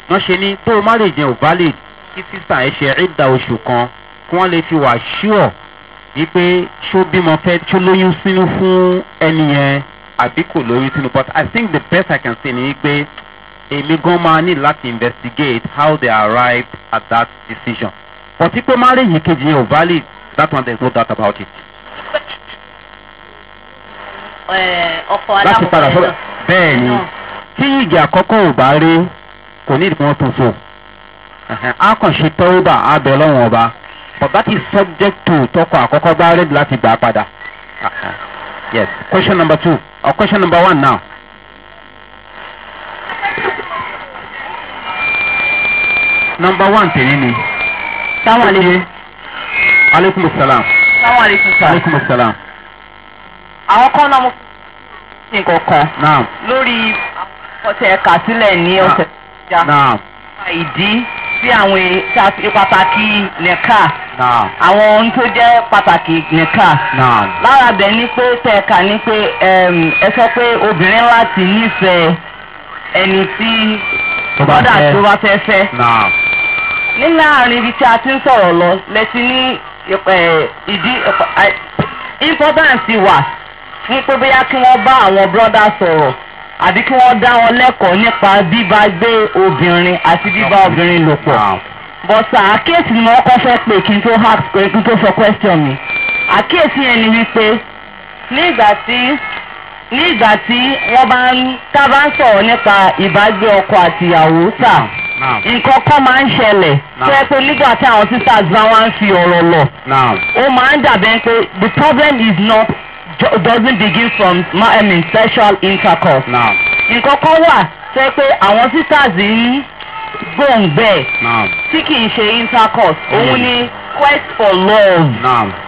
wọ́n ṣe ní tó marriage yẹn ò valid kí sísà ẹ ṣe ìdá oṣù kan kí wọ́n lè fi wà sure wípé ṣó bímọ fẹ́ ṣó lóyún sínú fún ẹni yẹn àbí kò lóyún sínú but i think the best i can say ni wípé èmi gan máa ní láti investigate how they arrived at that decision but pípé marriage yìí kejì yẹn ò valid that one there is no doubt about it. ọkọ alákọ̀ọ́kọ́ rẹ̀ bẹ́ẹ̀ ni tí ìgì àkọ́kọ́ ò bá rí kò ní ìdíkùn tó a kàn ṣe tẹ́wọ́bà á bẹ̀ lọ́wọ́n ọba but that is subject to tọkọ àkọ́kọ́ bá rẹ̀ láti gbà padà. yes question number two or uh, question number one now. nọmba one tèmi ni. sáwọn àlejò. aleykum salaam. sáwọn àlejò sá. aleykum salaam. àwọn kan náà mo fi ní kankan. naam. lórí ọ̀sẹ̀ ẹ̀ka sílẹ̀ ní ọ̀sẹ̀ ìjà. naam. ìdí sí àwọn pàtàkì nìka. naam. àwọn ohun tó jẹ́ pàtàkì nìka. lára bẹ̀ ni pé tẹ̀ka sọ pé obìnrin láti nífẹ̀ẹ́ ẹni tí tó bá ní láàrin ibi tí a ti ń sọ̀rọ̀ lọ lẹ́tí ní ìdí importance wà fún pé bóyá kí wọ́n bá àwọn brọ́dà sọ̀rọ̀ àbí kí wọ́n dá wọn lẹ́kọ̀ọ́ nípa bíbá gbé obìnrin àti bíbá obìnrin lò pọ̀ bọ́sà àkíyèsí ni wọ́n kọ́ fẹ́ pé kí n tó ask kí n tó sọ question mi àkíyèsí yẹn ni wípé ní ìgbà tí ní ìgbà tí wọ́n bá ń tá bá ń sọ̀rọ̀ nípa ìbágbé ọkọ àtìyàwó sà nǹkan kan máa ń ṣẹlẹ̀ tó yẹ pé nígbà tí àwọn sisters bá wá ń fi ọ̀rọ̀ lọ ó máa ń dàbẹ́ pé the problem is not doesn't begin from I mean, sexual intercourse nǹkan kan wà tó yẹ pé àwọn sisters ń gbòǹgbẹ̀ tí kì í ṣe intercourse òun mm. ni quest for love. Now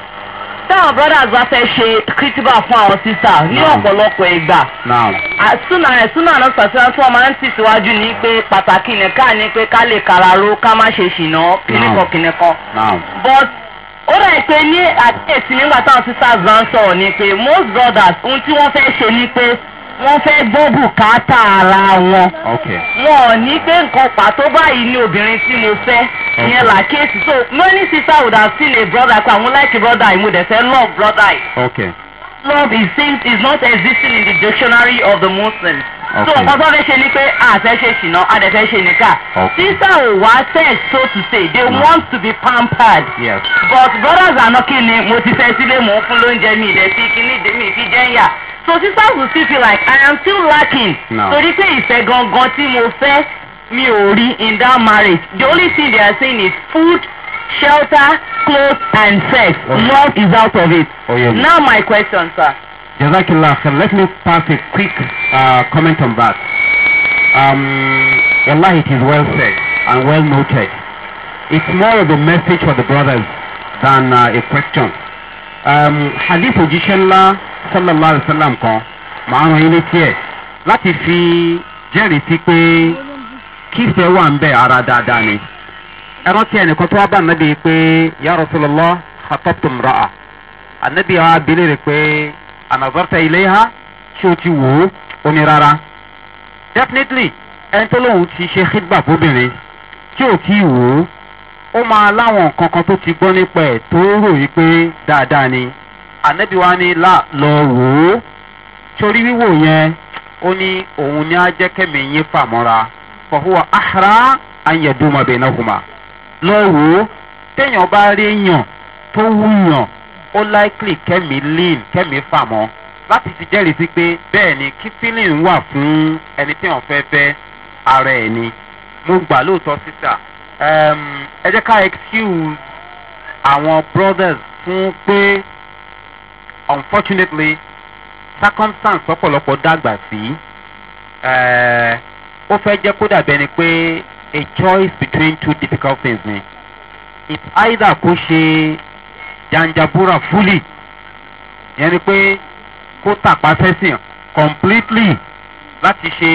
táwọn brothers bá fẹ́ ṣe critical fún àwọn sísá ní ọ̀pọ̀lọpọ̀ ìgbà súnà ẹ̀ náà sàṣẹ́wá tí wọ́n máa ń tẹ̀síwájú ní pé pàtàkì nìkan ni pé ká lè kàrà ro ká má ṣe ṣìnà kíníkan but ó rẹ̀ pé ní àkíyèsí nígbà táwọn sísá zan sọ̀rọ̀ ni pé most brothers ohun tí wọ́n fẹ́ ṣe ni pé wọ́n fẹ́ gbọ́ bùkátà ara wọn. wọn ò ní pé nǹkan pàtó báyìí ni obìnrin tí mo fẹ́ yẹn là kéèsì so many sisters would have seen a brother pé àwọn like brother yìí mo dẹ̀ fẹ́ love brother yìí. Okay. love is seen is not existing in the dictionary of the muslims. Okay. so nǹkan tó fẹ́ ṣe ni pé a fẹ́ ṣe ṣìnà a dẹ̀ fẹ́ ṣe nìkà. sister ò wá sex so to say they no. want to be pampered. Yes. but brothers àná kí ni mo ti fẹ́ sílé mò ń fún lóúnjẹ mi ìdẹ̀sí kíní ìdèmí ìfijẹ́yà so sisters will still feel like i am still lacking. torí pé ìfẹ́ gangan tí mo fẹ́ mi ò rí in that marriage the only thing they are saying is food shelter clothes and sex okay. Oh. love is out of it. Oh, yeah. now my question sir. Jazakillah, so let me pass a quick uh, comment on that. Um, Allah, it is well said and well noted. It's more of a message for the brothers than uh, a question um, hadith òjíṣẹ́ ńlá sallallahu alayhi wa sallam kan màá ràn yín létí ẹ̀ láti fi jẹ́rìí sí pé kífẹ́ wà ń bẹ̀ ara dáadáa ni. ẹran tí ẹnìkan tó wá bá nàbí pé yàrá sọlọ́lọ́ hatọ́tùm ra'a ànábì wa abilé rẹ̀ pé ànàzọ́tà ilé ha tí o ti wò ó omi rárá. definitely ẹni tó lóun ti ṣe xidba fóbìnrin tí o ti wò ó ó máa láwọn nǹkan kan tó ti gbọ́ nípa ẹ̀ tó rò yí pé dáadáa ni ànábì wa ni là lọ wò ó torí wíwò yẹn ó ní òun ni á jẹ́ kẹ́mi yín fàmọ́ra fọ̀húwà áhàrá ayẹ̀dùnmọ̀bẹ̀ náà kùmà lọ wò ó téèyàn bá rí yàn tó wúyàn ó láìkìlì kẹ́mi lean kẹ́mi fàmọ́ láti fi jẹ́rìí sí pé bẹ́ẹ̀ ni kí feeling wà fún ẹni tí wọ́n fẹ́ fẹ́ ara ẹ̀ ni mo gbà lóòótọ́ sísà ẹ jẹ́ ká excuse àwọn brothers fún pé unfortunately circumstance ọ̀pọ̀lọpọ̀ dàgbà sí eh, ó fẹ́ jẹ́ kó dàbí ẹni pé a choice between two difficult things ni it's either kó ṣe janjabura fully yẹn ni pé kó tàpá sẹ́sìn completely láti ṣe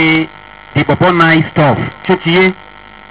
the bobo nice stuff tó ti yé.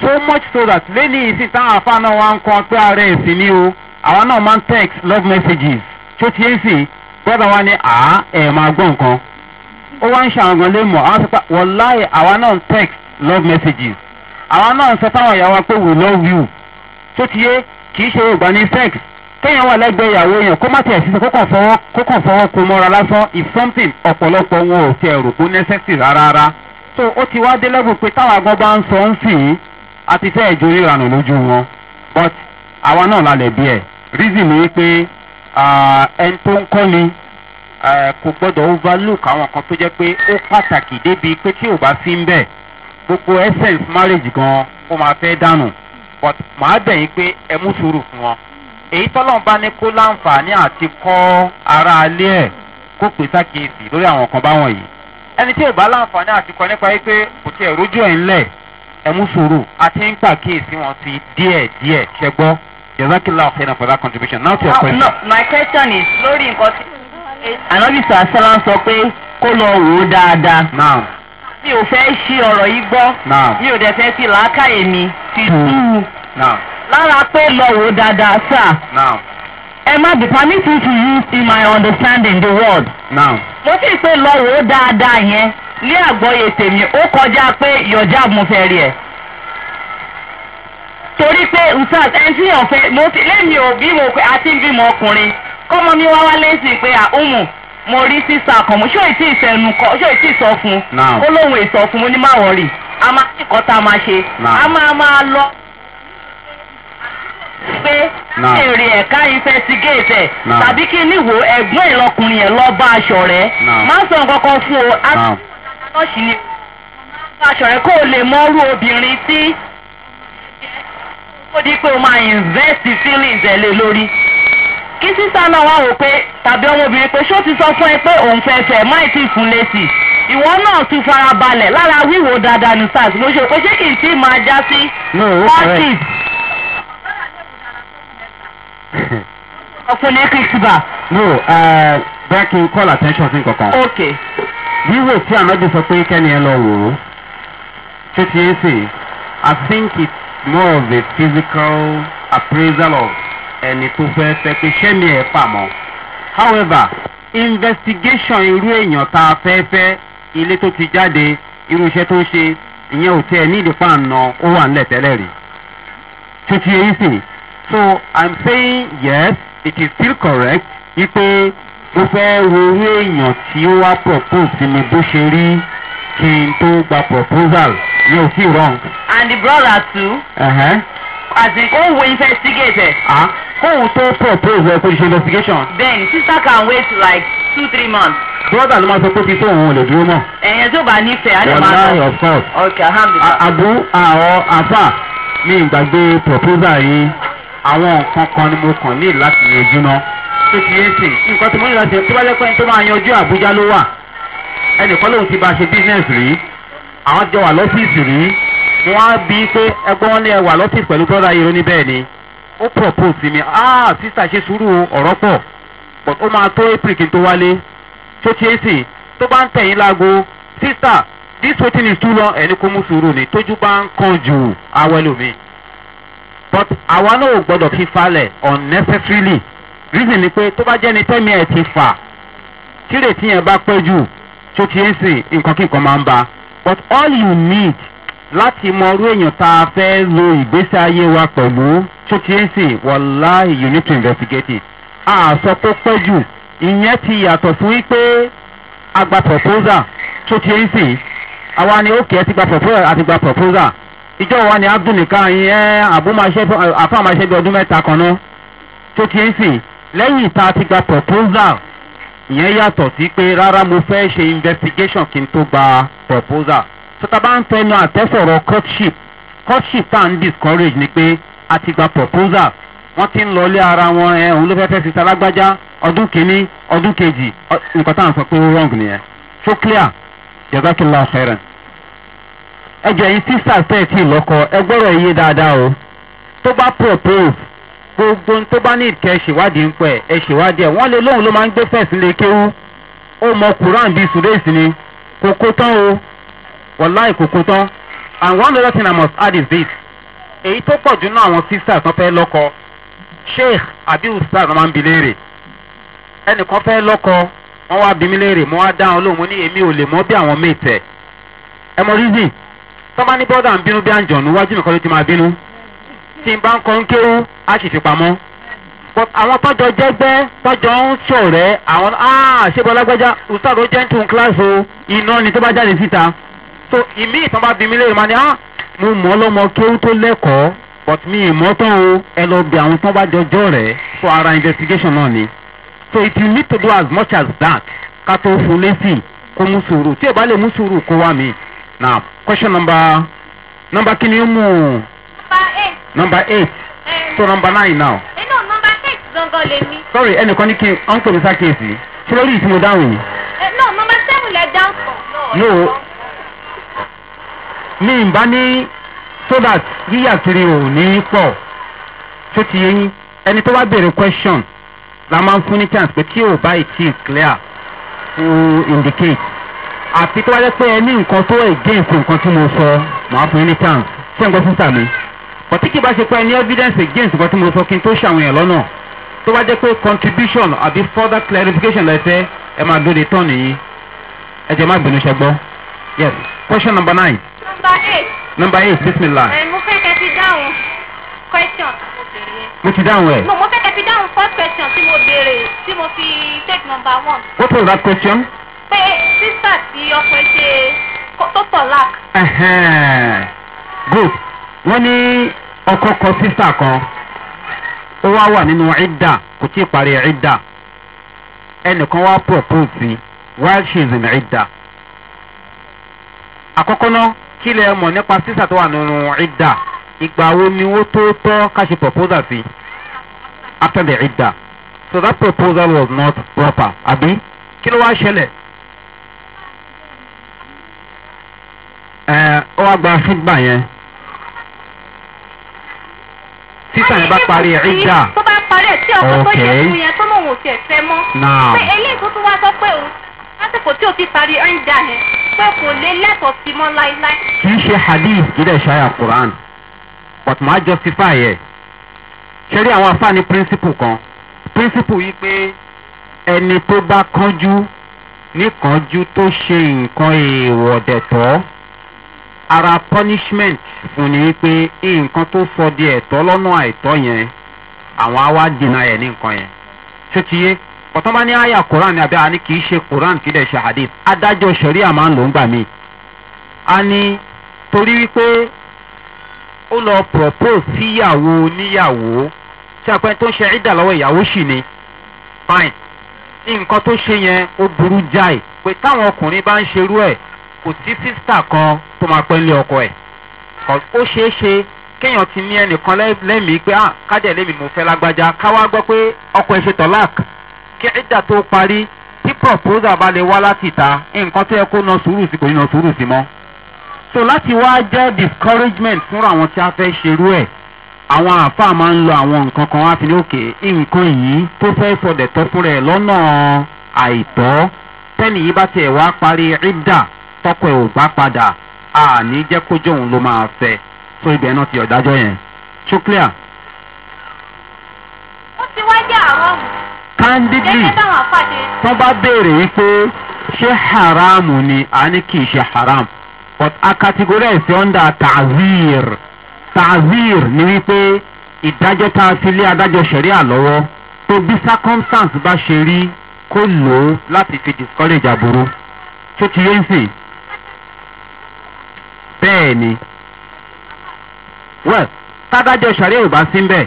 so much so that lẹ́ni ìsìn táwọn afá náà wá ń kọ́ pé ara ẹ̀sìn ni o àwọn náà máa ń text love messages tó ti ń sìn brother wa ni à ẹ̀ máa gbọ́ nǹkan ó wá ń ṣe àwọn ọ̀gànlé mọ̀ àwọn sọpá wọláì àwọn náà ń text love messages àwọn náà ń sọ fáwọn ìyàwó pé we love you tó ti yé kì í ṣe yorùbá ní sex kéèyàn wà lẹ́gbẹ̀ẹ́ ìyàwó yẹn kó má tẹ̀ sí kó kàn fọwọ́ kó kàn fọwọ́ kó mọ́ra lásán if something ọ̀pọ̀lọpọ̀ wọn ò tẹ̀ rò kó necessary rárá so ó ti wá dé lẹ́gùn pé táwọn agbọ́n bá ń sọ ń sìn a ti fẹ́ ìjọ ríranù lójú wọn but àwa náà la lẹ̀ bí ẹ̀ reason ni pé ẹni tó ń kọ́ ni kò gbọ́dọ̀ overlook àwọn kan tó jẹ́ pé ó pàtàkì débi pé tí ò bá sí ń bẹ̀ gbogbo essence marriage gan ó máa fẹ́ dànù but màá bẹ̀yìn pé ẹ mú sùúrù fún wọn èyí tọ́lọ́n bá ní kó láǹfààní àti kọ́ ara alẹ́ ẹ̀ kó pè sákèésì lórí àwọn kan báwọn yìí ẹni tí ò bá láǹfààní àti kọ́ nípa pé kò tiẹ̀ rójú ẹ̀ ńlẹ̀ ẹ̀mú sòrò àti ń pàkíyèsí wọn sí díẹ̀ díẹ̀ ṣẹgbọ́ jazakillah ọ̀fẹ́nà for that contribution now to your ah, question. no my question is lórí nǹkan tí anabisa asala sọ pé kó lọ wò ó dáadáa. now mi ò fẹ́ ṣí ọ̀rọ̀ yìí gbọ́. now mi ò dẹ̀ fẹ́ fi làákàyè mi fi hmm. tú. now lára pé lọ wò ó dáadáa sá. now ẹ má be permitted to use in my understanding the word. now mo sì pé lọ wò ó dáadáa yẹn. ní àgbọ́yé tèmi ó kọjá pé yọjá mo fẹ́ rí ẹ torí pé nsàt ẹni tí yàn fẹ́ mo ti lẹ́mi ò bí pé àti bímọ ọkùnrin kọ́mọ mi wá pé àhùnmù mo rí kan mo ṣó ìtì kọ ṣó ìtì ìsọ fún ó lóun fún a máa ní nǹkan tá a máa ṣe a máa máa lọ pé èrè ẹ̀ka ìfẹsigéètẹ̀ tàbí kí níwò ẹ̀gbọ́n ìlọkùnrin yẹn bá aṣọ rẹ̀ sọ ṣọ́ọ̀ṣì ni máa ń bá aṣọ̀rẹ́ kó o lè mọ́rú obìnrin tí ó di pé o máa invest feelings ẹ̀ lé lórí. kí sísá náà wá wò pé tàbí ọmọbìnrin pé ṣó ti sọ fún ẹ pé òun fẹ́ fẹ́ máì tí fún létí ìwọ náà tún fara balẹ̀ lára wíwò dáadáa ní sars mo ṣe o ṣé kì í tí máa já sí parties. ọkùnrin kìí ti bà. no uh, bẹ́ẹ̀ kí n call attention sí nǹkan kan. okay wíwò tí ànábì sọ pé kẹ́ni ẹ lọ wò ó títí ẹ sè i think it's more of a physical appraisal of ẹni tó fẹ́ fẹ́ pé sẹ́mi ẹ̀ pàmò however investigation irú èèyàn tá a fẹ́ fẹ́ ilé tó ti jáde irú iṣẹ́ tó ṣe ìyẹn ò tẹ́ ẹ ní ìdìpá àná ó wà nílẹ̀ tẹ́lẹ̀ rí títí ẹ sè so i'm saying yes it is still correct wípé mo fẹ́ wo owó èèyàn tí ó wá propose sí mi bó ṣe rí kí n tó gba proposal mi ò sí wrong. and the brother too. Uh-huh. as in kó wo investigate. ah kóhun tó propose ẹ kó ṣe investigation. then sister can wait like two three months. brother ló máa sọ pé kí tóun ò lè dúró mọ́. ẹ̀yẹ tó bá nífẹ̀ẹ́ á lè máa lọ. of course. ok alhamdulilayi. àbú àwọn afa mi ìgbàgbé proposal yìí àwọn nǹkan kan ni mo kàn ní láti yanjú náà tó ti yé sìn nǹkan tí mo nílò ṣe tó bá jẹ́ pé tó máa yanjú àbújá ló wà ẹnìkan lòun ti bá ṣe business rí àwọn jọ wà lọ́fíìsì rí wọ́n á bí pé ẹgbọ́n wọn ní ẹ wà lọ́fíìsì pẹ̀lú brọ́dà yìí lóní bẹ́ẹ̀ ni ó propose mi ah sísà ṣe sùúrù ọ̀rọ̀ pọ̀ but ó máa tó april kí n tó wálé tó ti yé sìn tó bá ń tẹ̀yìn láago sísà this wetin is too long ẹni kó mú sùúrù ni tójú bá ń kan jù awẹ́lómi but àwa náà ò gbọ́dọ̀ fi falẹ̀ unnecessarily reason ni pé tó bá jẹ́ni tẹ́mi ẹ̀ ti fà tírètí yẹn bá pẹ́ jù tó ti ń sìn nǹkan máa ń ba but all you need láti mọ orú èèyàn tá a fẹ́ lo ìgbésí ayé wa pẹ̀lú tó ti ń sìn wàláhì you need to investigate it àṣọ tó pẹ́ jù ìyẹn ti yàtọ̀ fún wípé agba proposal tó ti ń sìn àwa ni ó kẹ́ ẹ́ ti gba proposal àti gba proposal ìjọ wa ni a dùn nìkan yẹn àbúmáṣẹ́ àfàmáṣẹ́ bí ọdún mẹ́ta kan náà tó ti ń sìn lẹ́yìn tá a ti gba proposal ìyẹn yàtọ̀ sí pé rárá mo fẹ́ ṣe investigation kí n tó gba proposal tọ́ta bá ń tẹnu àtẹ́sọ̀rọ̀ courtship courtship tá à ń discourage ni pé a ti gba proposal wọ́n ti ń lọlé ara wọn ẹ òun ló fẹ́ fẹ́ fi salágbájá ọdún kìíní ọdún kejì nǹkan tá à ń sọ pé ó wrong nìyẹn so clear jazakallah khairan. ẹ jẹ́ yín sísà tẹ́ ẹ̀ tí ì lọ́kọ ẹ gbọ́dọ̀ yé dáadáa o tó bá propose gbogbo tó bá ní ìkẹ́ ṣèwádìí ń pẹ́ ẹ ṣèwádìí ẹ̀ wọ́n lé lóhùn ló máa ń gbé fẹ̀sìn lè kéwú ó mọ quran bíi sùdéèsì ni kòkó tán o wọ̀láì kòkó tán and one other thing i must add is this èyí tó pọ̀ jù náà àwọn sisters kan fẹ́ lọ́kọ sheikh àbí ustaz máa ń bi léèrè ẹnìkan fẹ́ lọ́kọ wọ́n wá bi mí léèrè mo wá dá wọn lóhùn mo ní èmi ò lè mọ́ bí àwọn méìtẹ̀ ẹ tọ́ bá ní bọ́dà ń bínú bí àǹjọ̀nù wájú nìkan ló ti máa bínú. tí n bá ń kọ́ ń kéwú á sì fi pamọ́ àwọn tọ́jọ jẹ́gbẹ́ tọ́jọ ń ṣọ̀rẹ́ àwọn ah, ṣé bọ́lágbẹ́já ustaz ó jẹ́ ń tún kíláàsì o iná ni tó bá jáde síta so ìmí ìtàn bá bí mi léèrè máa ní ah, mo mọ̀ ọlọ́mọ kéwú tó lẹ́kọ̀ọ́ but mi ìmọ̀ tán o ẹ lọ bí àwọn tán bá jọjọ́ rẹ̀ so ara investigation náà ni so if you need to do as much as that ká tó fún lẹ́sì kó mú sùúrù tí ò bá lè mú sùúrù kó wá mi now question number number kí ni ó mú. number eight. number eight eh. so number nine now. ẹ eh, no number six go lè me sorry ẹnìkan ní kí uncle mi ṣàkíyèsí ṣé lórí ìtumọ̀ dáhùn yìí. ẹ number seven let down kan. no mi ì bá ní so that yíyà kiri ò ní pọ̀ tó ti yé yín ẹni tó question la máa ń fún ní chance pé tí buy it ìtì clear to indicate àti tó bá jẹ́ pé ẹ ní nǹkan tó against nǹkan tí mo sọ màá fún yín ní chance ṣé bọ̀tí kì bá ṣe pé ní evidence against nǹkan tí mo sọ kí n tó ṣàwọn èèyàn lọ́nà tó bá jẹ́ pé contribution àbí further clarification lẹ́fẹ́ ẹ máa lóde tán nìyí ẹ má gbìnú ṣe gbọ́. yes question number nine. number eight. number eight bisimilah. ẹ mo fẹ́ kẹ́ fi dáhùn question mo ti dáhùn ẹ. no mo fẹ́ kẹ́ fi dáhùn first question tí mo béèrè tí mo fi take number one. what was that question. pé sísà tí ọkùnrin ṣe tó tọ̀ láàkì. good wọ́n ní ọkọ kọ sísà kan ó wá wà nínú ìdá kò tí ì parí ìdá ẹnìkan wá propose sí while she is in ìdá àkọ́kọ́ náà kí lẹ mọ̀ nípa sísà tó wà nínú ìdá ìgbà wo ni wọ́n tó tọ́ ká ṣe proposal sí after the ìdá so that proposal was not proper àbí kí ló wá ṣẹlẹ̀ ẹ ọ wá gba feedback yẹn títà yẹn bá parí ẹ̀ ìjà. tó bá parí ẹ̀ tí ọkọ tó yẹ fún yẹn tó lóun ò tiẹ̀ fẹ́ mọ́. pé eléyìí tó tún wá sọ pé òun lásìkò tí o ti parí ìjà yẹn pé kò lè lẹ́tọ̀ọ́ sí mọ́ láíláí. kì í ṣe hadith kì í dẹ̀ quran but máa justify ẹ̀ ṣe rí àwọn afáàní principle kan principle yìí pé ẹni tó bá kánjú níkanjú tó ṣe nǹkan èèwọ̀ dẹ̀tọ́. ara punishment fún ni wípé nǹkan tó sọ di ẹ̀tọ́ lọ́nà àìtọ́ yẹn àwọn á wá dènà ẹ̀ ní nǹkan yẹn ṣé ti yé ọ̀tọ́ bá ní àyà koran ni àbí àní kì í ṣe koran kì í dẹ̀ ṣe hadith adájọ́ sẹ̀ríà máa ń lò ń gbà mí. a ní torí wípé ó lọ propose síyàwó oníyàwó tí àpẹẹrẹ tó ń ṣe ìdà lọ́wọ́ ìyàwó sì ni fine nǹkan tó ṣe yẹn ó burú jáì pé táwọn ọkùnrin bá ń ṣerú ẹ̀ kò sí sísà kan tó máa pẹ́ lé ọkọ ẹ̀ ó ṣeé ṣe kéèyàn ti ní ẹnìkan lẹ́mìí pé ah kájẹ̀ lèmi mo fẹ́ lágbájá káwá gbọ́ pé ọkọ ẹ̀ ṣe tọ́lák kí ìjà tó parí tí proposal bá lè wá láti ìta nǹkan tó yẹ kó na sùúrù sí kò ní na sùúrù sí mọ́ so láti wá jẹ́ discouragement fúnra àwọn tí a fẹ́ ṣerú ẹ̀ àwọn àáfàá máa ń lo àwọn nǹkan kan wá fi ní òkè nǹkan yìí tó fẹ́ sọdẹ̀ tọ́ fúnra ẹ̀ lọ́nà àìtọ́ tẹ́nìyí bá tiẹ̀ wá parí ìdá tọkọ ẹ̀ ò bá padà àní jẹ́ kójú òun ló máa fẹ́ tó ibẹ̀ náà ti ọ̀dájọ́ yẹn tó clear. ó ti wá jẹ́ àwọn. candidly tó bá béèrè yìí pé ṣé haramu ni a ní kì í ṣe haram but a categorize under ta'zir ta'zir ni wípé ìdájọ́ tá a fi lé adájọ́ sẹ̀ríà lọ́wọ́ tó bí circumstance bá ṣe rí kó lò ó láti fi discourage àbúrò tó ti yé ń sìn bẹ́ẹ̀ ni well tádájọ́ ìṣàlẹ̀ yorùbá sí ń bẹ̀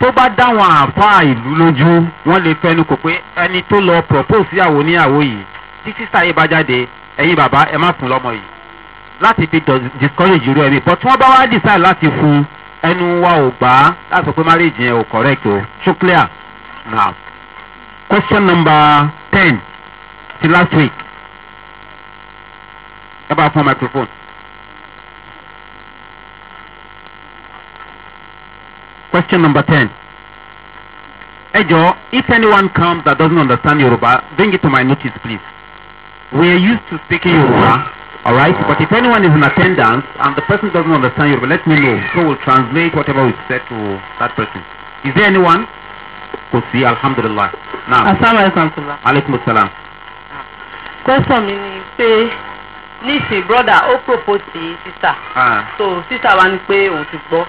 tó bá dáwọn àáfàá ìlú lójú wọ́n lè fẹnu kò pé ẹni tó lọ propose síyàwó níyàwó yìí tí sísá yìí bá jáde ẹ̀yin bàbá ẹ má fún lọ́mọ yìí láti fi discourage irú ẹ̀mí but wọ́n bá wá decide láti fún ẹnu wa ò gbà á láti pé marriage yẹn ò correct o so clear now question number ten ti last week ẹ bá fún microphone. Question number 10. Ejo, if anyone comes that doesn't understand Yoruba, bring it to my notice, please. We are used to speaking Yoruba, alright? But if anyone is in attendance and the person doesn't understand Yoruba, let me know. So we'll translate whatever we said to that person. Is there anyone? Kò sí, alhamdulillah. Now. Asalaamualeykum. Aleykum salaam. Question mi ni pé nísìn brother ó propose sí sister. Ah. So sister wa ni pé òun ti gbọ́.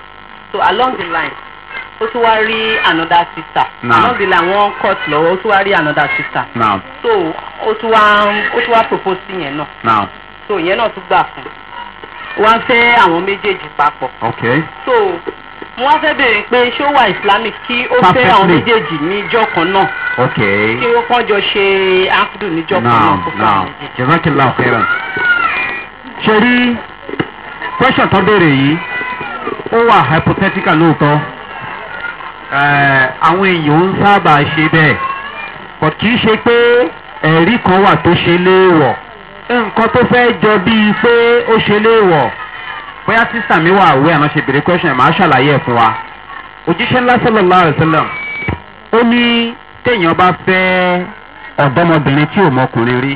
So along the line ó tún wá rí another sister anọ́dì làwọn court lọ́wọ́ ó tún wá rí another sister so ó tún wá ó tún wá propose sí yẹn náà so yẹn náà tún gbà fún wọ́n fẹ́ àwọn méjèèjì papọ̀ so mo wá fẹ́ bèrè pé ṣó wà islamic kí ó fẹ́ àwọn méjèèjì níjọ́ kan náà kí ó kàn jọ ṣe akudu níjọ́ kan náà kó fún àwọn méjèèjì. jẹ́sàkìlá fẹ́ràn ṣe rí pẹ́ṣọ̀ tó béèrè yìí ó wà hypothetical lóòótọ́. àwọn èèyàn ń sábà ṣe bẹ́ẹ̀ kò kì í ṣe pé ẹ̀rí kan wà tó ṣe léèwọ̀ nǹkan tó fẹ́ jọ bíi pé ó ṣe léèwọ̀ bóyá sísà mi wà àwẹ̀ àná ṣe bèrè question màá ṣàlàyé ẹ̀ fún wa òjíṣẹ́ ńlá sọ́lọ́lá àrẹ̀sẹ́lẹ̀m ó ní téèyàn bá fẹ́ ọ̀dọ́mọbìnrin tí ò rí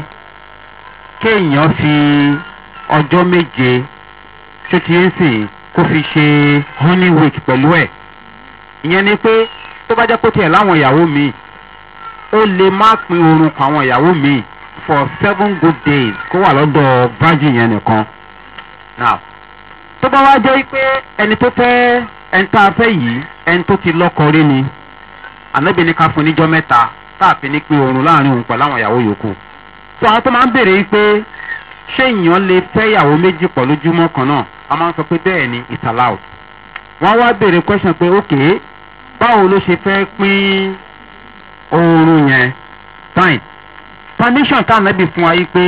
kéèyàn fi ọjọ́ méje ṣé ti ń sìn kó fi ṣe honey week pẹ̀lú ẹ̀ ìyẹn ni pé tó bá jẹ́ pé tiẹ̀ láwọn ìyàwó mi ó lè má pin oorun pa àwọn ìyàwó mi for seven good days kó wà lọ́dọ̀ virgin yẹn nìkan. now tó bá wá jẹ́ pé ẹni tó fẹ́ ẹni tá a fẹ́ yìí ẹni tó ti lọ́kọ rí ni ànábì ní ká fún níjọ́ mẹ́ta tá a fi ní pin oorun láàrin òun pẹ̀lú àwọn ìyàwó yòókù. tó àwọn tó máa ń béèrè pé ṣé èèyàn lè fẹ́ ìyàwó méjì pọ̀ lójúmọ́ kan náà a máa ń sọ pé bẹ́ẹ̀ ni it's allowed. wọ́n wá béèrè question pé ókèé. Okay, báwo ló ṣe fẹ́ pín oorun yẹn fine permission tá ànábì fún wa yìí pé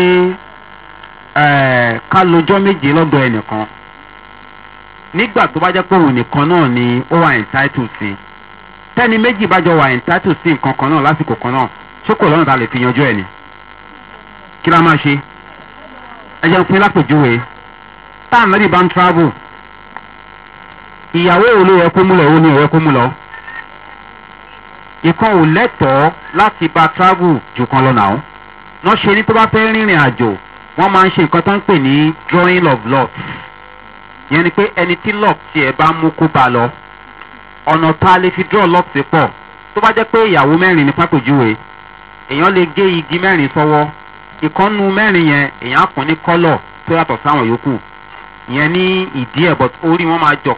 ká lọ́jọ́ méje lọ́dọ̀ ẹnìkan nígbà tó bá jẹ́ pé òun nìkan náà ni ó wà entitled sí tẹ́ni méjì bá jọ wà entitled sí nǹkan kan náà lásìkò kan náà sókò lọ́nà tá a lè fi yanjú ẹ̀ ni kí la máa ṣe ẹ jẹun pé lápèjúwe tá ànábì bá ń travel ìyàwó òun ló yẹ kó mú lọ òun ni ò kó mú lọ ìkan ò lẹ́tọ̀ọ́ láti ba travel jù kan lọ nàá wọ́n ṣe ní tó bá fẹ́ rìnrìn àjò wọ́n máa ń ṣe nǹkan tó ń pè ní drawing of lot yẹn ni pé ẹni tí lot tiẹ̀ bá mú kó ba lọ ọ̀nà tá a lè fi draw lot ti pọ̀ tó bá jẹ́ pé ìyàwó mẹ́rin ní pápẹ́júwe èèyàn lè gé igi mẹ́rin sọ́wọ́ ìkọ́nù mẹ́rin yẹn èèyàn kún ní kọ́lọ̀ tó yàtọ̀ sáwọn yòókù ìyẹn ní ìdí ẹ̀ but orí wọn máa jọ̀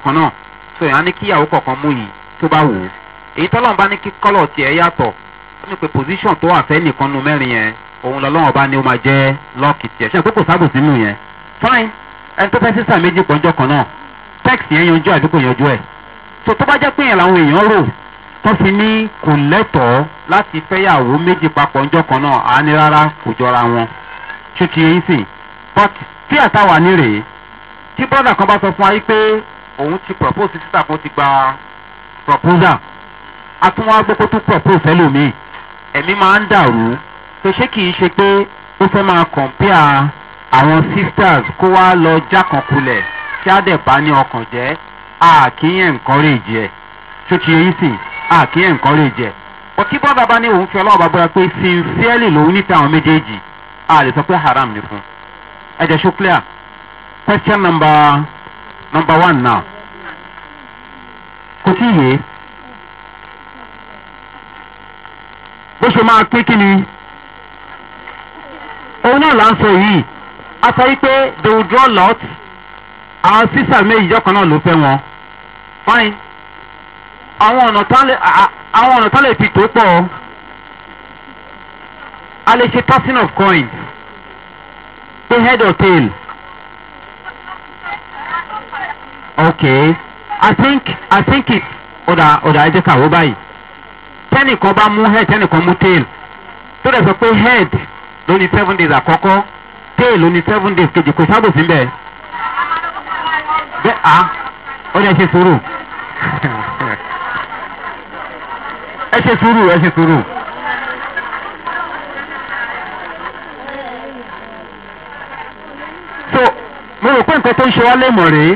so èèyàn ní kíyàwó kọ̀ọ̀kan mú yìí èyí tọ́lọ́n bá ní kí kọ́lọ̀ tiẹ̀ yàtọ̀ ó ní pé pòsíṣàn tó wà fẹ́ nìkan nu mẹ́rin yẹn òun lọ́lọ́wọ́n bá ní ó máa jẹ́ lọ́ọ̀kì tiẹ̀ ṣe àkókò sábò sínú yẹn fine ẹni tó fẹ́ sísà méjì pọ̀njọ́ kan náà text yẹn yanjú àbí kò yanjú ẹ̀ tó tó bá jẹ́ pé yẹn làwọn èèyàn rò tó fi ní kò lẹ́tọ̀ọ́ láti fẹ́yàwó méjì papọ̀ ọjọ́ kan náà á ní rárá kò jọra wọn ṣó ti yẹn sìn but tí àtàwà ní rèé tí brọ́dà kan bá sọ fún wa atúnwá gbogbo tó propose ẹlòmíì ẹ̀mí máa ń dàrú pé ṣé kìí ṣe pé ó fẹ́ máa compare àwọn sisters kó wá lọ jákànkulẹ̀ tí á dẹ̀ bá ní ọkàn jẹ́ àkíyàn encourage ẹ̀ tó ti yẹn sì àkíyàn encourage ẹ̀ ọtí bọ́dà bá ní òun fi ọlọ́wọ́ bá bóra pé sincerely lòun níta àwọn méjèèjì a lè sọ pé haram ni fún ẹ jẹ́ ṣó clear question number number one now kò tí ì yé. bó ṣe máa pín kí ni òun náà là ń sọ yìí a sọ yìí pé they will draw lot àwọn sísà méjì jọ́kan náà ló fẹ́ wọn fine àwọn ọ̀nà tán lè àwọn ọ̀nà tán lè fi tó pọ̀ a lè ṣe tossing of coins pé head or tail okay i think i think it ọ̀dà ọ̀dà ẹ jẹ́ ká wó báyìí tẹ́nìkan bá mú head tẹ́nìkan mú tail tó dẹ̀ sọ pé head ló ní seven days àkọ́kọ́ tail ló ní seven days kejì kò sábò sí bẹ́ẹ̀ bẹ́ẹ̀ a ó ní ẹ ṣe sùúrù ẹ ṣe sùúrù ẹ ṣe sùúrù. so mo rò pé nǹkan tó ń ṣe wá lè mọ̀ rèé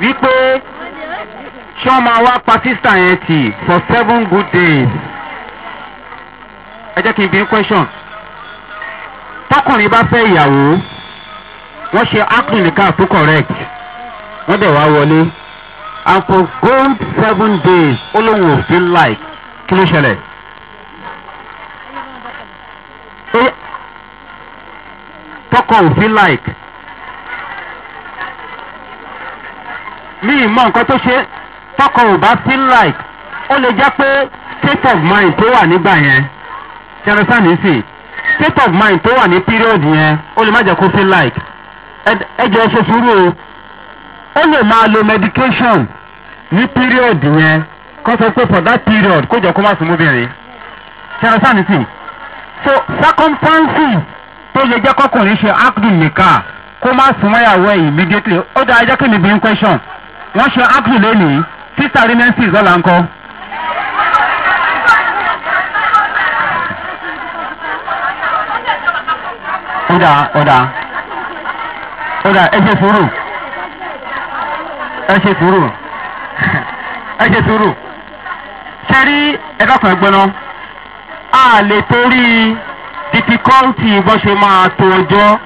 wípé ṣé wọ́n máa wá pa sísà yẹn tì for seven good days. ẹ jẹ́ kí n bí question. tọkùnrin bá fẹ́ ìyàwó wọ́n ṣe akun nìkan tó correct wọ́n dẹ̀ wá wọlé and for gold seven days ó lóun ò feel like kí ló ṣẹlẹ̀. tọkọ ò feel like mi ì mọ nǹkan tó ṣe tọkọ ò bá feel like ó lè jẹ́ pé state of mind tó wà nígbà yẹn ṣẹlẹsán nìsí state of mind tó wà ní period yẹn ó lè má jẹ́ kó feel like ẹ jẹ́ ṣe sùúrù o ó lè máa lo medication ní period yẹn kó sọ pé for that period kó jọ kó má sùn móbìnrin ṣẹlẹsán nìsí so circumstances tó lè jẹ́ kọkùnrin ṣe acting nìkan kó má sùn mọ́yàwó ẹ̀ immediately ó dáa jẹ́ kí mi bí n question wọ́n ṣe acting lónìí. sister rìmẹ́ǹsì is all ọ̀dà ọ̀dà ọ̀dà ẹ ṣe sùúrù ẹ ṣe sùúrù ẹ ṣe sùúrù ṣe a difficulty bó ṣe máa tó ọjọ́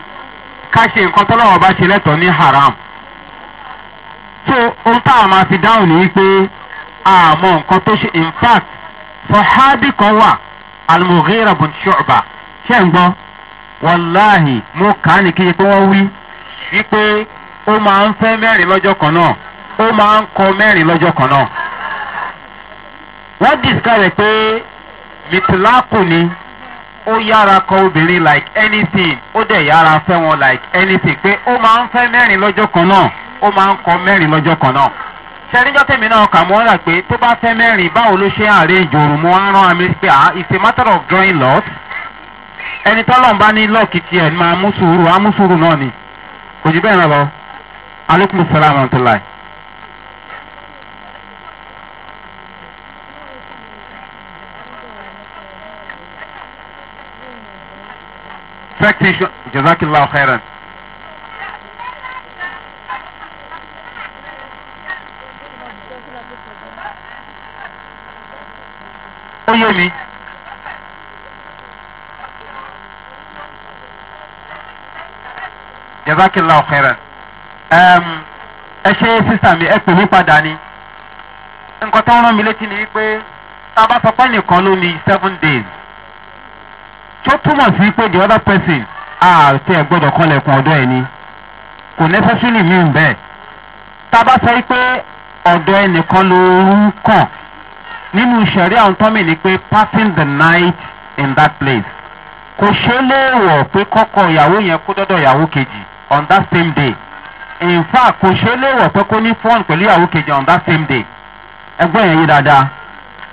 ká ṣe haram. so ohun táwọn máa fi dáhùn ní pé àmọ́ nǹkan tó ṣe in fact sahabi kan wà almughira bun shu'ba ṣe ń walahi wàláhì mo kà á ní kí pé wọ́n wí wípé ó máa ń fẹ́ mẹ́rin lọ́jọ́ kan náà ó máa ń kọ mẹ́rin lọ́jọ́ kan náà wọ́n discover pé mitilaku ni ó yára kọ obìnrin like anything ó dẹ̀ yára fẹ́ wọn like anything pé ó máa ń fẹ́ mẹ́rin lọ́jọ́ kan náà. ó máa ń kọ mẹ́rin lọ́jọ́ kan náà sẹ́ríjọ́ tèmi náà kà mọ́ rà pé tó bá fẹ́ mẹ́rin báwo ló ṣe àárẹ̀ ìjòrò mo á rán àmì pé ah it's a matter of drawing lots ẹni tọ́lọ̀ ń bá ní lọ́ọ̀kì tiẹ̀ máa mú sùúrù á mú sùúrù náà ni kò jù bẹ́ẹ̀ náà lọ aleykum salaam wa rahmatulahi. Practitioner, Jazakillah khairan. ó yé mi. jazakila ọ̀fẹ́rẹ́ ẹ ṣe sísà mi ẹ pè mí padà ni nǹkan tó ń rán mi létí ni wípé tá a bá sọ pé nìkan ló ní seven days tó túmọ̀ sí pé the other person àti ẹ̀ gbọ́dọ̀ kọ́lẹ̀kùn ọ̀dọ́ ẹ̀ ni kò necessarily mean bẹ́ẹ̀ tá a bá sọ pé ọ̀dọ́ ẹnìkan ló ń kàn nínú sẹ̀rí àwọn tọ́mì ni pé passing the night in that place kò ṣe léèwọ̀ pé kọ́kọ́ ìyàwó yẹn kó dọ́dọ̀ ìyàwó kejì on that same day in fact kò ṣe léèwọ̀ pé kó ní fọ́ọ̀n pẹ̀lú ìyàwó kejì on that same day ẹgbẹ́ yẹn yí dáadáa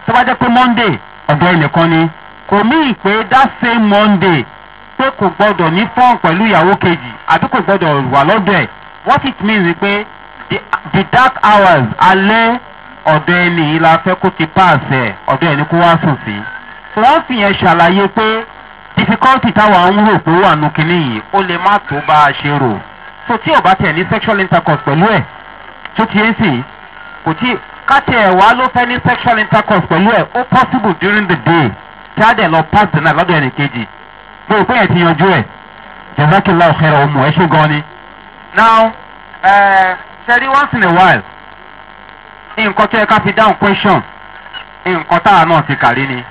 tó bá jẹ́ pé monday ọ̀dọ́ ẹnìkan ni kò mí pé that same monday pé kò gbọ́dọ̀ ní fọ́ọ̀n pẹ̀lú ìyàwó kejì àbí kò gbọ́dọ̀ wà lọ́dọ̀ ẹ̀ what it means ni pé the, the dark hours alẹ́ ọ̀dọ̀ ẹni yìí la fẹ́ kó ti páàsì ẹ̀ ọ̀dọ̀ ẹni kó wá sùn sí. wọ́n fi yẹn ṣàlàyé pé difficulty táwa ń rò pé wà nù kínní yìí ó lè má tó bá a ṣe rò. so tí ò bá tẹ̀ ní sexual intercourse pẹ̀lú ẹ̀ tó ti ń sìn kò tí káti ẹ̀ wá ló fẹ́ ní sexual intercourse pẹ̀lú ẹ̀ ó possible during the day tí a dẹ̀ lọ pass the night lọ́dọ̀ ẹni kejì pé òpin ẹ̀ ti yanjú ẹ̀ jẹ̀zákìlá ọ̀hẹ́rẹ́ ọmọ ẹ̀ ṣó gan ni. now uh, once in a while nǹkan tó yẹ ká fi dáhùn question nǹkan a náà ti kàrí ni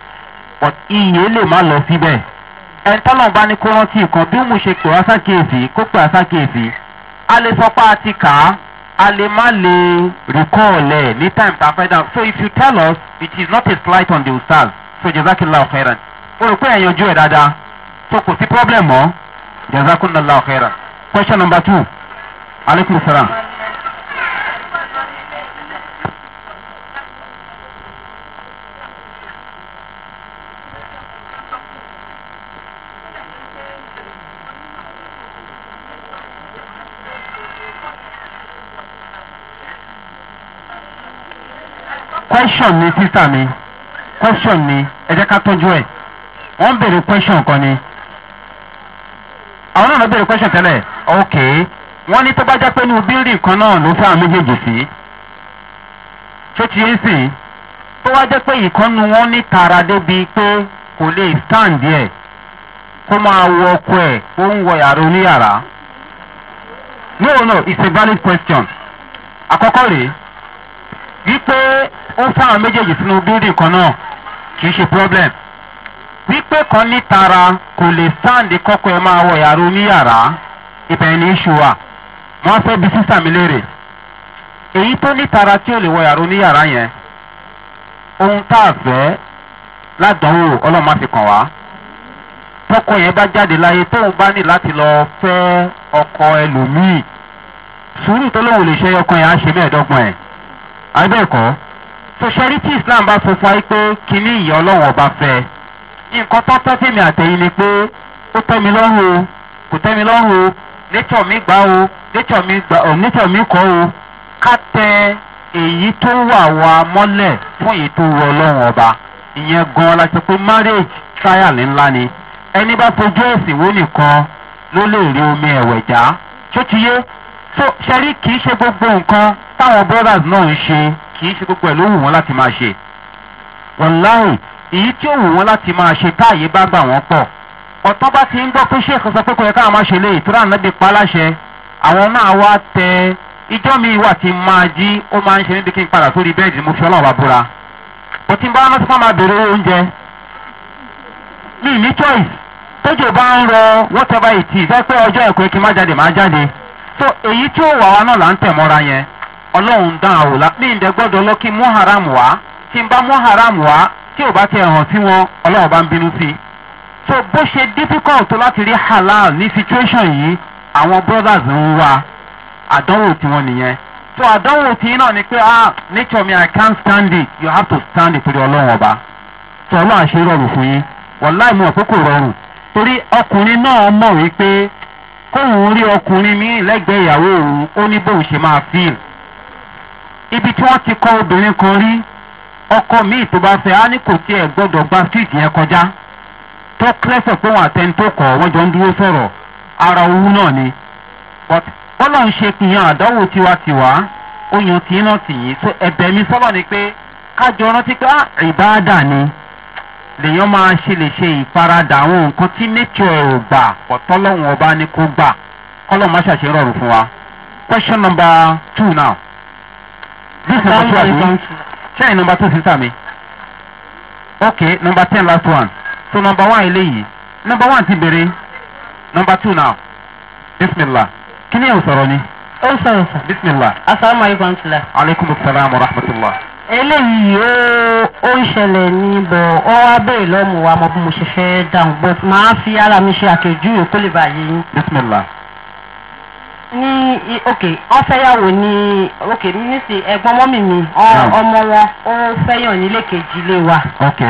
but iye lè má lọ síbẹ̀ ẹni tọ́lọ̀ bá ní kó rántí nǹkan bí mo ṣe pè wá sákèèfì kó pè wá sákèèfì a lè sọ pé a ti kà á a lè má lè recall ẹ̀ ní time tá a fẹ́ dáhùn so if you tell us it is not a slight on the ustaz so jazakillah khairan o rò pé ẹ̀ yanjú ẹ̀ dáadáa so kò sí problem mọ́ jazakillah khairan question number two aleykum salaam. question ni sister mi question ni ẹ jẹ́ ká tọ́jú ẹ̀ wọ́n béèrè question kan ni àwọn náà lọ béèrè question tẹ́lẹ̀ ok wọ́n ní tó bá jẹ́ pé inú bíldì kan náà ló sáà méjèèjì sí tó ti yé sí tó wá jẹ́ pé ìkànnù wọn ní tara débi pé kò lè stand yẹ kó máa wọ ọkọ ẹ̀ ó ń wọ yàrá oníyàrá no no it's a valid question àkọ́kọ́ rèé. wípé ó fáwọn méjèèjì sínú bíldì kan náà kì í ṣe problem wípé kan nítara kò lè sáǹdì kọ́kọ́ ẹ máa wọ yàrá oníyàrá ìbẹ̀rẹ̀ ní iṣu wa wọ́n fẹ́ bí sísà mi léèrè èyí tó nítara tí ò lè wọ oníyàrá yẹn ohun tá a fẹ́ ládánwò ọlọ́mọ wá tọkọ yẹn bá jáde láyé tóun bá ní láti lọ fẹ́ ọkọ ẹlòmíì sùúrù tó lóun lè ṣe ọkọ yẹn á ṣe mẹ́ẹ̀ẹ́dọ́gbọ̀n ẹ̀. àbẹ̀kọ́ sọ̀sẹ́rí tí islam bá sọ fún wa pé kínní ìyá ọlọ́wọ́ bá fẹ́ nǹkan tó tọ́ sí mi àtẹ̀yìn ni pé ó tẹ́ mi lọ́rùn o kò tẹ́ mi lọ́rùn o nature mi gbà o nature mi eh, kọ́ o ká tẹ èyí tó wà wá mọ́lẹ̀ fún èyí tó wọ ọlọ́run ọba ìyẹn gan-an la sọ pé marriage trial ńlá ni ẹni bá fojú ẹ̀sìn wo nìkan ló lè rí omi ẹ̀wẹ̀ já tó ti yé ṣe rí ṣe gbogbo nǹkan táwọn brothers náà ń ṣe kì ṣe gbogbo ẹ̀ ló wù wọ́n láti máa ṣe wàláì èyí tí ó wù wọ́n láti máa ṣe táàyè bá gbà wọ́n pọ̀ ọ̀tọ́ bá ti ń gbọ́ pé ṣéèkì sọ pé kò yẹ káwọn máa ṣe léyìí tó rà pa láṣẹ àwọn náà wá tẹ ijó mi wà tí máa jí ó máa ṣe níbi n padà sórí bẹ́ẹ̀dì mo fi ọlọ́run bá búra bó ti bèrè oúnjẹ mi ní choice so èyí tí ó wà wá náà là ń tẹ̀ mọ́ra yẹn ọlọ́run dán àwò lápẹ́ ìdẹ́ gbọ́dọ̀ lọ kí muharam wá tí n bá muharam wá tí ò bá ti hàn sí wọn ọlọ́run bá ń bínú sí i so bó ṣe difficult láti rí halal ní situation yìí àwọn brothers ń wá àdánwò tiwọn nìyẹn so àdánwò tí náà ni pé ah nature me i can't stand it you have to stand it torí ọlọ́run ọba so ọlọ́run àṣẹ rọrùn fún yín wọ́n láì mú rọrùn torí ọkùnrin náà mọ̀ wípé. kóun rí ọkùnrin míì lẹ́gbẹ̀ẹ́ ìyàwó òun ó ní bóun ṣe máa fíìl ibi tí wọ́n ti kọ́ obìnrin kan rí ọkọ míì tó bá fẹ́ á ní kò tiẹ̀ gbọ́dọ̀ gba fíìtì yẹn kọjá tó kẹ́sẹ̀ pé wọ́n àtẹni tó kọ̀ wọ́n jọ ń dúró sọ̀rọ̀ ara owó náà ni but bọ́lá ń ṣe kìyàn àdánwò tiwa tiwa ó yan tì náà tì yín so ẹ̀bẹ̀ mi sọ́lọ́ ni pé kájọ rántí pé ah, ìbáàdà ni. lèèyàn máa ṣe lè ṣe ìfaradà àwọn nǹkan tí nature ò gbà pọ̀tọ́ ọba ni kò gbà kọ́lọ́ má ṣàṣe rọrùn fún wa. question number two now. this number two àbí number two sísá mi. ok number ten last one so number one eléyìí number one ti bèrè number two now bisimilah kí ni ẹ̀ ń sọ̀rọ̀ ni. ó ń sọ̀rọ̀ bisimilah. asalaamualeykum. aleykum salaam rahmatulah. eléyìí ó ń ṣẹlẹ̀ ní bọ̀ ọ wá bẹ́ẹ̀ lọ́mù wa mọ bí mo ṣe fẹ́ dáhùn but màá fi ara mi ṣe àpèjúwe kó lè bàyè yín. bisimilá. ní ok wọ́n fẹ́yàwó ní ok nísì ẹ̀gbọ́n mọ́mì mi ọmọ wọn ó fẹ́yàn nílé kejì ilé wa. ok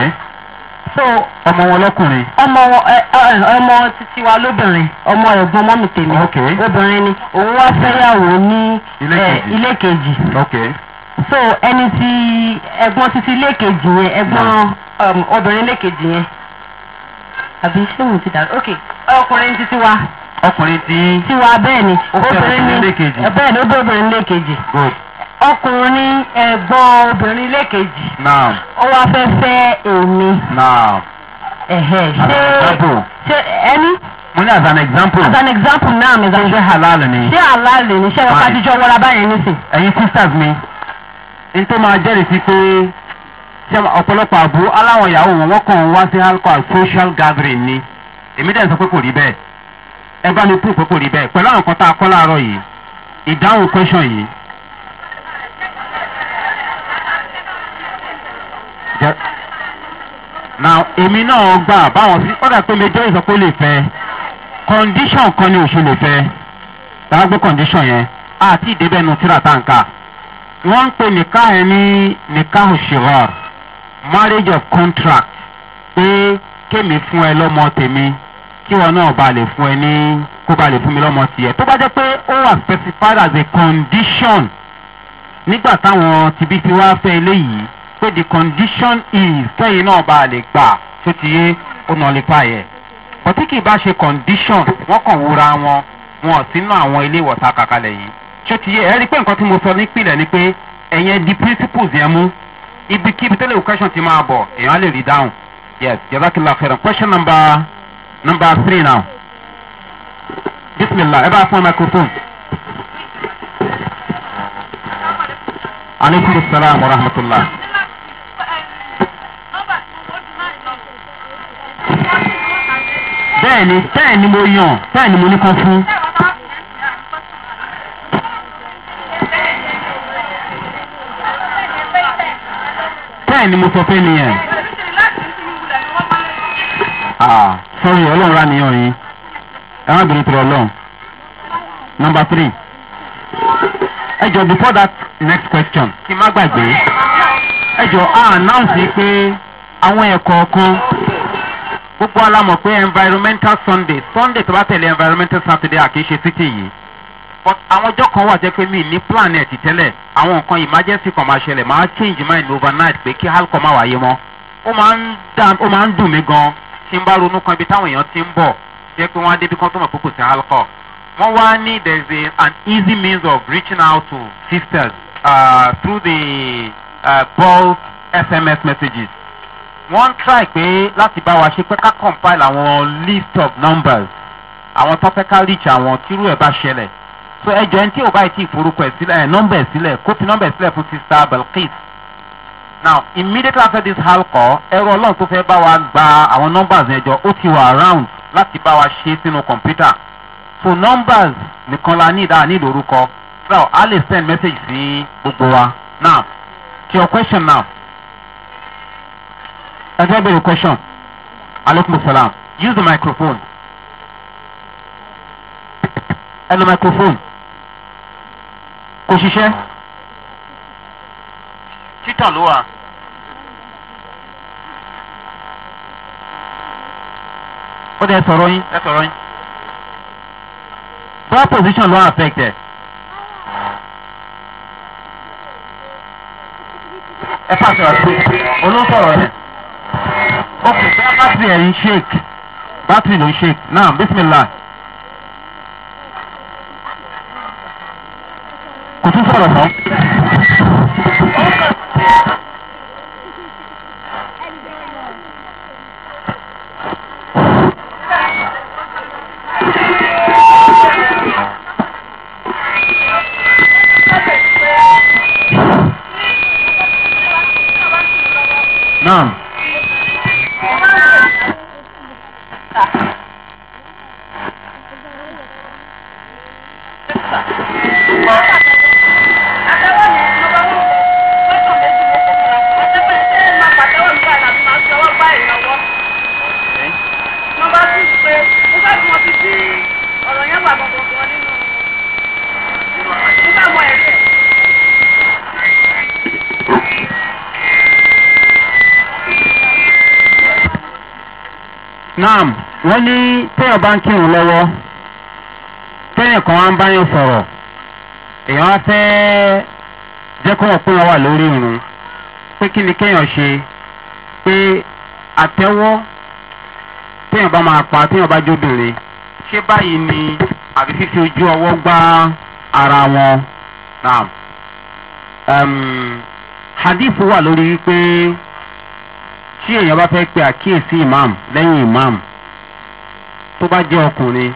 so ọmọ wọn lọkùnrin. ọmọ ọmọ títí wa lóbìnrin ọmọ ẹ̀gbọ́n mọ́mì tèmi. ok obìnrin ni òun wá fẹ́yàwó ní ilé kejì. ok so ẹni tí ẹ̀gbọ́n títí lẹ́ẹ̀kejì yẹn ẹ̀gbọ́n hmm. um, obìnrin lẹ́ẹ̀kejì yẹn àbí sẹ́wọ̀n ti dàrú ok ọkùnrin títí wa. ọkùnrin tí. tiwa bẹ́ẹ̀ ni obìnrin lẹ́ẹ̀kejì eh, bẹ́ẹ̀ ni obìnrin lẹ́ẹ̀kejì. good ọkùnrin ẹ̀gbọ́n obìnrin lẹ́ẹ̀kejì. naam. ó wá fẹ́ fẹ́ èmi. naam. ẹ̀hẹ̀ ṣé ṣé ẹni mo ní as an example. as an example náà mi. ṣé halal ni. ṣé halal ni ṣé wọ́n kájíjọ́ wọ́ra báyìí nísìn. ẹ̀yin sisters me? nítorí máa jẹ́rìí sí pé ọ̀pọ̀lọpọ̀ àbú aláwọ̀ ìyàwó wọn wọ́n kàn wá sí alcohol social gathering ni èmi dẹ̀ sọ pé kò rí bẹ́ẹ̀ ẹ bá mi proof pé kò rí bẹ́ẹ̀ pẹ̀lú àwọn kan tá láàárọ̀ yìí ìdáhùn question yìí. na èmi náà gbà báwọn sí ọ̀dà pé mi jẹ́rìí sọ pé ó lè fẹ́ condition kan ni òṣèlè fẹ́ tàbí condition yẹn àti ìdébẹ̀nu tíra tá n wọ́n ń pè nìkan yẹn ní nìkan ṣùgbọ́n marriage of contract pé kémi fún ẹ lọ́mọ tèmi kí wọn náà ba lè fún ẹ ní kó ba lè fún mi lọ́mọ tiẹ̀ tó bá jẹ́ pé ó wà specified as a condition nígbà táwọn tibí ti wá fẹ́ eléyìí pé the condition is kẹ́yìn náà ba lè gbà tó ti yé ó nà lè pa yẹ bọ̀tí kì í bá ṣe condition wọ́n kàn wúra wọn wọn ò sínú àwọn ilé ìwọ̀ta kàkálẹ̀ yìí ṣé ti yé ẹ rí pé nǹkan tí mo sọ nípìnlẹ̀ ni pé ẹ̀yẹn di principles yẹn mú ibikíbi tẹ́lẹ̀ question ti máa bọ̀ èèyàn lè rí dáhùn yes jazakila fẹ́ràn question number number three now bisimilah ẹ bá fún microphone. aleykum salaam wa rahmatulah. bẹ́ẹ̀ni bẹ́ẹ̀ ni mo yàn bẹ́ẹ̀ ni mo ní kan fún. bẹ́ẹ̀ ni mo sọ fẹ́ nìyẹn. Ah, sọ́rí ọlọ́run rà níyàn yín ẹ má bèrè ọlọ́run. number three ẹ jọ before that next question kí n má gbàgbé ẹ jọ á announce pé àwọn ẹ̀kọ́ kan gbogbo alamọ̀ pé environmental sunday sunday tó bá tẹ̀lé environmental saturday àkíyèsí títì yìí but àwọn ọjọ́ kan wà jẹ́ pé mi ní planet tẹ́lẹ̀ àwọn nǹkan emergency kan máa ṣẹlẹ̀ máa change mind overnight pé kí alcohol máa wáyé mọ́ ó máa ń dùn mí gan tí n bá ronú kan ibi táwọn èèyàn ti ń bọ̀ jẹ́ pé wọ́n á débi kan tó mọ̀ pé kò sí alcohol wọ́n wá ní there is a, an easy means of reaching out to sisters uh, through the uh, sms messages wọ́n try pé láti bá wa ṣe pé ká compile àwọn list of numbers àwọn tó fẹ́ ká reach àwọn tírú ẹ̀ bá ṣẹlẹ̀ so ẹjọ ẹni tí o báyìí ti forúkọ ẹ sílẹ ẹ nọmba ẹ sílẹ kó fi nọmba ẹ sílẹ fún sista belkis now immediately after this halkọ ẹrọ ọlọrun tó fẹ bá wa gba àwọn numbers ẹjọ ó ti wà around láti bá wa ṣe sínú kọmpútà so numbers nìkan la ní ìdá ní ìlórúkọ so I lè send message sí gbogbo wa now to your question now ẹ fẹ́ bẹ̀rẹ̀ question aleykum salam use the microphone ẹnu microphone òṣìṣẹ́ títà ló wà. ó dẹ̀ sọ̀rọ̀ yín ẹ sọ̀rọ̀ yín. that position ló affect ẹ. ẹ pàṣẹ àti olóńsọ̀rọ̀ rẹ̀. ok bẹ́ẹ̀ bá ti ẹ̀ ń ṣèkì bá ti lò ń ṣèkì náà bísí mi láà. 南。naam wọ́n ní téèyàn bá ń kírun lọ́wọ́ téèyàn kan wá ń báyàn sọ̀rọ̀ èèyàn á fẹ́ jẹ́ kó wọ́n pé wọ́n wà lórí irun pé kí ni kéèyàn ṣe pé àtẹ́wọ́ téèyàn bá máa pa téèyàn bá jóbìnrin ṣé báyìí ni àbí fífi ojú ọwọ́ gbá ara wọn naam um, hadith wà lórí wípé tí èèyàn bá fẹ́ pe àkíyèsí imam lẹ́yìn imam tó bá jẹ́ ọkùnrin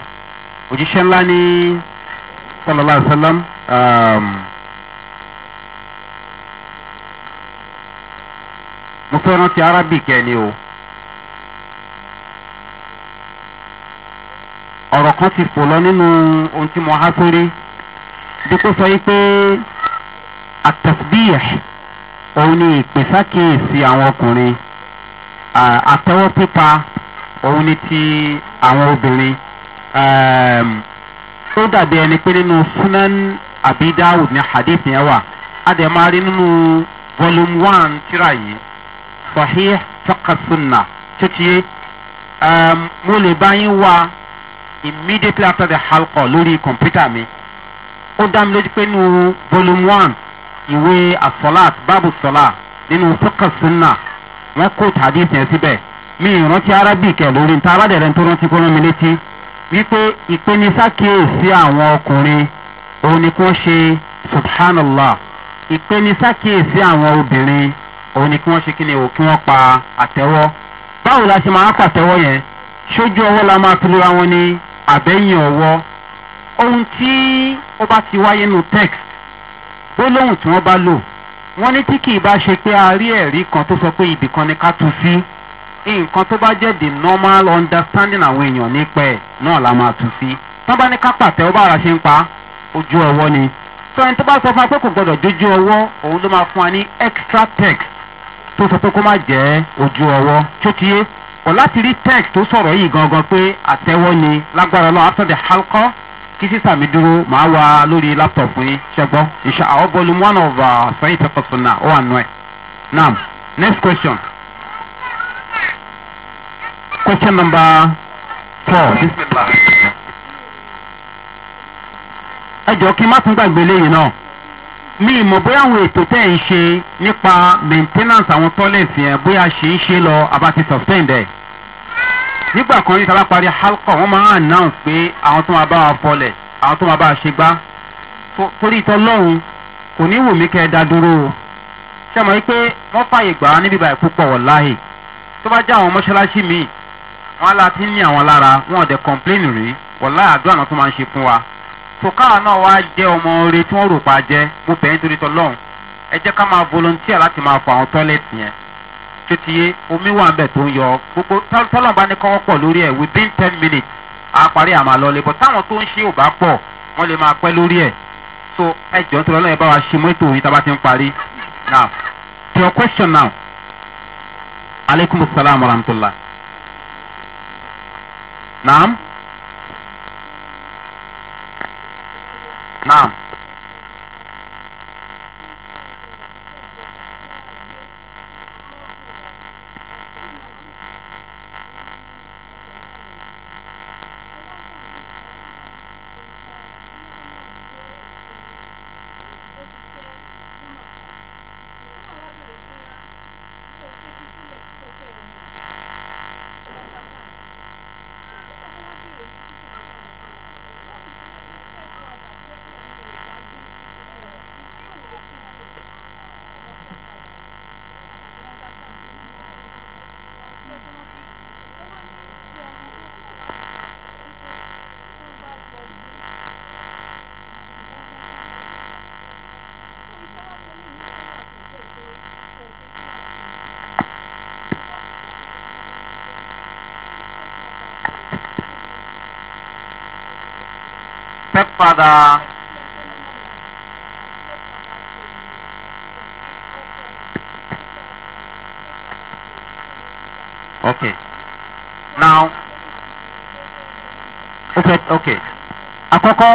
òjíṣẹ́ ńlá ní sọlọ́lá sọlọ́m um, mo fẹ́ rántí arabic ẹni o ọ̀rọ̀ kan ti fò lọ nínú ohun tí mo há sórí dípò sọ yìí àtẹ̀síbíyẹ̀ òun ni ìpèsákèésí àwọn ọkùnrin. àtẹwọ́ pípa òun ni ti àwọn obìnrin ó dàbí ẹni pé nínú sunan ní hadith yẹn wà nínú volume one tíra yìí mo lè bá yín wá immediately after the halkọ lórí kọ̀mpútà mi ó dá mi lójú pé nínú volume one ìwé báàbù wọn kó tàdí ìsẹ̀ síbẹ̀ mi ìrántí arabic ẹ̀ lórí níta aládẹ̀rẹ̀ tó rántí kó rán mi létí wípé ìpènisákèésí àwọn ọkùnrin òun ni kò ṣe subhanallah ìpènisákèésí àwọn obìnrin òun ni kí wọ́n ṣe kí ni o kí wọ́n pa àtẹ́wọ́ báwo la ṣe máa pàtẹ́wọ́ yẹn ṣojú ọwọ́ la máa tulura wọn ní àbẹ́yìn ọwọ́ ohun tí ó bá ti wáyé nu text gbólóhùn tí wọ́n bá lò wọ́n ní tí kì í bá ṣe pé a rí ẹ̀rí kan tó sọ pé ibì kan ni ká tu sí nǹkan tó bá jẹ́ the normal understanding àwọn èèyàn nípa ẹ̀ náà la máa tu sí tán bá ní ká pàtẹ́ ó bá ara ṣe ń pa ojú ọwọ́ ni tó ẹni tó bá sọ fún wa pé kò gbọdọ̀ jójú ọwọ́ òun ló máa fún wa ní extra text tó sọ pé kó má jẹ́ ojú ọwọ́ tó ti yé kò láti rí text tó sọ̀rọ̀ yìí gangan pé àtẹ́wọ́ ni lágbára lọ́wọ́ after the halkọ́ kí sísà mi dúró màá wá lórí laptop yín ṣẹgbọ́n ìṣà àwọn one of sẹ́yìn tẹ́kọ̀tún náà ó wà nù ẹ̀. now next question question number four ẹ jọ kí n má tún gbàgbé léyìn náà mi ìmọ̀ bóyá àwọn ètò tẹ̀ ń ṣe nípa maintenance àwọn toilet yẹn bóyá ṣe ń ṣe lọ abá ti ẹ̀ nígbà kan rí sábà parí halkọ wọn máa announce pé àwọn tó máa bá wa fọlẹ̀ àwọn tó máa bá wa ṣe gbá torí ìtọ́ lọ́hùn kò ní wù mí kẹ́ ẹ dá dúró o ṣe mọ̀ wípé wọ́n fààyè gbà á níbi ìbàyẹ̀ púpọ̀ wọ̀láhì tó bá jẹ́ àwọn mọ́ṣáláṣí míì wọn la ti ń ní àwọn lára wọn ọ̀dẹ̀ complain rí wọ̀láhì àdúrà náà tó máa ń ṣe fún wa tòkáà náà wá jẹ́ ọmọ oore tí wọ́n rò pa jẹ́ mo bẹ̀ẹ́ nítorí tọ́ lọ́hùn ẹ jẹ́ ká máa volunteer láti máa fọ àwọn tọ́lẹ̀tì yẹn tó yé omi wà nbẹ tó ń yọ gbogbo tọ́lọ̀ bá ní pọ̀ lórí ẹ̀ within ten minutes a parí àmà lọlé bọ̀ táwọn tó ń ṣe ò bá pọ̀ wọ́n lè máa pẹ́ lórí ẹ̀ so ẹ jọ tó lọ́lọ́ yẹn bá wa ṣe mọ́tò yìí tá a bá ti ń parí now to your question now aleykum salaam wa rahmatulah naam naam. هذا okay now okay okay àkọ́kọ́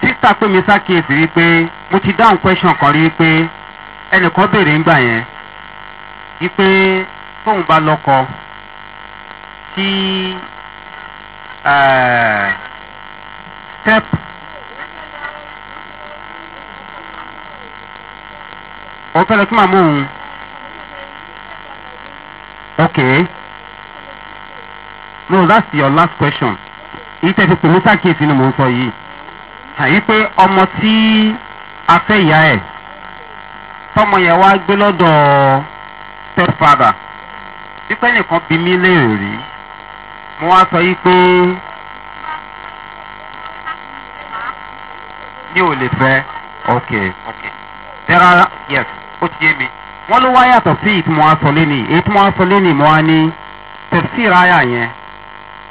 sísá pé mi ṣàkíyèsí wípé mo ti dáhùn question kan rí wípé ẹnìkan béèrè ń gbà yẹn wípé tóun bá lọ́kọ tí eh, step òun fẹ́ lọ sí màmú òun. okay no that's your last question èyí tẹ́ fi pè mí sákèsí ni mò ń sọ yìí àyí pé ọmọ tí a fẹ́ ìyá ẹ̀ tọmọ yẹn wá gbé lọ́dọ̀ third father pípẹ́ nìkan bí mí léèrè rí mo wá sọ yìí pé mi ò lè fẹ́ okay okay there are yes. ó ti yé mi wọ́n ló wá yàtọ̀ sí èyí tí mo wá sọ lénìí èyí tí ní tẹ̀sí ráyà yẹn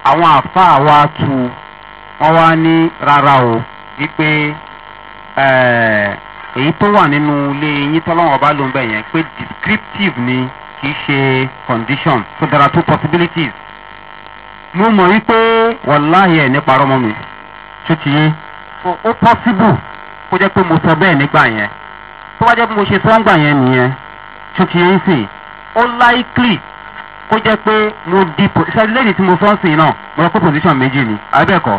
àwọn àfáà wa tu wọ́n wá ní rárá o wípé eh, èyí tó wà nínú ilé yín tọ́lọ́wọ́n bá ló ń bẹ̀ yẹn pé descriptive ni kì í ṣe condition so there are two possibilities mo mọ̀ wípé wàláhì ẹ̀ nípa ọmọ mi tó ti yé so ó possible kó jẹ́ pé mo sọ bẹ́ẹ̀ nígbà yẹn. tó bá jẹ́ bí mo ṣe sọ ń gbà yẹn nìyẹn tuntun yẹn sìn ó láìkìlì kó jẹ́ pé mo di ṣáájú lẹ́yìn tí mo sọ ń sìn náà mo lọ pé position méjì ni àbẹ́ẹ̀kọ́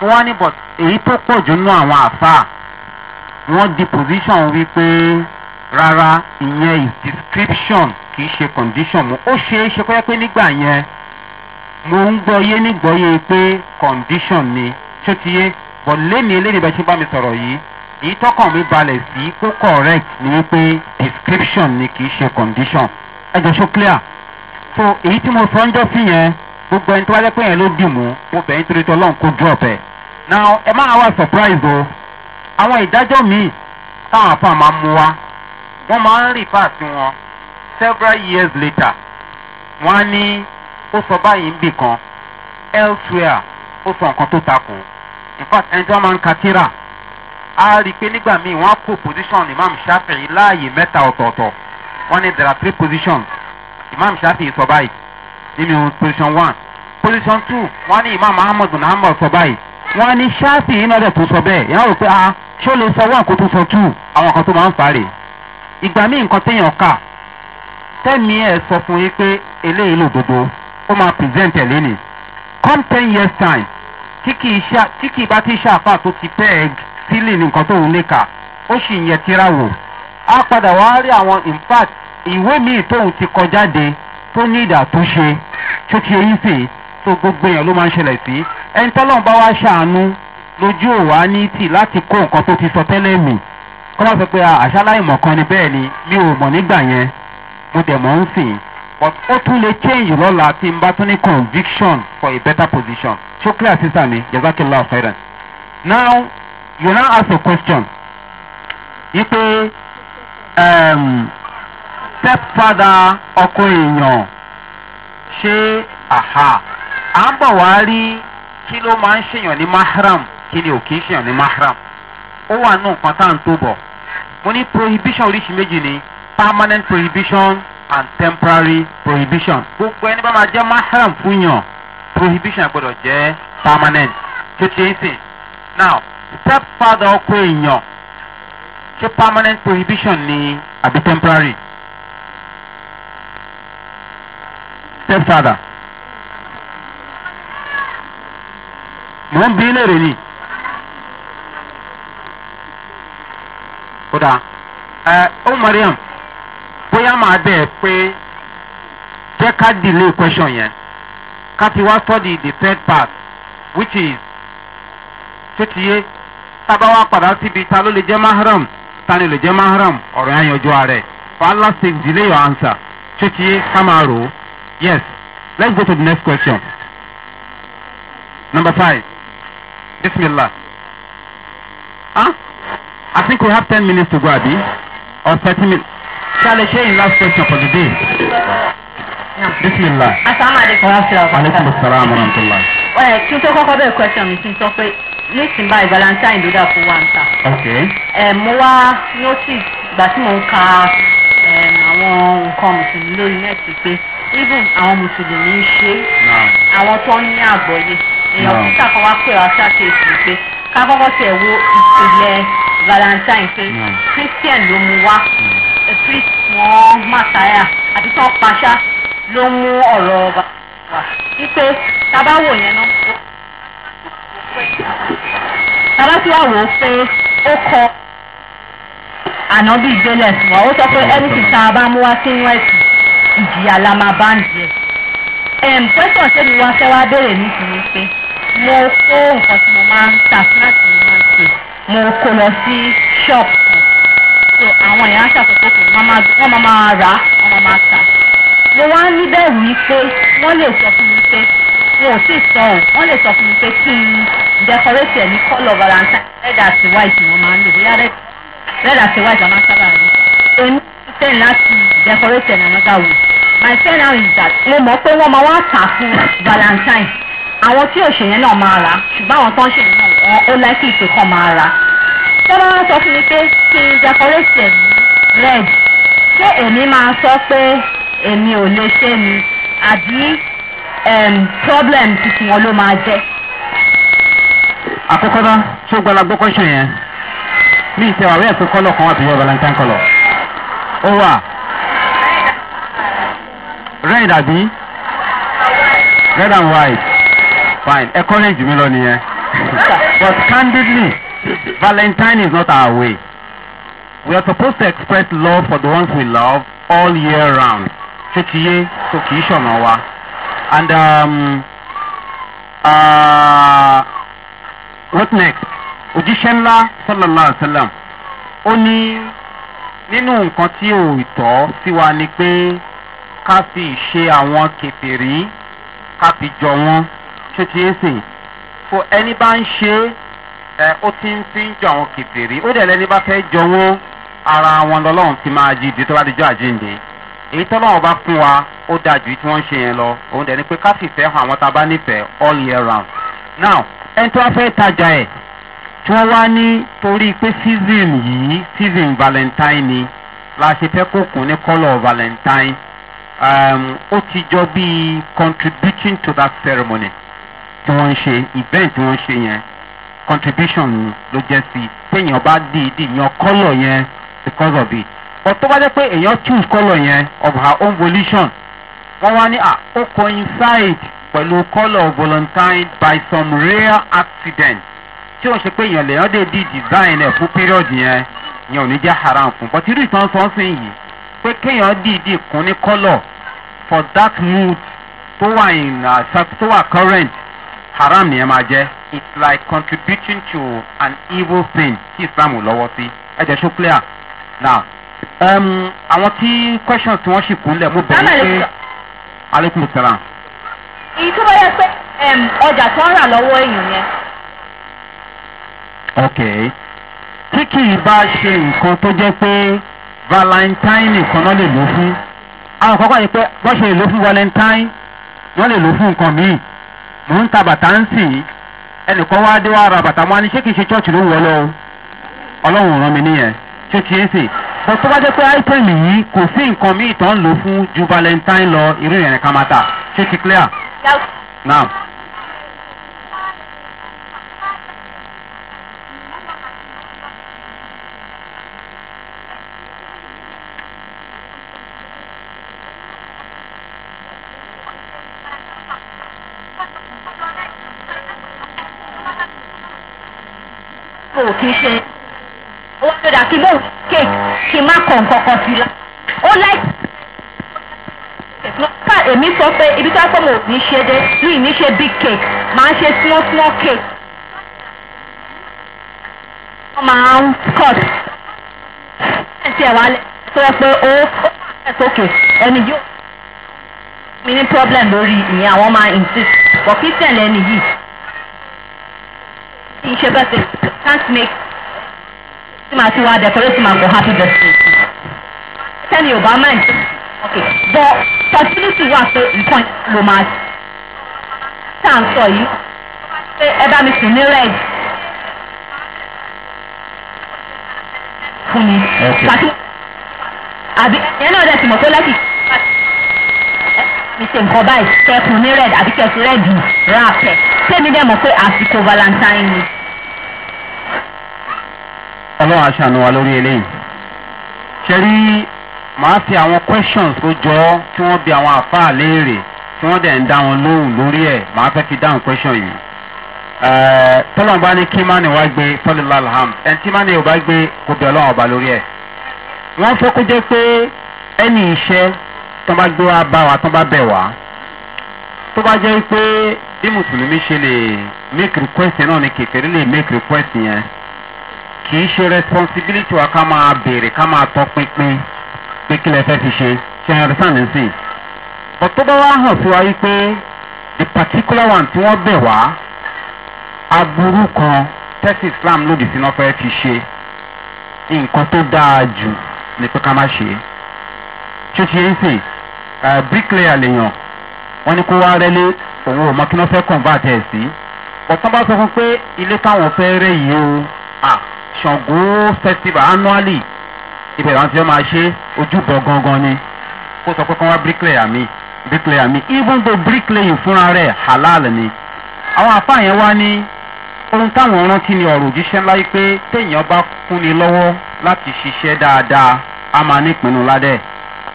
mo wá ní but èyí tó pọ̀ jù nínú àwọn àfáà wọ́n di position wípé rárá ìyẹn is description kì í ṣe condition mu ó ṣeé ṣe kó yẹ pé nígbà yẹn mo ń gbọ́yé nígbọ́yé pé condition ni ṣó ti bọ̀ lẹ́ni eléyìí bá ṣe bá mi sọ̀rọ̀ yìí èyí tọkàn mi balẹ̀ sí kó correct ni wípé description ni kì í ṣe condition ẹ jọ ṣó clear so èyí tí mo sọ ń jọ sí yẹn gbogbo ẹni tó wáyé pé yẹn ló dì mú mo bẹ̀rẹ̀ nítorí tó lọ́n kó drop ẹ̀ now ẹ máa wá surprise o àwọn ìdájọ́ míì táwọn afa máa mú wa wọ́n máa ń rìfà wọn several years later wọ́n á ní ó sọ báyìí ń bì kan elsewhere ó sọ nǹkan tó takò in fact ẹni tí wọ́n máa ń ka kíra. a rí i pé nígbà míì wọ́n á kó position imam shafi'i láàyè mẹ́ta ọ̀tọ̀ọ̀tọ̀ wọ́n ní there are three positions imam shafi'i sọ báyìí nínú position one position two wọ́n ní imam ahmed bin ahmed sọ báyìí wọ́n ní shafi'i náà dẹ̀ tó sọ bẹ́ẹ̀ ìyá rò pé a ah, ṣé o lè sọ one kó tó sọ two àwọn kan tó máa ń fà á rè ìgbà míì nǹkan téèyàn kà tẹ́mi ẹ̀ sọ fún yín pé eléyìí lòdodo ó máa present ẹ̀ lénìí come ten years time tí kì í bá ti ṣàfà tó ti pẹ́ẹ́gì stealing nǹkan tó ń léka ó sì yẹ tíra wò á padà wá rí àwọn impact ìwé míì tóun ti kọ jáde tó ní ìdà tó ṣe tó ti eyín sè tó gbogbo èèyàn ló máa ń ṣẹlẹ̀ sí ẹni tọ́lọ́n bá wá ṣàánú lójú òwá ní tì láti kó nǹkan tó ti sọ tẹ́lẹ̀ mì kọ́ máa sọ pé àṣáláì mọ̀kan ni bẹ́ẹ̀ ni mi ò mọ̀ nígbà yẹn mo dẹ̀ mọ̀ ń sìn ó tún lè change lọ́la tí n bá tún ní conviction for a better position ṣó clear sísà mi jazakillah fẹ́rẹ̀ now you now ask a question wípé um, stepfather ọkọ èèyàn ṣé àhà à ń bọ̀ wá rí kí ló máa ń ṣèyàn ní mahram kí ni ò kí ń ṣèyàn ní mahram ó wà nù nǹkan tá à ń tó bọ̀ mo ní prohibition oríṣi méjì ni permanent prohibition and temporary prohibition gbogbo ẹni bá máa jẹ́ mahram fún yàn prohibition gbọ́dọ̀ jẹ́ permanent tó ti ń sìn now step father ọkọ èèyàn ṣé permanent prohibition ni àbí temporary step father mò ń bí léèrè ni kódà ẹ ó mariam bóyá màá bẹ̀ ẹ́ pé jẹ́ ká delay question yẹn ká ti wá study the third part which is ṣé ti yé tábà wá padà síbi ta ló lè jẹ́ mahram ta ni lè jẹ́ mahram ọ̀rọ̀ yẹn yanjú ààrẹ for allah sake delay your answer chuchi kamaro yes let's go to the next question number five bismillah ah huh? i think we have ten minutes to go abi or thirty minutes. Shall lè share in last question for the day bisimila. asalaamualeykum wa rahmatulah. aleykum salaam wa rahmatulah. ẹ kí n question mi kí n sọ pé valentine ló dà fún wa nta. ok. ẹ mo wá notice ìgbà tí mo ń ka àwọn nǹkan mùsùlùmí lórí nẹ́ẹ̀tì pé even àwọn mùsùlùmí ń ṣe àwọn tó ń ní àgbọ̀yé èèyàn títà kan wá pè wá ṣàkíyèsí pé ká kọ́kọ́ tẹ̀ wo ìpìlẹ̀ valentine pé christian ló mu wá priest wọn màtáyà àti tó ń paṣá ló mú ọ̀rọ̀ ọba wá wípé tábà wò yẹn náà tábà tí wàá wò ó pé ó kọ ànábì ìgbélẹ̀ sí wa ó sọ pé ẹni tí tá a bá mú wá sínú ẹ̀sìn ìjìyà la máa bá nìyẹn. ẹ̀m pẹ́sàn ṣé mi wá fẹ́ wá béèrè nísìnyí pé mo kó nǹkan tí mo máa ń tà sí láti mo máa ń tè mo kó lọ sí ṣọ́ọ̀bù kan so àwọn èèyàn aṣàkóso pé wọ́n máa rà á wọ́n máa tà mo wá ń níbẹ̀ wí pé wọ́n lè sọ fún mi pé wọn ò sì sọ ọ́ wọ́n lè sọ fún mi pé kí n decorate ẹ̀ ní colour valentine red and white wọn máa ń lò bóyá red red and white wọn máa ń sábà rí èmi fẹ́ láti decorate ẹ̀ nànàgà wò my friend now is that mo mọ̀ pé wọ́n máa wá tà fún valentine àwọn tí òṣèyẹn náà máa rà ṣùgbọ́n àwọn tó ń ṣèyẹn náà ó láìpẹ́ ìpè kan máa rà tọ́lá wá sọ fún mi pé kí n decorate ẹ̀ red ṣé èmi máa sọ pé èmi ò lè ṣe ni àbí problem tuntun wọn ló máa jẹ́. àkọ́kọ́ náà tó gbọ́dọ̀ gbọ́kọ́ ṣe yẹn ní ìtẹ̀wà wíyà pé kọ́lọ̀ kan wà tó yẹ valentine kọ́lọ̀ ó wà red àbí red and white fine ẹ kọ́ ní jù mí lọ nìyẹn but candidly valentine is not our way. We are supposed to express love for the ones we love all year round ṣé ti yé so kì ṣọ̀nà wa and um, uh, what next òjíṣẹ́ ńlá sallallahu alayhi wa ó ní nínú nǹkan tí ò tọ́ sí wa ni pé ká fi ṣe àwọn kẹfìrí ká fi jọ wọn ṣé ti yé sè so ẹni bá ń ṣe ẹ ó ti ń fi ń jọ àwọn kẹfìrí ó dẹ̀ lẹ́ni bá fẹ́ jọ wọn ara wọn lọ́lọ́run ti máa jí di tó bá di jọ àjíǹde èyí tọ́lọ́wọ́ bá fún wa ó dáa ju tí wọ́n ń ṣe yẹn lọ òun dẹ̀ ni pé ká fìfẹ́ hàn àwọn tá a bá nífẹ̀ẹ́ all year round. now ẹni tí wọ́n fẹ́ tajà ẹ̀ tí wọ́n wá ní torí pé season yìí season valentine ni la ṣe fẹ́ kókun ní colour valentine um, ó ti jọ bíi contributing to that ceremony tí wọ́n ń ṣe event tí wọ́n ń ṣe yẹn contribution ló jẹ́ sí i téèyàn bá dìídì yan colour yẹn because of it but tó bá jẹ́ pé èèyàn choose colour yẹn of her own volition wọ́n wá ní ó coincide pẹ̀lú colour of volunteer by some rare accident tí wọ́n ṣe pé èèyàn lèèyàn dé di design ẹ̀ fún period yẹn yẹn ò ní jẹ́ haram fún but irú ìtàn sọ sí yìí pé kéèyàn dìídì kún ní colour for that mood tó wà in uh, tó wà current haram nìyẹn máa jẹ́ it's like contributing to an evil thing tí islam lọ́wọ́ sí ẹ jẹ́ so clear now. àwọn tí questions tí wọ́n sì kúnlẹ̀ mo bẹ̀rẹ̀ pé aleykum salaam. èyí tó yẹ pé ọjà tó ń rà lọ́wọ́ èèyàn yẹn. ok tí kì í bá ṣe nǹkan tó jẹ́ pé valentine nìkan náà lè lò fún àwọn kọ́kọ́ yìí pé wọ́n ṣe lò fún valentine wọ́n lè lò fún nǹkan míì mò ń ta bàtà ń sìn ẹnìkan wá dé wá ra bàtà wọn ni ṣé kìí ṣe chọ́ọ̀chì ló wọ lọ ọlọ́run ràn mí nìyẹn ṣé kìí ṣe. bọ́n tó bá jẹ́ pé april yìí kò sí nǹkan míì tó ń lò fún ju valentine lọ irú yẹn ká máa tà ṣé ti clear. now. kò kí ó wá yọ̀dà kí lóun kéèkì kí má kọ̀ nǹkankan sí la ó láì ká èmi sọ pé ibi tí wọ́n fọ́ mi ò ní ṣe dé ní ìní ṣe big cake máa ń ṣe small small cake wọ́n máa ń cut ẹ̀ tí ẹ̀ wá lẹ̀ tó yẹ pé ó ẹ̀ sókè ẹni yóò mi ní problem lórí ìyẹn àwọn máa insist but kí tẹ̀lé ẹni yìí kí n ṣe bẹ́ẹ̀ say can't make tí màá ti wá decorate tí màá gbọ́ happy birthday sí. sẹ́ni ò bá mind ok bọ́ possibility wà pé nǹkan ló máa tá à ń sọ yìí pé ẹ bá mi sùn ní red fún mi. pàtó àbí ẹ̀yẹ́ náà dẹ̀ sì mọ̀ tó lẹ́kì mi ṣe nǹkan báyìí kẹ́kùn ní red àbí kẹ́kùn red rà pẹ̀ tẹ́mi dẹ̀ mọ̀ pé àsìkò valentine ọlọ́run aṣàánú wa lórí eléyìí. ṣe rí màá fi àwọn questions tó jọ ọ́ tí wọ́n bi àwọn àfáà léèrè tí wọ́n dẹ̀ ń dá wọn lóhùn lórí ẹ̀ màá fẹ́ fi dáhùn question yìí. tọ́lọ́n bá ní kí mánì wá gbé fọ́lẹ́lá alham ẹni tí mánì ò bá gbé kò bí ọlọ́run ọba lórí ẹ̀. wọ́n fẹ́ kó jẹ́ pé ẹnì iṣẹ́ tó bá gbé wá bá wa tó bá bẹ̀ wá tó bá jẹ́ pé bí mùsùlùmí ṣe lè make request náà ni kèfèrí lè make request yẹn kì í ṣe responsibility wa ká máa béèrè ká máa tọpinpin pé kí lè fẹ́ fi ṣe ṣe ẹ rẹ́sàn nísìn. ọ̀tọ́ bá wá hàn sí wa yí pé the particular one tí wọ́n bẹ̀ wá aburú kan tẹ́sí islam lòdì sí náà fẹ́ fi ṣe nǹkan tó dáa jù ni pé ká má ṣe é. ṣíṣe é sìn bricklayer lèèyàn wọ́n ní kó wá rẹ́lé òun ò mọ kí wọ́n fẹ́ convert ẹ̀ sí. ọ̀tọ́ bá sọ fún pé ilé táwọn fẹ́ rẹ̀ yìí o ṣàngó festival annually ibẹ̀ làwọn ti máa ṣe ojúbọ gangan ni kó sọ pé kí wọ́n bricklayer mi bricklayer mi even though bricklaying fúnra rẹ̀ halal ni àwọn àfáà yẹn wá ní ohun táwọn rántí ni ọ̀rọ̀ òjíṣẹ́ ńlá yìí pé téèyàn bá kún ni lọ́wọ́ láti ṣiṣẹ́ dáadáa a máa nípinnu ládẹ́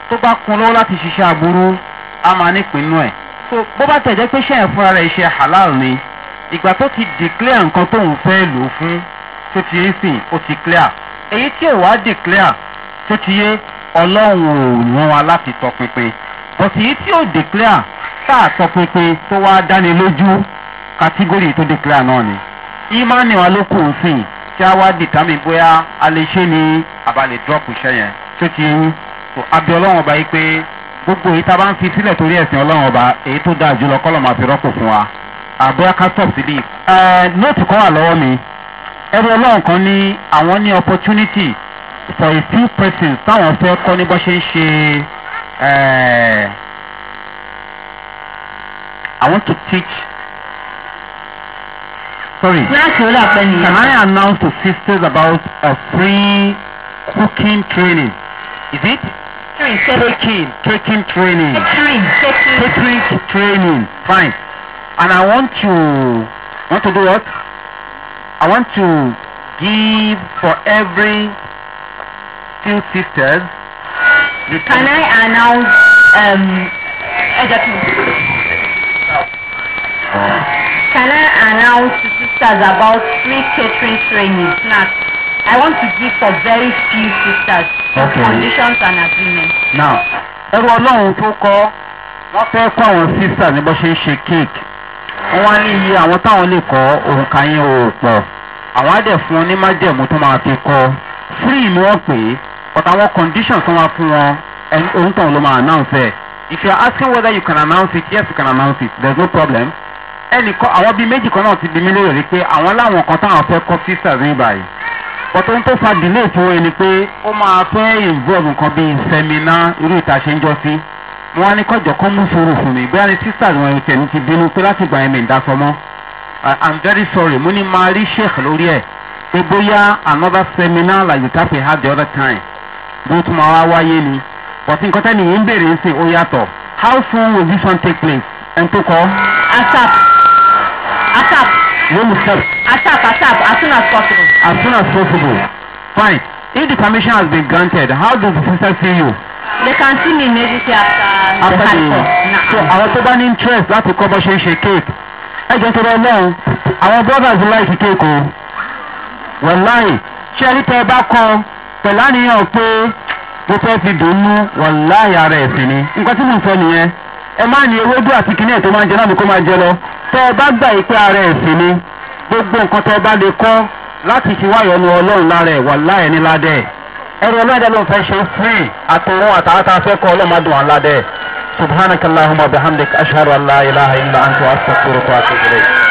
tó bá kún lọ́wọ́ láti ṣiṣẹ́ aburú a máa nípinnu ẹ̀ so bó bá tẹ̀ jẹ́ pé ṣẹ́yìn fúnra rẹ̀ iṣẹ́ halal ni ìgbà tó ti declare nǹkan tóun fẹ́ lò fún tó ti yé sìn ó ti clear èyí tí ò wá di clear tó ti yé ọlọ́run ò rán wa láti tọpinpin but èyí tí ò di clear tá a tọpinpin tó wá dáni lójú kàtígórì tó di clear náà ni ìmánì wa ló kù ń sìn kí a wá dìtámì bóyá a lè ṣe ni àbálẹ̀ drop iṣẹ́ yẹn tó ti yé yín tó abẹ́ ọlọ́run ọba yìí pé gbogbo èyí tá a bá ń fi sílẹ̀ torí ẹ̀sìn ọlọ́run ọba èyí tó dáa jùlọ kọ́lọ̀ máa fi rọ́pò fún wa àbúrò ká stop síbí. ẹ ẹrú ọlọ́run kan ní àwọn ní opportunity for a few persons táwọn fẹ́ kọ́ ní bó ṣe ń ṣe eh, i want to teach sorry can i announce to sisters about a free cooking training is it Cooking. Cooking training Cooking. catering training fine and i want to want to do what. I want to give for every two sisters. Can I announce um, eh, Can I announce to sisters about free catering training Not. I want to give for very few sisters. Okay. Conditions and agreements. Now, everyone ọlọ́run tó kọ́ wọ́n fẹ́ kọ́ àwọn sisters ní bó ṣe ń cake. wọ́n wá ní iye àwọn táwọn lè kọ òǹkà yẹn ò pọ̀ àwọn á dẹ̀ fún wọn ní májẹ̀mú tó máa fi kọ́ free ni wọ́n pè é but àwọn conditions tó máa fún wọn òun tàn ló máa announce ẹ̀ if you are asking whether you can announce it yes you can announce it there is no problem ẹnì kan àwọn bíi méjì kan náà ti di mí lérò pé àwọn láwọn kan táwọn fẹ́ kọ́ sísà ní báyìí bọ́tọ̀ ń tó fa delay fún ẹni pé ó máa fẹ́ involve nǹkan bíi seminar irú ìta ń jọ sí. mo wá ní kọjọ kó mú sòrò fún mi bóyá ni sísà wọn tẹ̀mí ti bínú pé láti gbà ẹ̀mí ìdásọ mọ́ i'm very sorry mo ní máa rí sheikh lórí ẹ̀ pé bóyá another seminar like you tap we had the other time bó tún máa wá wáyé ni but nǹkan tẹ́ nìyí ń bèrè ń sìn ó yàtọ̀ how soon will this one take place ẹn tó kọ́. asap asap. no mistake. asap asap as soon as possible. as soon as possible fine if the permission has been granted how does the sister see you. they can see me immediately after, so àwọn tó bá ní interest láti kọ́ bó ṣe ń ṣe cake ẹ jẹ́ tó lọ lọ́hùn àwọn brothers like cake o oh. wọ̀láì ṣé ẹni tẹ́ ẹ bá kọ́ pẹ̀lú àníyàn pé mo fẹ́ fi dùn mú ara ni nǹkan tí ń sọ nìyẹn ẹ má ní ewédú àti kíní ẹ̀ tó máa jẹ náà ni gbogbo nǹkan tẹ́ ẹ ẹni ọlọ́dẹ ló fẹ́ ṣe free àtòrún àtàtà afẹ́kọ̀ọ́ ọlọ́mọdún aládẹ subhanakallahumma bihamdik ashhadu an la ilaha illa anta astaghfiruka wa atubu ilayk.